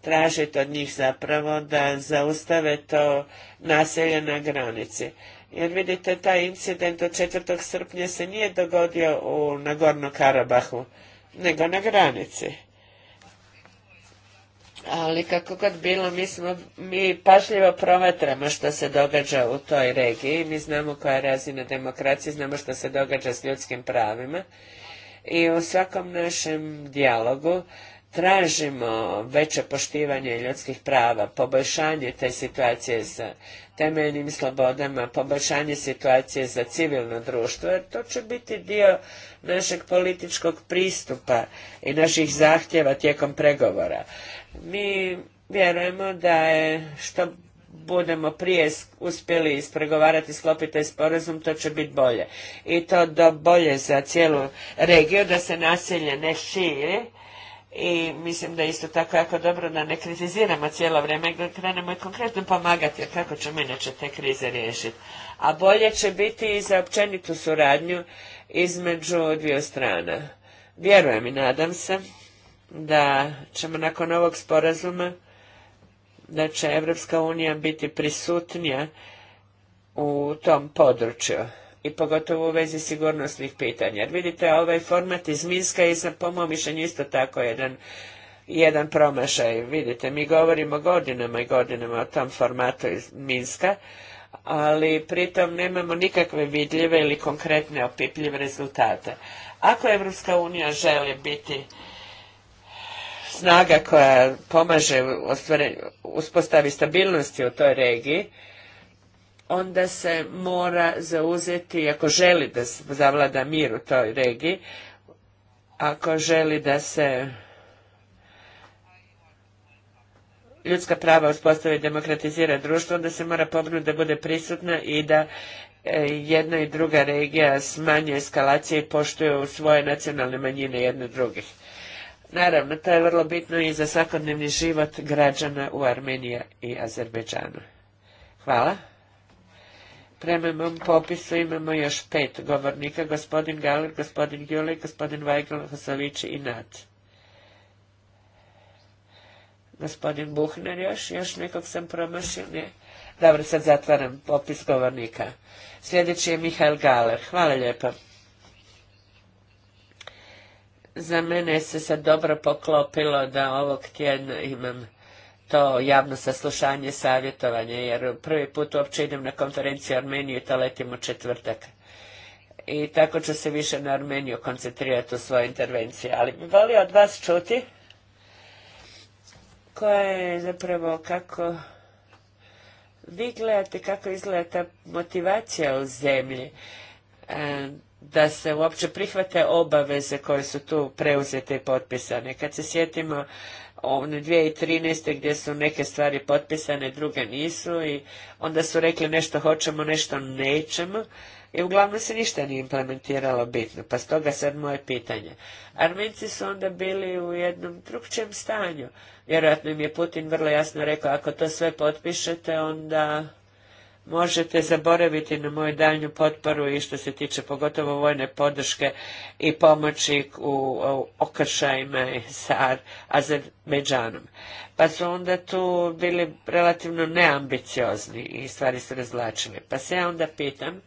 tražiti od njih zapravo da zaustave to naselje na granici. Jer vidite, taj incident od 4. srpnja se nije dogodio u Nagorno Karabahu, nego na granici ali kako god bilo, mi, mi pažljivo promatramo što se događa u toj regiji, mi znamo koja je razina demokracije, znamo što se događa s ljudskim pravima i u svakom našem dijalogu tražimo veće poštivanje ljudskih prava, poboljšanje te situacije sa temeljnim slobodama, poboljšanje situacije za civilno društvo, jer to će biti dio našeg političkog pristupa i naših zahtjeva tijekom pregovora. Mi vjerujemo da je što budemo prije uspjeli ispregovarati, sklopiti taj sporazum, to će biti bolje. I to do bolje za cijelu regiju, da se nasilje ne širi. I mislim da je isto tako jako dobro da ne kritiziramo cijelo vrijeme, da krenemo i konkretno pomagati, jer kako ćemo inače te krize riješiti. A bolje će biti i za općenitu suradnju između dvije strana. Vjerujem i nadam se da ćemo nakon ovog sporazuma da će Evropska unija biti prisutnija u tom području i pogotovo u vezi sigurnosnih pitanja. Jer vidite, ovaj format iz Minska i za mom isto tako jedan, jedan promašaj. Vidite, mi govorimo godinama i godinama o tom formatu iz Minska, ali pritom nemamo nikakve vidljive ili konkretne opipljive rezultate. Ako Evropska unija želi biti snaga koja pomaže uspostavi stabilnosti u toj regiji, onda se mora zauzeti, ako želi da se zavlada mir u toj regiji, ako želi da se ljudska prava uspostavi i demokratizira društvo, onda se mora pobrinuti da bude prisutna i da e, jedna i druga regija smanje eskalacije i poštuju svoje nacionalne manjine jedne drugih. Naravno, to je vrlo bitno i za svakodnevni život građana u Armeniji i Azerbeđanu. Hvala. Prema mom popisu imamo još pet govornika, gospodin Galer, gospodin Gjulej, gospodin Vajgl, Hosović i Nat. Gospodin Buhner još, još nekog sam promašio, ne? Dobro, sad zatvaram popis govornika. Sljedeći je Mihael Galer. Hvala lijepo. Za mene se sad dobro poklopilo da ovog tjedna imam to javno saslušanje, savjetovanje, jer prvi put uopće idem na konferenciju Armeniju i to letim u četvrtak. I tako ću se više na Armeniju koncentrirati u svoje intervencije. Ali bi volio od vas čuti koja je zapravo kako vi gledate kako izgleda ta motivacija u zemlji. E, da se uopće prihvate obaveze koje su tu preuzete i potpisane. Kad se sjetimo one 2013. gdje su neke stvari potpisane, druge nisu i onda su rekli nešto hoćemo, nešto nećemo i uglavnom se ništa nije implementiralo bitno, pa stoga sad moje pitanje. Armenci su onda bili u jednom drugčijem stanju. Vjerojatno im je Putin vrlo jasno rekao, ako to sve potpišete, onda možete zaboraviti na moju daljnju potporu i što se tiče pogotovo vojne podrške i pomoći u, okršajima sa Azerbejdžanom. Pa su onda tu bili relativno neambiciozni i stvari su razlačili. Pa se ja onda pitam,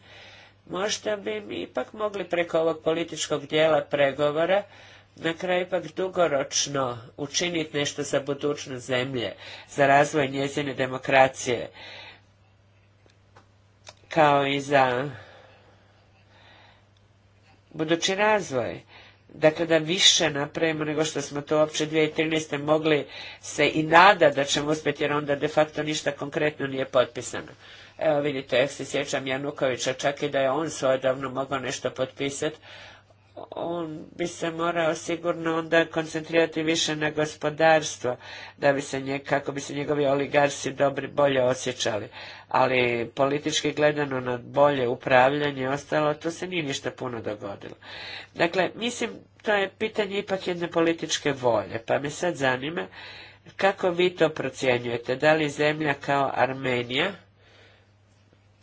možda bi mi ipak mogli preko ovog političkog dijela pregovora na kraju ipak dugoročno učiniti nešto za budućnost zemlje, za razvoj njezine demokracije kao i za budući razvoj. Dakle, da više napravimo nego što smo to uopće 2013. mogli se i nada da ćemo uspjeti, jer onda de facto ništa konkretno nije potpisano. Evo vidite, ja se sjećam Janukovića, čak i da je on svojedavno mogao nešto potpisati, on bi se morao sigurno onda koncentrirati više na gospodarstvo da bi se nje, kako bi se njegovi oligarsi dobri bolje osjećali. Ali politički gledano na bolje upravljanje i ostalo, to se nije ništa puno dogodilo. Dakle, mislim, to je pitanje ipak jedne političke volje, pa me sad zanima kako vi to procjenjujete, da li zemlja kao Armenija,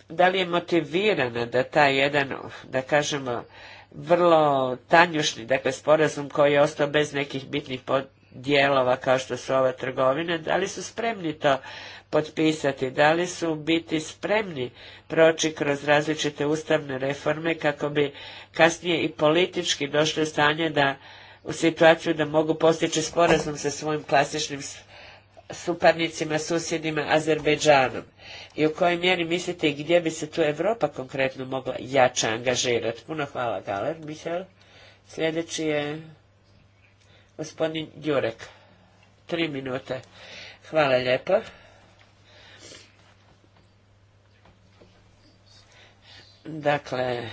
da li je motivirana da taj jedan, da kažemo, vrlo tanjušni, dakle sporazum koji je ostao bez nekih bitnih dijelova kao što su ova trgovine da li su spremni to potpisati, da li su biti spremni proći kroz različite ustavne reforme kako bi kasnije i politički došli u stanje da u situaciju da mogu postići sporazum sa svojim klasičnim suparnicima, susjedima Azerbejdžanom i u kojoj mjeri mislite i gdje bi se tu Europa konkretno mogla jače angažirati. Puno hvala Galer, Mihael. Sljedeći je gospodin Jurek. Tri minute. Hvala lijepo. Dakle,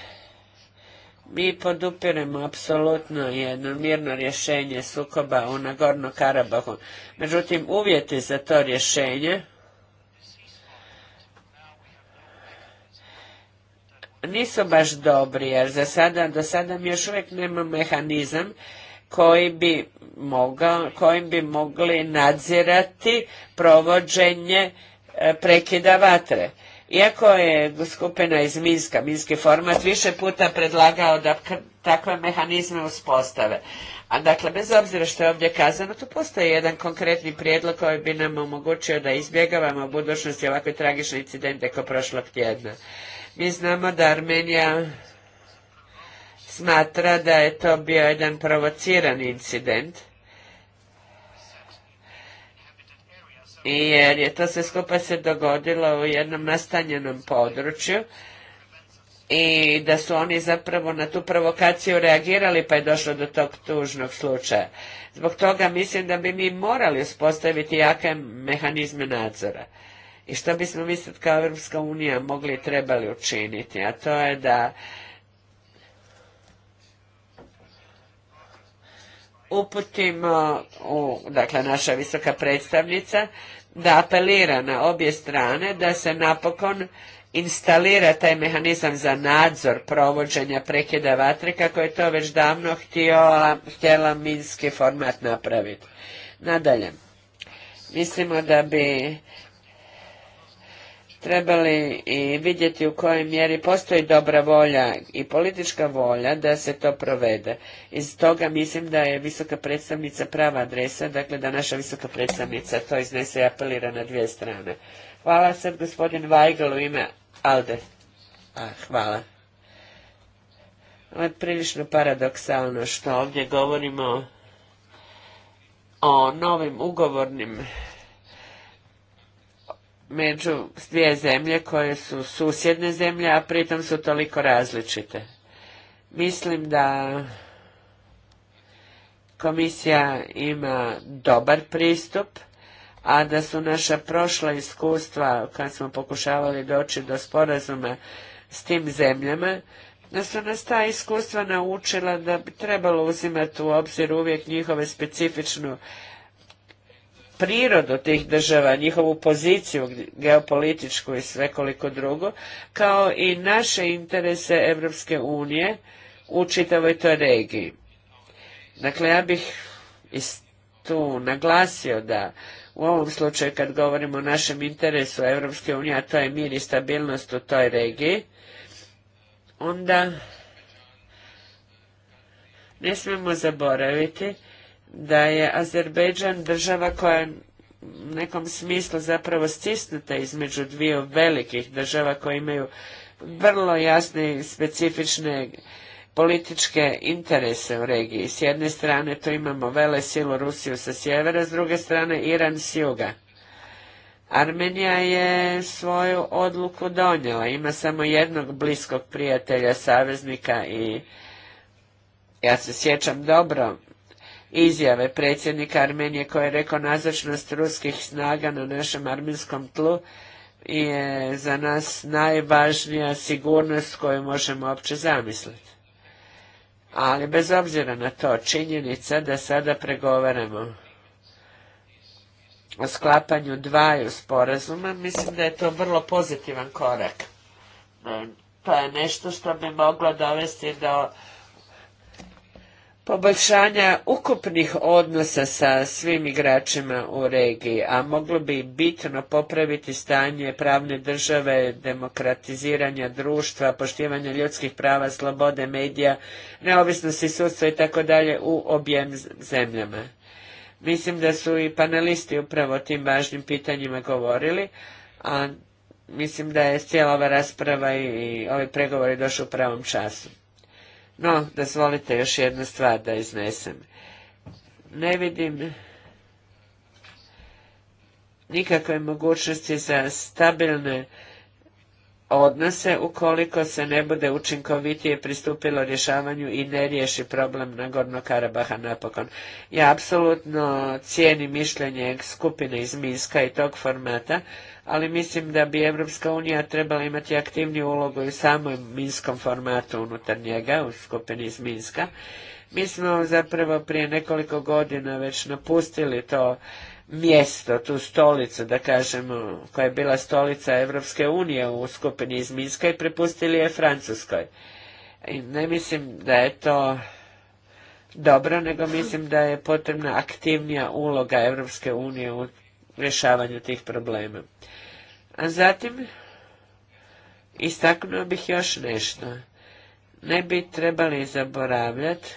mi podupiremo apsolutno jedno mirno rješenje sukoba u Nagorno Karabahu. Međutim, uvjeti za to rješenje nisu baš dobri, jer za sada, do sada mi još uvijek nema mehanizam koji bi mogao, kojim bi mogli nadzirati provođenje e, prekida vatre. Iako je skupina iz Minska, Minski format, više puta predlagao da takve mehanizme uspostave. A dakle, bez obzira što je ovdje kazano, tu postoji jedan konkretni prijedlog koji bi nam omogućio da izbjegavamo u budućnosti ovakve tragične incidente kao prošlog tjedna. Mi znamo da Armenija smatra da je to bio jedan provociran incident jer je to se skupa se dogodilo u jednom nastanjenom području i da su oni zapravo na tu provokaciju reagirali pa je došlo do tog tužnog slučaja. Zbog toga mislim da bi mi morali uspostaviti jake mehanizme nadzora. I što bismo mi sad kao Europska unija mogli i trebali učiniti, a to je da uputimo, u, dakle naša visoka predstavnica, da apelira na obje strane da se napokon instalira taj mehanizam za nadzor provođenja prekida vatre kako je to već davno htjela, htjela minski format napraviti. Nadalje, mislimo da bi trebali i vidjeti u kojoj mjeri postoji dobra volja i politička volja da se to provede. Iz toga mislim da je visoka predstavnica prava adresa, dakle da naša visoka predstavnica to iznese i apelira na dvije strane. Hvala sad gospodin Weigel u ime Alde. hvala. Ovo je prilično paradoksalno što ovdje govorimo o novim ugovornim među dvije zemlje koje su susjedne zemlje, a pritom su toliko različite. Mislim da komisija ima dobar pristup, a da su naša prošla iskustva kad smo pokušavali doći do sporazuma s tim zemljama, da su nas ta iskustva naučila da bi trebalo uzimati u obzir uvijek njihove specifičnu prirodu tih država, njihovu poziciju geopolitičku i svekoliko drugo, kao i naše interese Europske unije u čitavoj toj regiji. Dakle, ja bih tu naglasio da u ovom slučaju kad govorimo o našem interesu Europske unije, a to je mir i stabilnost u toj regiji, onda ne smijemo zaboraviti da je Azerbejdžan država koja u nekom smislu zapravo stisnuta između dviju velikih država koje imaju vrlo jasne i specifične političke interese u regiji. S jedne strane to imamo vele silu Rusiju sa sjevera, s druge strane Iran s juga. Armenija je svoju odluku donijela. Ima samo jednog bliskog prijatelja, saveznika i ja se sjećam dobro izjave predsjednika Armenije koji je rekao nazočnost ruskih snaga na našem armenskom tlu je za nas najvažnija sigurnost koju možemo uopće zamisliti. Ali bez obzira na to, činjenica da sada pregovaramo o sklapanju dvaju sporazuma, mislim da je to vrlo pozitivan korak. E, to je nešto što bi moglo dovesti do poboljšanja ukupnih odnosa sa svim igračima u regiji, a moglo bi bitno popraviti stanje pravne države, demokratiziranja društva, poštivanja ljudskih prava, slobode medija, neovisnosti sudstva i tako dalje u objem zemljama. Mislim da su i panelisti upravo o tim važnim pitanjima govorili, a mislim da je cijela ova rasprava i ovi pregovori došli u pravom času. No, dozvolite još jednu stvar da iznesem. Ne vidim nikakve mogućnosti za stabilne odnose ukoliko se ne bude učinkovitije pristupilo rješavanju i ne riješi problem Nagorno Karabaha napokon. Ja apsolutno cijenim mišljenje skupine iz Minska i tog formata, ali mislim da bi Evropska unija trebala imati aktivniju ulogu i u samom Minskom formatu unutar njega, u skupini iz Minska. Mi smo zapravo prije nekoliko godina već napustili to mjesto, tu stolicu, da kažemo, koja je bila stolica Evropske unije u skupini iz Minska i prepustili je Francuskoj. I ne mislim da je to dobro, nego mislim da je potrebna aktivnija uloga Evropske unije u rješavanju tih problema. A zatim, istaknuo bih još nešto. Ne bi trebali zaboravljati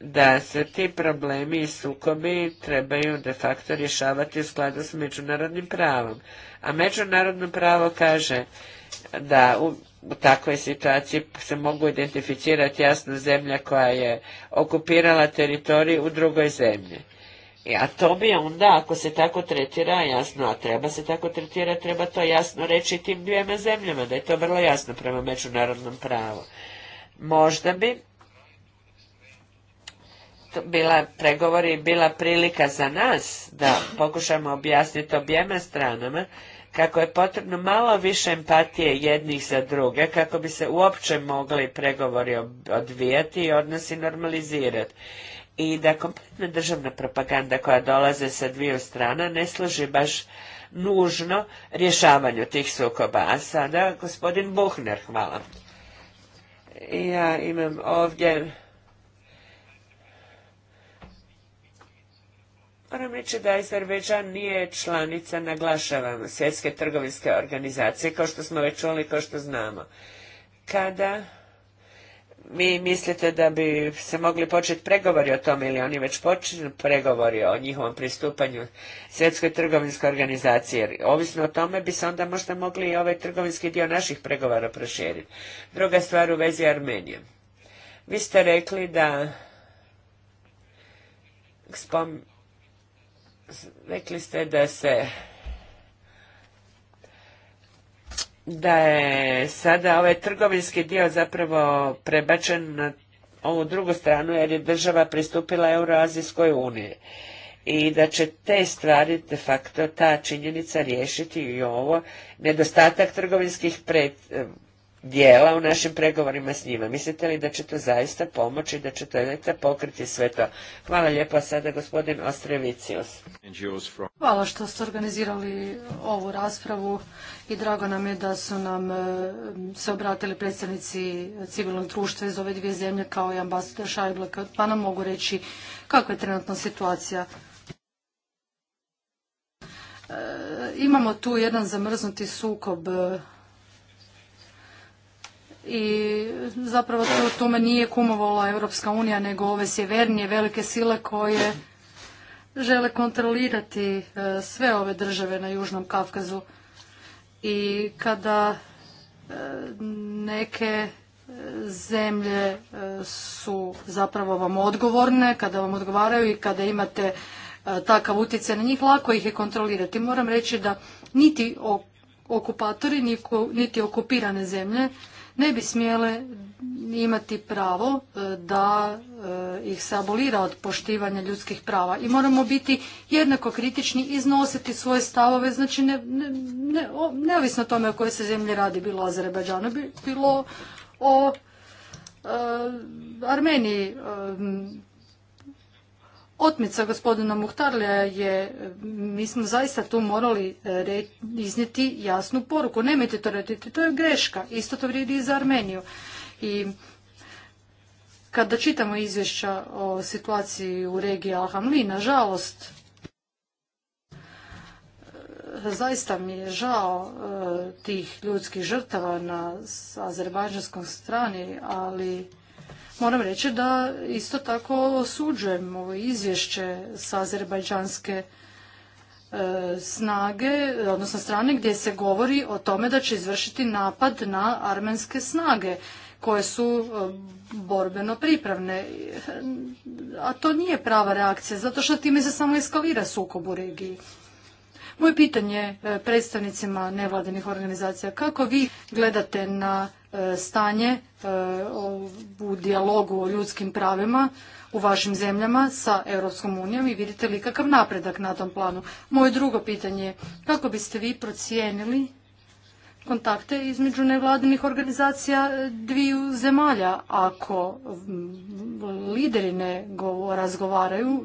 da se ti problemi i sukobi trebaju de facto rješavati u skladu s međunarodnim pravom. A međunarodno pravo kaže da u, takvoj situaciji se mogu identificirati jasno zemlja koja je okupirala teritorij u drugoj zemlji. E, a to bi onda, ako se tako tretira, jasno, a treba se tako tretirati, treba to jasno reći tim dvijema zemljama, da je to vrlo jasno prema međunarodnom pravu. Možda bi bila pregovori bila prilika za nas da pokušamo objasniti objema stranama kako je potrebno malo više empatije jednih za druge kako bi se uopće mogli pregovori odvijati i odnosi normalizirati i da kompletna državna propaganda koja dolaze sa dviju strana ne služi baš nužno rješavanju tih sukoba. A sada gospodin Buhner, hvala. Ja imam ovdje Moram reći da Azerbejdžan nije članica, naglašavam, svjetske trgovinske organizacije, kao što smo već čuli, kao što znamo. Kada mi mislite da bi se mogli početi pregovori o tome ili oni već počinju pregovori o njihovom pristupanju svjetskoj trgovinskoj organizaciji jer ovisno o tome bi se onda možda mogli i ovaj trgovinski dio naših pregovara proširiti. Druga stvar u vezi Armenije. Vi ste rekli da rekli ste da se da je sada ovaj trgovinski dio zapravo prebačen na ovu drugu stranu jer je država pristupila Euroazijskoj uniji i da će te stvari de facto ta činjenica riješiti i ovo nedostatak trgovinskih pred, dijela u našim pregovorima s njima. Mislite li da će to zaista pomoći, da će to zaista pokriti sve to? Hvala lijepo sada gospodin Ostrevicius. Hvala što ste organizirali ovu raspravu i drago nam je da su nam e, se obratili predstavnici civilnog društva iz ove dvije zemlje kao i ambasador Šajblaka pa nam mogu reći kakva je trenutna situacija. E, imamo tu jedan zamrznuti sukob e, i zapravo to tome nije kumovala Europska unija nego ove sjevernije velike sile koje žele kontrolirati e, sve ove države na Južnom Kafkazu I kada e, neke e, zemlje su zapravo vam odgovorne, kada vam odgovaraju i kada imate takav utjecaj na njih, lako ih je kontrolirati. Moram reći da niti okupatori, niti okupirane zemlje ne bi smjele imati pravo e, da e, ih se abolira od poštivanja ljudskih prava i moramo biti jednako kritični iznositi svoje stavove znači ne, ne, neovisno o tome o kojoj se zemlji radi bilo o Azerbajdžanu bilo o e, Armeniji otmica gospodina Muhtarlija je, mi smo zaista tu morali e, iznijeti jasnu poruku. Nemojte to raditi, to je greška. Isto to vrijedi i za Armeniju. I kada čitamo izvješća o situaciji u regiji Alhamli, nažalost, e, zaista mi je žao e, tih ljudskih žrtava na Azerbajdžanskom strani, ali Moram reći da isto tako osuđujem ovo izvješće sa azerbajdžanske e, snage, odnosno strane gdje se govori o tome da će izvršiti napad na armenske snage koje su e, borbeno pripravne. E, a to nije prava reakcija, zato što time se samo eskalira sukob u regiji. Moje pitanje e, predstavnicima nevladinih organizacija, kako vi gledate na e, stanje e, u dijalogu o ljudskim pravima u vašim zemljama sa Europskom unijom i vidite li kakav napredak na tom planu? Moje drugo pitanje je kako biste vi procijenili kontakte između nevladinih organizacija dviju zemalja. Ako lideri ne razgovaraju,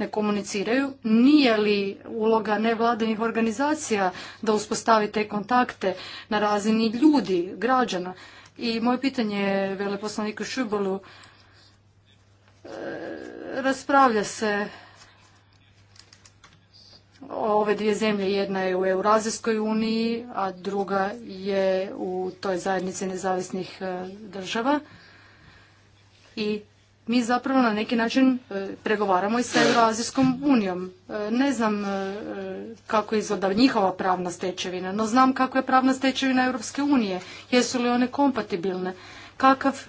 ne komuniciraju. Nije li uloga nevladinih organizacija da uspostavi te kontakte na razini ljudi, građana? I moje pitanje je veleposlaniku Šubolu. E, raspravlja se ove dvije zemlje, jedna je u Eurazijskoj uniji, a druga je u toj zajednici nezavisnih e, država. I mi zapravo na neki način e, pregovaramo i sa Euroazijskom unijom. E, ne znam e, kako izgleda njihova pravna stečevina, no znam kako je pravna stečevina Europske unije. Jesu li one kompatibilne? Kakav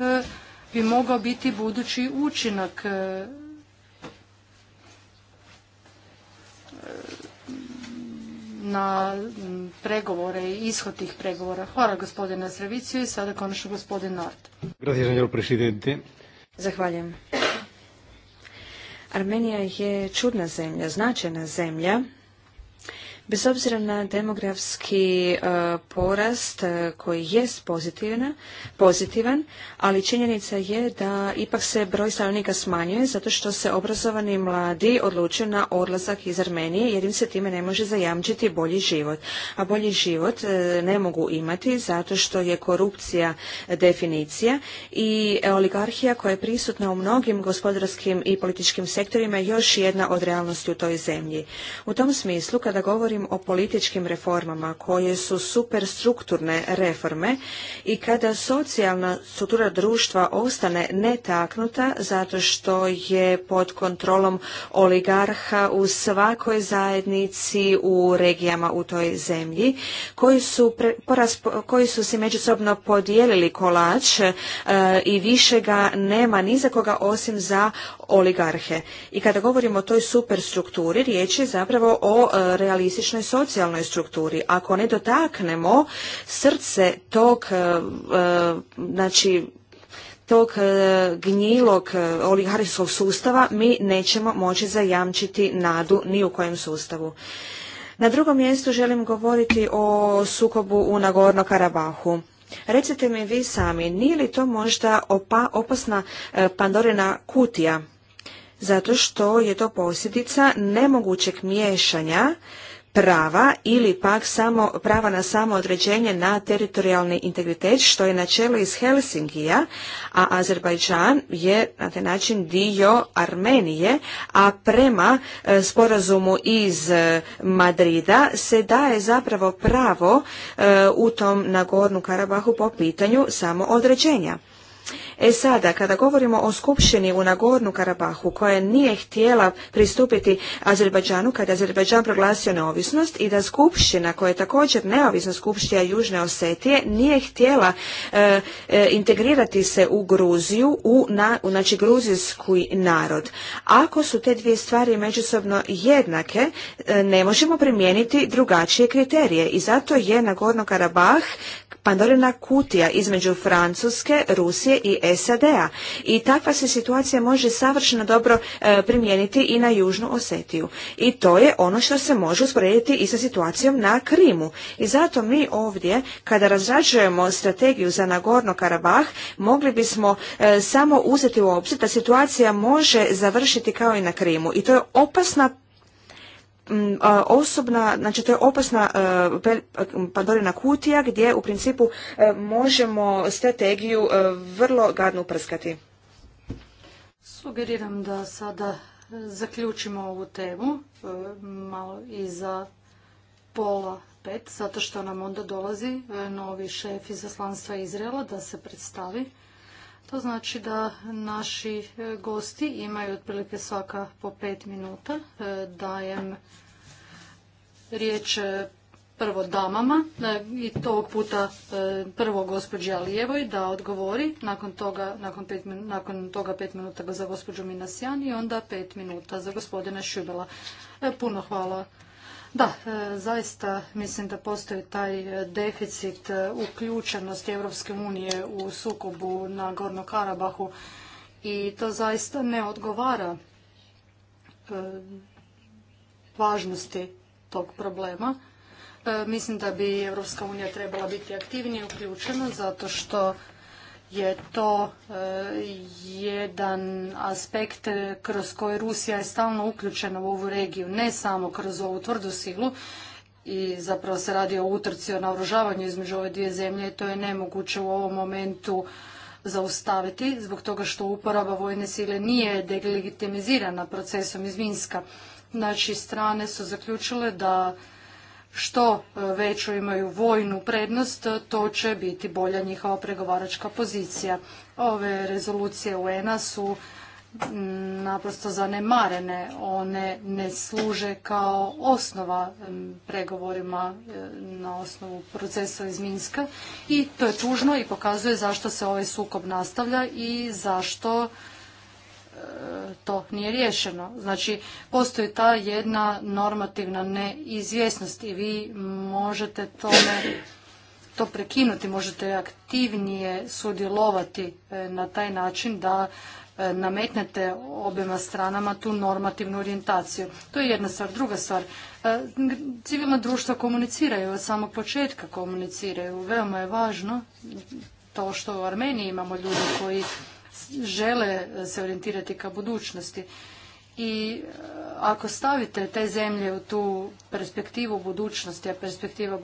bi mogao biti budući učinak na pregovore i ishod tih pregovora. Hvala gospodine Sreviciju i sada konačno gospodin Nart. Zahvaljujem. Armenija je čudna zemlja, značajna zemlja Bez obzira na demografski e, porast e, koji jest pozitivan, ali činjenica je da ipak se broj stanovnika smanjuje zato što se obrazovani mladi odlučuju na odlazak iz Armenije jer im se time ne može zajamčiti bolji život. A bolji život e, ne mogu imati zato što je korupcija definicija i oligarhija koja je prisutna u mnogim gospodarskim i političkim sektorima je još jedna od realnosti u toj zemlji. U tom smislu kada govorimo o političkim reformama koje su superstrukturne reforme i kada socijalna struktura društva ostane netaknuta zato što je pod kontrolom oligarha u svakoj zajednici u regijama u toj zemlji koji su, pre, koji su si međusobno podijelili kolač e, i više ga nema ni za koga osim za oligarhe. I kada govorimo o toj superstrukturi, riječ je zapravo o e, realističnoj socijalnoj strukturi. Ako ne dotaknemo srce tog, e, e, znači, tog gnjilog oligarhijskog sustava, mi nećemo moći zajamčiti nadu ni u kojem sustavu. Na drugom mjestu želim govoriti o sukobu u Nagorno-Karabahu. Recite mi vi sami, nije li to možda opasna pandorina kutija? zato što je to posljedica nemogućeg miješanja prava ili pak samo, prava na samoodređenje na teritorijalni integritet, što je načelo iz Helsingija, a Azerbajdžan je na taj način dio Armenije, a prema e, sporazumu iz e, Madrida se daje zapravo pravo e, u tom Nagornu Karabahu po pitanju samoodređenja. E sada, kada govorimo o skupštini u Nagornu Karabahu, koja nije htjela pristupiti Azerbajdžanu kada je Azerbajdžan proglasio neovisnost i da skupština, koja je također neovisna skupština Južne Osetije, nije htjela e, e, integrirati se u Gruziju, u, znači gruzijski narod. Ako su te dvije stvari međusobno jednake, e, ne možemo primijeniti drugačije kriterije i zato je Nagorno Karabah Pandorina kutija između Francuske, Rusije i SAD-a. I takva se situacija može savršeno dobro e, primijeniti i na Južnu Osetiju. I to je ono što se može usporediti i sa situacijom na Krimu. I zato mi ovdje, kada razrađujemo strategiju za Nagorno Karabah, mogli bismo e, samo uzeti u obzir da situacija može završiti kao i na Krimu. I to je opasna Mm, osobna, znači to je opasna e, pandorina kutija gdje u principu e, možemo strategiju e, vrlo gadno uprskati. Sugeriram da sada zaključimo ovu temu malo iza pola pet, zato što nam onda dolazi novi šef izaslanstva Izraela da se predstavi. To znači da naši e, gosti imaju otprilike svaka po pet minuta. E, dajem riječ e, prvo damama i to puta prvo gospođi Alijevoj da odgovori, nakon toga, nakon pet, nakon toga pet minuta za gospođu Minasjan i onda pet minuta za gospodina Šubela. Puno hvala da, e, zaista mislim da postoji taj deficit e, uključenosti Europske unije u sukobu na Gornom Karabahu i to zaista ne odgovara e, važnosti tog problema. Mislim da bi Europska unija trebala biti aktivnije uključena zato što je to e, jedan aspekt kroz koji Rusija je stalno uključena u ovu regiju, ne samo kroz ovu tvrdu silu i zapravo se radi o utrci o naoružavanju između ove dvije zemlje i to je nemoguće u ovom momentu zaustaviti zbog toga što uporaba vojne sile nije delegitimizirana procesom iz Minska. Znači strane su zaključile da što e, veću imaju vojnu prednost, to će biti bolja njihova pregovaračka pozicija. Ove rezolucije UN-a su mm, naprosto zanemarene. One ne služe kao osnova pregovorima e, na osnovu procesa iz Minska i to je tužno i pokazuje zašto se ovaj sukob nastavlja i zašto to nije riješeno. Znači, postoji ta jedna normativna neizvjesnost i vi možete tome to prekinuti, možete aktivnije sudjelovati e, na taj način da e, nametnete obema stranama tu normativnu orijentaciju. To je jedna stvar. Druga stvar, e, civilna društva komuniciraju od samog početka komuniciraju. Veoma je važno to što u Armeniji imamo ljudi koji žele se orijentirati ka budućnosti. I e, ako stavite te zemlje u tu perspektivu budućnosti, a perspektiva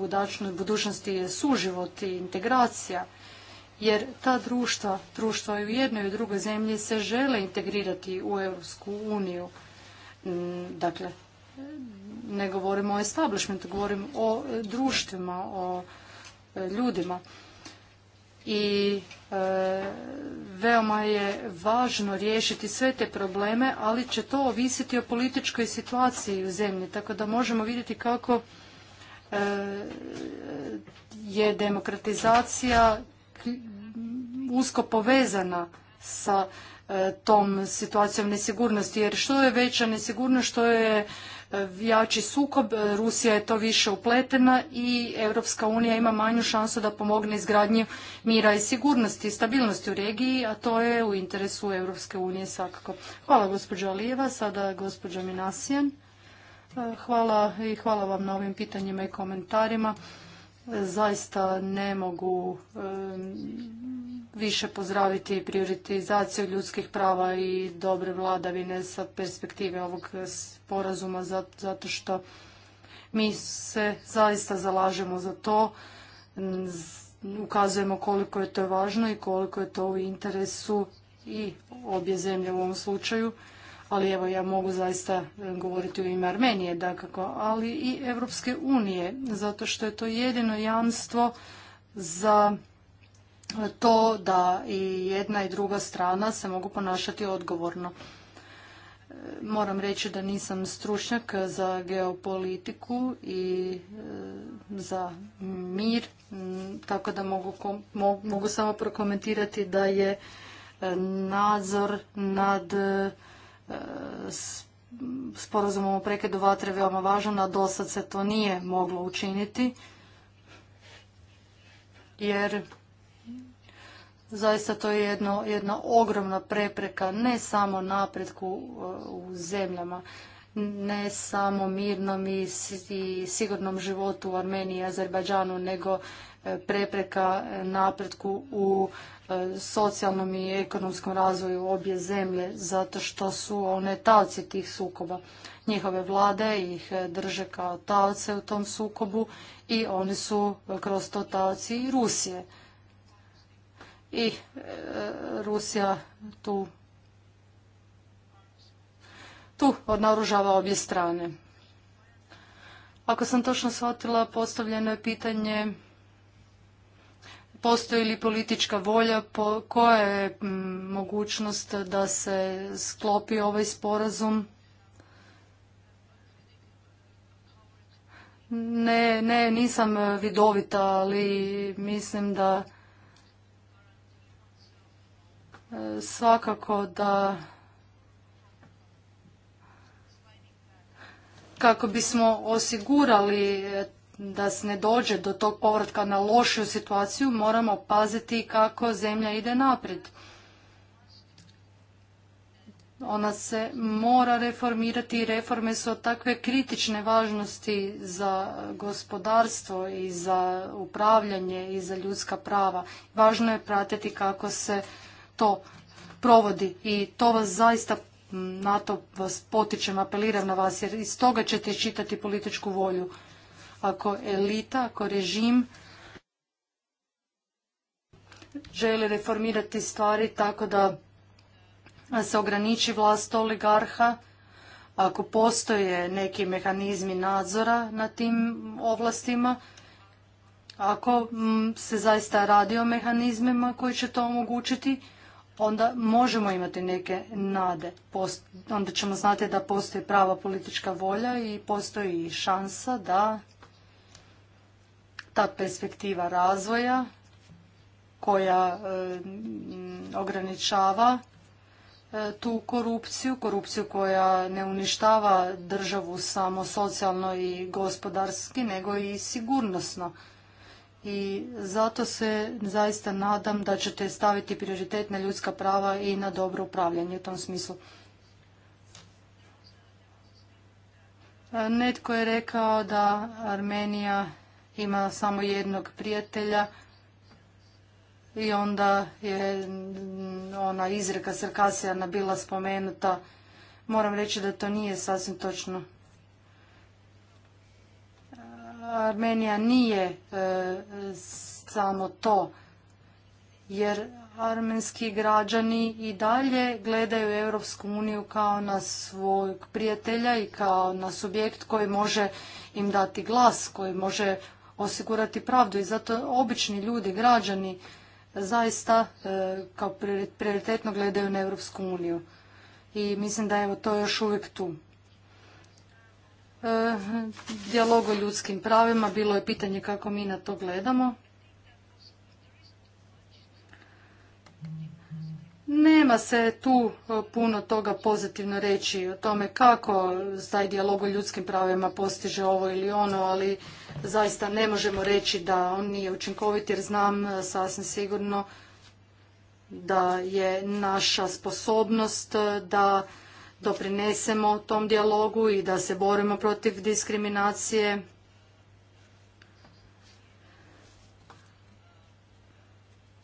budućnosti je suživot i integracija, jer ta društva, društva i u jednoj i u drugoj zemlji se žele integrirati u Europsku uniju. Mm, dakle, ne govorimo o establishmentu, govorim o e, društvima, o e, ljudima i e, veoma je važno riješiti sve te probleme, ali će to ovisiti o političkoj situaciji u zemlji, tako da možemo vidjeti kako e, je demokratizacija usko povezana sa e, tom situacijom nesigurnosti, jer što je veća nesigurnost, što je jači sukob, Rusija je to više upletena i Europska unija ima manju šansu da pomogne izgradnji mira i sigurnosti i stabilnosti u regiji, a to je u interesu Europske unije svakako. Hvala gospođo Alijeva, sada gospođa Minasijan. Hvala i hvala vam na ovim pitanjima i komentarima zaista ne mogu više pozdraviti prioritizaciju ljudskih prava i dobre vladavine sa perspektive ovog sporazuma zato što mi se zaista zalažemo za to, ukazujemo koliko je to važno i koliko je to u interesu i obje zemlje u ovom slučaju ali evo ja mogu zaista e, govoriti u ime Armenije dakako, ali i Europske unije, zato što je to jedino jamstvo za e, to da i jedna i druga strana se mogu ponašati odgovorno. E, moram reći da nisam stručnjak za geopolitiku i za mir, tako da mogu, mogu samo prokomentirati da je nadzor nad sporazumom o prekidu vatre veoma važan, a do sad se to nije moglo učiniti, jer zaista to je jedno, jedna ogromna prepreka ne samo napretku uh, u zemljama, ne samo mirnom i sigurnom životu u Armeniji i Azerbajdžanu, nego uh, prepreka napretku u E, socijalnom i ekonomskom razvoju obje zemlje zato što su one talci tih sukoba. Njihove vlade ih e, drže kao taoce u tom sukobu i oni su kroz to taoci i Rusije. I e, Rusija tu tu odnaružava obje strane. Ako sam točno shvatila, postavljeno je pitanje postoji li politička volja, po, koja je mogućnost da se sklopi ovaj sporazum? Ne, ne, nisam vidovita, ali mislim da e, svakako da kako bismo osigurali da se ne dođe do tog povratka na lošu situaciju, moramo paziti kako zemlja ide naprijed. Ona se mora reformirati i reforme su od takve kritične važnosti za gospodarstvo i za upravljanje i za ljudska prava. Važno je pratiti kako se to provodi i to vas zaista na to vas potičem, apeliram na vas jer iz toga ćete čitati političku volju. Ako elita, ako režim želi reformirati stvari tako da se ograniči vlast oligarha, ako postoje neki mehanizmi nadzora na tim ovlastima, ako mm, se zaista radi o mehanizmima koji će to omogućiti, onda možemo imati neke nade. Onda ćemo znati da postoji prava politička volja i postoji šansa da ta perspektiva razvoja koja e, ograničava e, tu korupciju, korupciju koja ne uništava državu samo socijalno i gospodarski, nego i sigurnosno. I zato se zaista nadam da ćete staviti prioritet na ljudska prava i na dobro upravljanje u tom smislu. E, netko je rekao da Armenija ima samo jednog prijatelja i onda je mm, ona izreka Sarkasijana bila spomenuta. Moram reći da to nije sasvim točno. Armenija nije e, samo to, jer armenski građani i dalje gledaju Europsku uniju kao na svog prijatelja i kao na subjekt koji može im dati glas, koji može osigurati pravdu i zato obični ljudi, građani, zaista e, kao prioritetno gledaju na Europsku uniju. I mislim da je to još uvijek tu. E, dijalog o ljudskim pravima, bilo je pitanje kako mi na to gledamo. nema se tu e, puno toga pozitivno reći o tome kako taj dijalog o ljudskim pravima postiže ovo ili ono, ali zaista ne možemo reći da on nije učinkovit jer znam e, sasvim sigurno da je naša sposobnost e, da doprinesemo tom dijalogu i da se borimo protiv diskriminacije.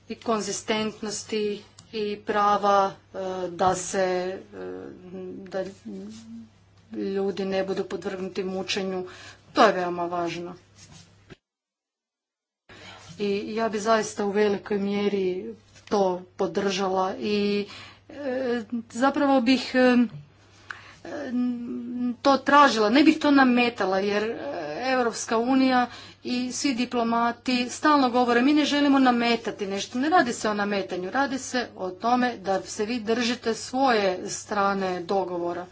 i konzistentnosti i prava e, da se e, da ljudi ne budu podvrgnuti mučenju. To je veoma važno. I ja bi zaista u velikoj mjeri to podržala i e, zapravo bih to tražila, ne bih to nametala jer Europska unija i svi diplomati stalno govore mi ne želimo nametati nešto. Ne radi se o nametanju, radi se o tome da se vi držite svoje strane dogovora.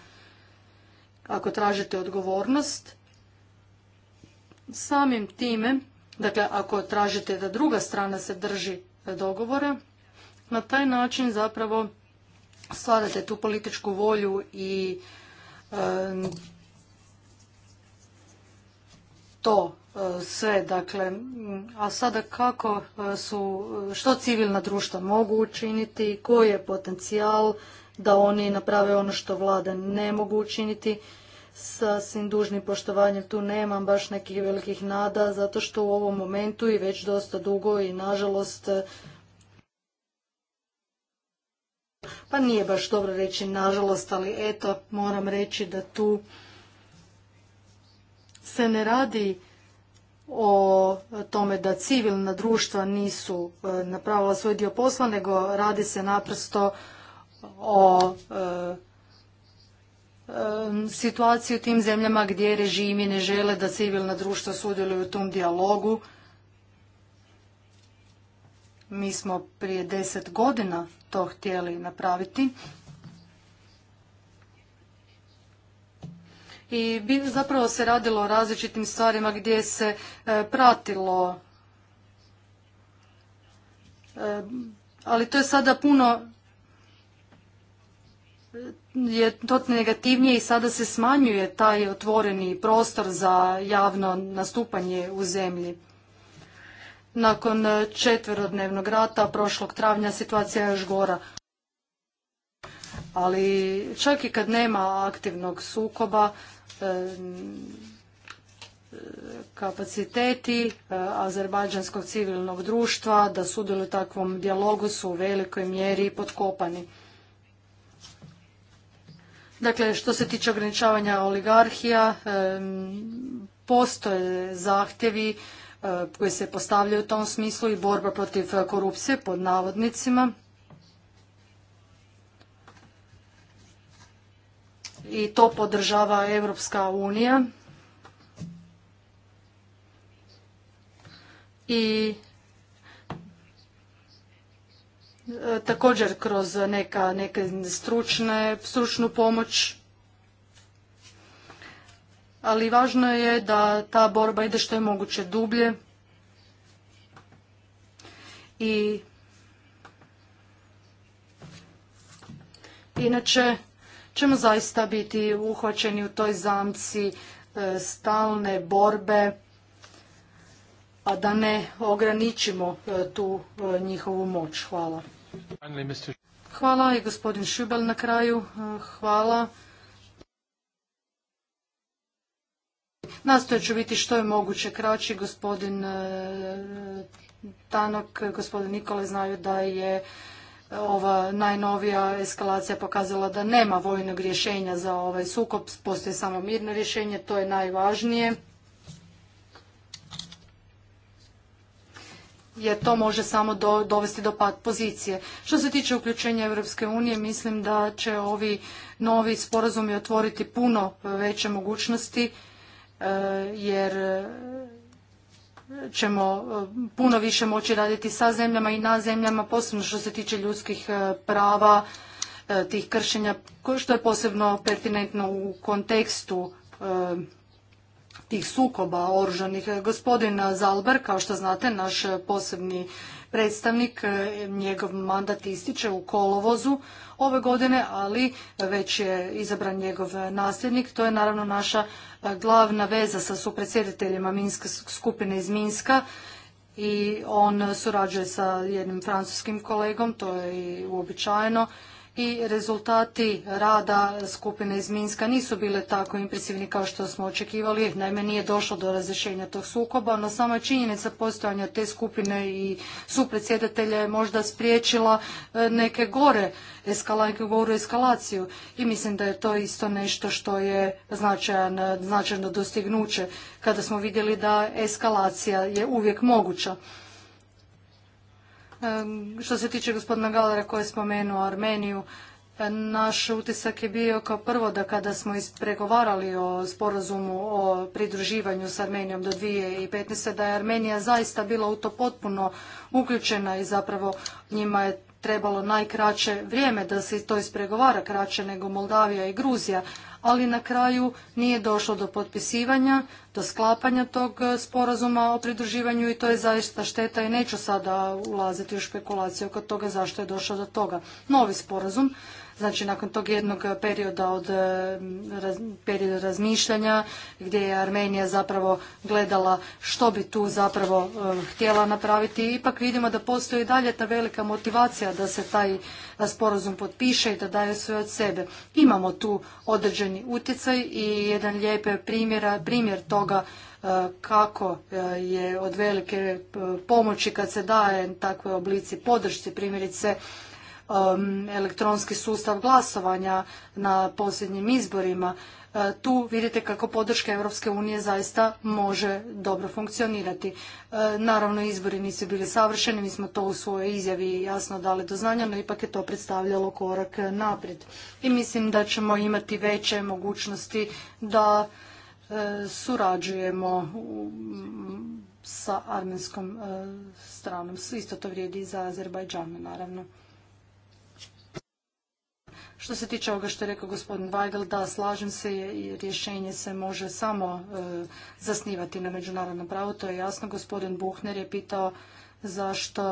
Ako tražite odgovornost, samim time, dakle ako tražite da druga strana se drži dogovora, na taj način zapravo stvarate tu političku volju i to sve, dakle, a sada kako e, su, što civilna društva mogu učiniti, koji je potencijal da oni naprave ono što vlade ne mogu učiniti, svim dužnim poštovanjem tu nemam baš nekih velikih nada, zato što u ovom momentu i već dosta dugo i nažalost pa nije baš dobro reći nažalost, ali eto moram reći da tu se ne radi o tome da civilna društva nisu e, napravila svoj dio posla, nego radi se naprosto o e, e, situaciji u tim zemljama gdje režimi ne žele da civilna društva sudjeluju u tom dijalogu. Mi smo prije deset godina to htjeli napraviti i zapravo se radilo o različitim stvarima gdje se e, pratilo e, ali to je sada puno je to negativnije i sada se smanjuje taj otvoreni prostor za javno nastupanje u zemlji. Nakon e, četverodnevnog rata prošlog travnja situacija je još gora. Ali čak i kad nema aktivnog sukoba, kapaciteti eh, azerbajdžanskog civilnog društva da sudjeluju u takvom dijalogu su u velikoj mjeri potkopani. Dakle, što se tiče ograničavanja oligarhija, postoje zahtjevi eh, koji se postavljaju u tom smislu i borba protiv korupcije pod navodnicima. i to podržava Europska unija. I e, također kroz neka, neke stručne, stručnu pomoć. Ali važno je da ta borba ide što je moguće dublje i inače ćemo zaista biti uhvaćeni u toj zamci e, stalne borbe, a da ne ograničimo e, tu e, njihovu moć. Hvala. Hvala i gospodin Šubel na kraju. Hvala. Nastoje ću biti što je moguće kraći. Gospodin Tanok, gospodin Nikole znaju da je ova najnovija eskalacija pokazala da nema vojnog rješenja za ovaj sukob, postoji samo mirno rješenje, to je najvažnije. jer to može samo dovesti do pad pozicije. Što se tiče uključenja Europske unije, mislim da će ovi novi sporazumi otvoriti puno veće mogućnosti, e, jer ćemo e, puno više moći raditi sa zemljama i na zemljama, posebno što se tiče ljudskih e, prava, e, tih kršenja, što je posebno pertinentno u kontekstu tih sukoba oružanih. Gospodin Zalber, kao što znate, naš posebni predstavnik, e, njegov mandat ističe u kolovozu ove godine, ali već je izabran njegov nasljednik. To je naravno naša e, glavna veza sa supredsjediteljima Minske skupine iz Minska i on surađuje sa jednim francuskim kolegom, to je i uobičajeno i rezultati rada skupine iz Minska nisu bile tako impresivni kao što smo očekivali. Naime, nije došlo do razrješenja tog sukoba, no sama činjenica postojanja te skupine i supredsjedatelja je možda spriječila e, neke gore eskala, eskalaciju i mislim da je to isto nešto što je značajno dostignuće kada smo vidjeli da eskalacija je uvijek moguća. Što se tiče gospodina Galera koji je spomenuo Armeniju, naš utisak je bio kao prvo da kada smo ispregovarali o sporazumu o pridruživanju s Armenijom do 2015. da je Armenija zaista bila u to potpuno uključena i zapravo njima je trebalo najkraće vrijeme da se to ispregovara kraće nego Moldavija i Gruzija, ali na kraju nije došlo do potpisivanja, do sklapanja tog e, sporazuma o pridruživanju i to je zaista šteta i neću sada ulaziti u špekulaciju oko toga zašto je došlo do toga. Novi sporazum Znači nakon tog jednog eh, perioda od eh, perioda razmišljanja gdje je Armenija zapravo gledala što bi tu zapravo eh, htjela napraviti. Ipak vidimo da postoji i dalje ta velika motivacija da se taj sporazum potpiše i da daje sve od sebe. Imamo tu određeni utjecaj i jedan lijep primjer, primjer toga kako je od velike pomoći kad se daje takve oblici podršci, primjerice Um, elektronski sustav glasovanja na posljednjim izborima. E, tu vidite kako podrška Europske unije zaista može dobro funkcionirati. E, naravno, izbori nisu bili savršeni, mi smo to u svojoj izjavi jasno dali do znanja, no ipak je to predstavljalo korak naprijed. I mislim da ćemo imati veće mogućnosti da e, surađujemo sa armenskom stranom. Isto to vrijedi i za Azerbajdžan, naravno. Što se tiče ovoga što je rekao gospodin Weigel, da, slažem se, rješenje se može samo e, zasnivati na međunarodnom pravu, to je jasno. Gospodin Buchner je pitao zašto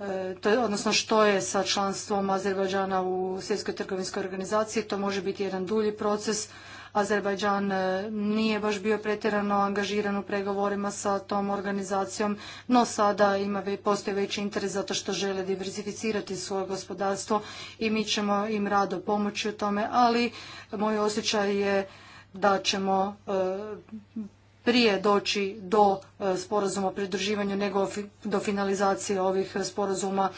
e, odnosno što je sa članstvom Azerbajdžana u Svjetskoj trgovinskoj organizaciji. To može biti jedan dulji proces Azerbajdžan e, nije baš bio pretjerano angažiran u pregovorima sa tom organizacijom, no sada ima, postoji veći interes zato što žele diversificirati svoje gospodarstvo i mi ćemo im rado pomoći u tome, ali moj osjećaj je da ćemo e, prije doći do e, sporazuma o pridruživanju nego do finalizacije ovih sporazuma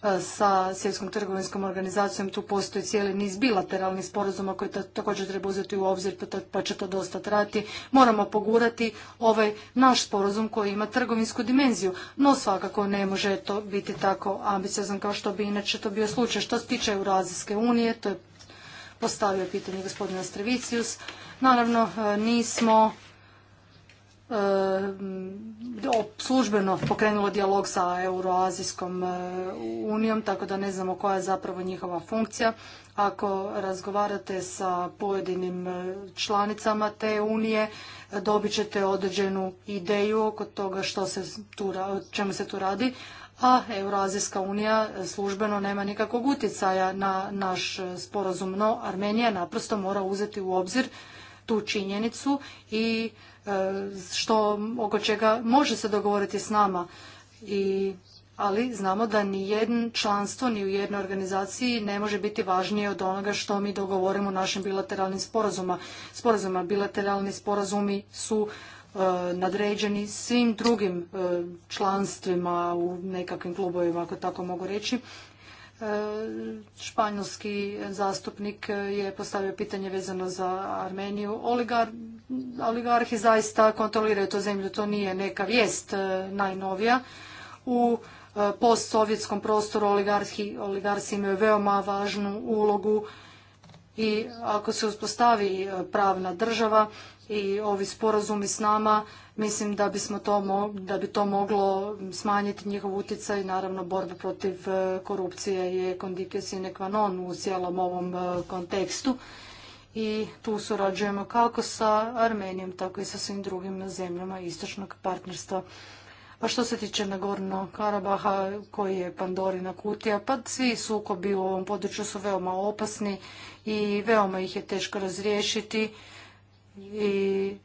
E, sa Svjetskom trgovinskom organizacijom. Tu postoji cijeli niz bilateralnih sporazuma koji također treba uzeti u obzir, pa, pa će to dosta trati. Moramo pogurati ovaj naš sporazum koji ima trgovinsku dimenziju, no svakako ne može to biti tako ambiciozan kao što bi inače to bio slučaj. Što se tiče Eurazijske unije, to je postavio pitanje gospodina Strevicius. Naravno, e, nismo Ehm, službeno pokrenulo dijalog sa Euroazijskom e, unijom, tako da ne znamo koja je zapravo njihova funkcija. Ako razgovarate sa pojedinim e, članicama te unije, dobit ćete određenu ideju oko toga što se tu, čemu se tu radi, a Euroazijska unija službeno nema nikakvog utjecaja na naš sporazum, no Armenija naprosto mora uzeti u obzir tu činjenicu i E, što, oko čega može se dogovoriti s nama. I, ali znamo da ni jedno članstvo ni u jednoj organizaciji ne može biti važnije od onoga što mi dogovorimo u našim bilateralnim sporazuma. sporazuma. Bilateralni sporazumi su e, nadređeni svim drugim e, članstvima u nekakvim klubovima, ako tako mogu reći. Španjolski zastupnik je postavio pitanje vezano za Armeniju. Oligar, oligarhi zaista kontroliraju tu zemlju, to nije neka vijest e, najnovija. U e, postsovjetskom prostoru oligarhi, oligarsi imaju veoma važnu ulogu i ako se uspostavi e, pravna država i ovi sporazumi s nama Mislim da, bismo to, da bi to moglo smanjiti njihov utjecaj. Naravno, borba protiv e, korupcije je kondicija sine qua non u cijelom ovom e, kontekstu. I tu surađujemo kako sa Armenijom, tako i sa svim drugim zemljama istočnog partnerstva. Pa što se tiče Nagorno Karabaha, koji je Pandorina kutija, pa svi sukobi u ovom području su veoma opasni i veoma ih je teško razriješiti i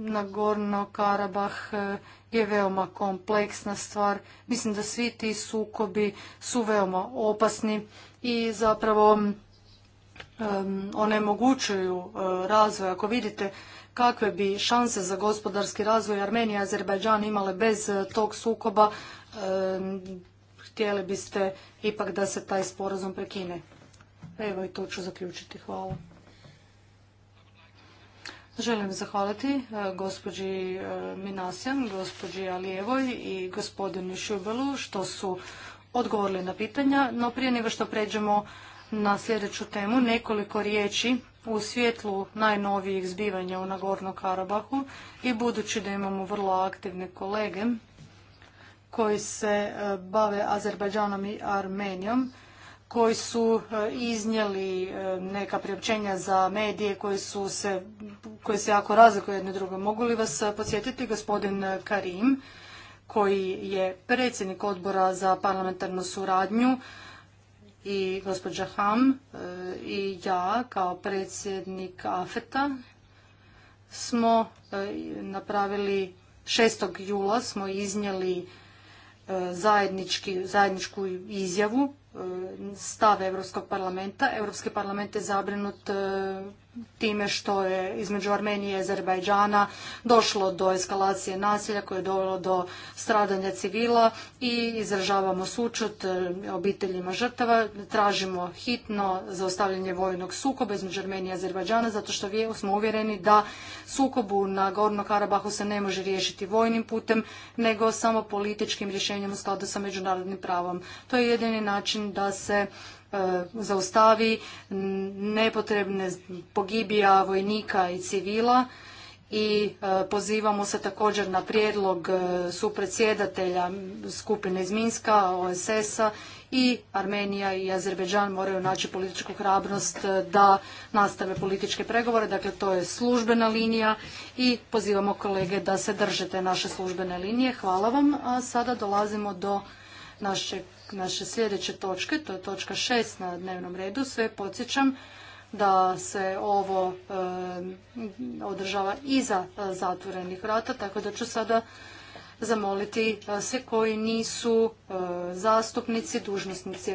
Nagorno Karabah e, je veoma kompleksna stvar. Mislim da svi ti sukobi su veoma opasni i zapravo onemogućuju e, razvoj. Ako vidite kakve bi šanse za gospodarski razvoj Armenija i Azerbajdžan imale bez e, tog sukoba, htjeli biste ipak da se taj sporazum prekine. Evo i to ću zaključiti. Hvala. Želim zahvaliti e, gospođi e, Minasjan, gospođi Alijevoj i gospodinu Šubelu što su odgovorili na pitanja, no prije nego što pređemo na sljedeću temu, nekoliko riječi u svjetlu najnovijih zbivanja u Nagorno Karabahu i budući da imamo vrlo aktivne kolege koji se e, bave Azerbajdžanom i Armenijom, koji su e, iznijeli e, neka priopćenja za medije koji su se, koji se jako razlikuju jedno drugo. Mogu li vas e, podsjetiti gospodin Karim, koji je predsjednik odbora za parlamentarnu suradnju, i gospođa Ham i ja kao predsjednik AFETA smo napravili 6. jula smo iznijeli zajedničku izjavu stav Europskog parlamenta. Europski parlament je zabrinut eh, time što je između Armenije i Azerbajdžana došlo do eskalacije nasilja koje je dovelo do stradanja civila i izražavamo sučut e, obiteljima žrtava. Tražimo hitno zaustavljanje vojnog sukoba između Armenije i Azerbajdžana zato što smo uvjereni da sukobu na Gorno Karabahu se ne može riješiti vojnim putem nego samo političkim rješenjem u skladu sa međunarodnim pravom. To je jedini način da se E, zaustavi nepotrebne pogibija vojnika i civila i e, pozivamo se također na prijedlog e, supredsjedatelja skupine iz Minska, OSS-a i Armenija i Azerbeđan moraju naći političku hrabrost da nastave političke pregovore. Dakle, to je službena linija i pozivamo kolege da se držete naše službene linije. Hvala vam. A sada dolazimo do našeg naše sljedeće točke, to je točka šest na dnevnom redu. Sve podsjećam da se ovo e, održava iza e, zatvorenih vrata, tako da ću sada zamoliti e, sve koji nisu zastupnici, dužnosnici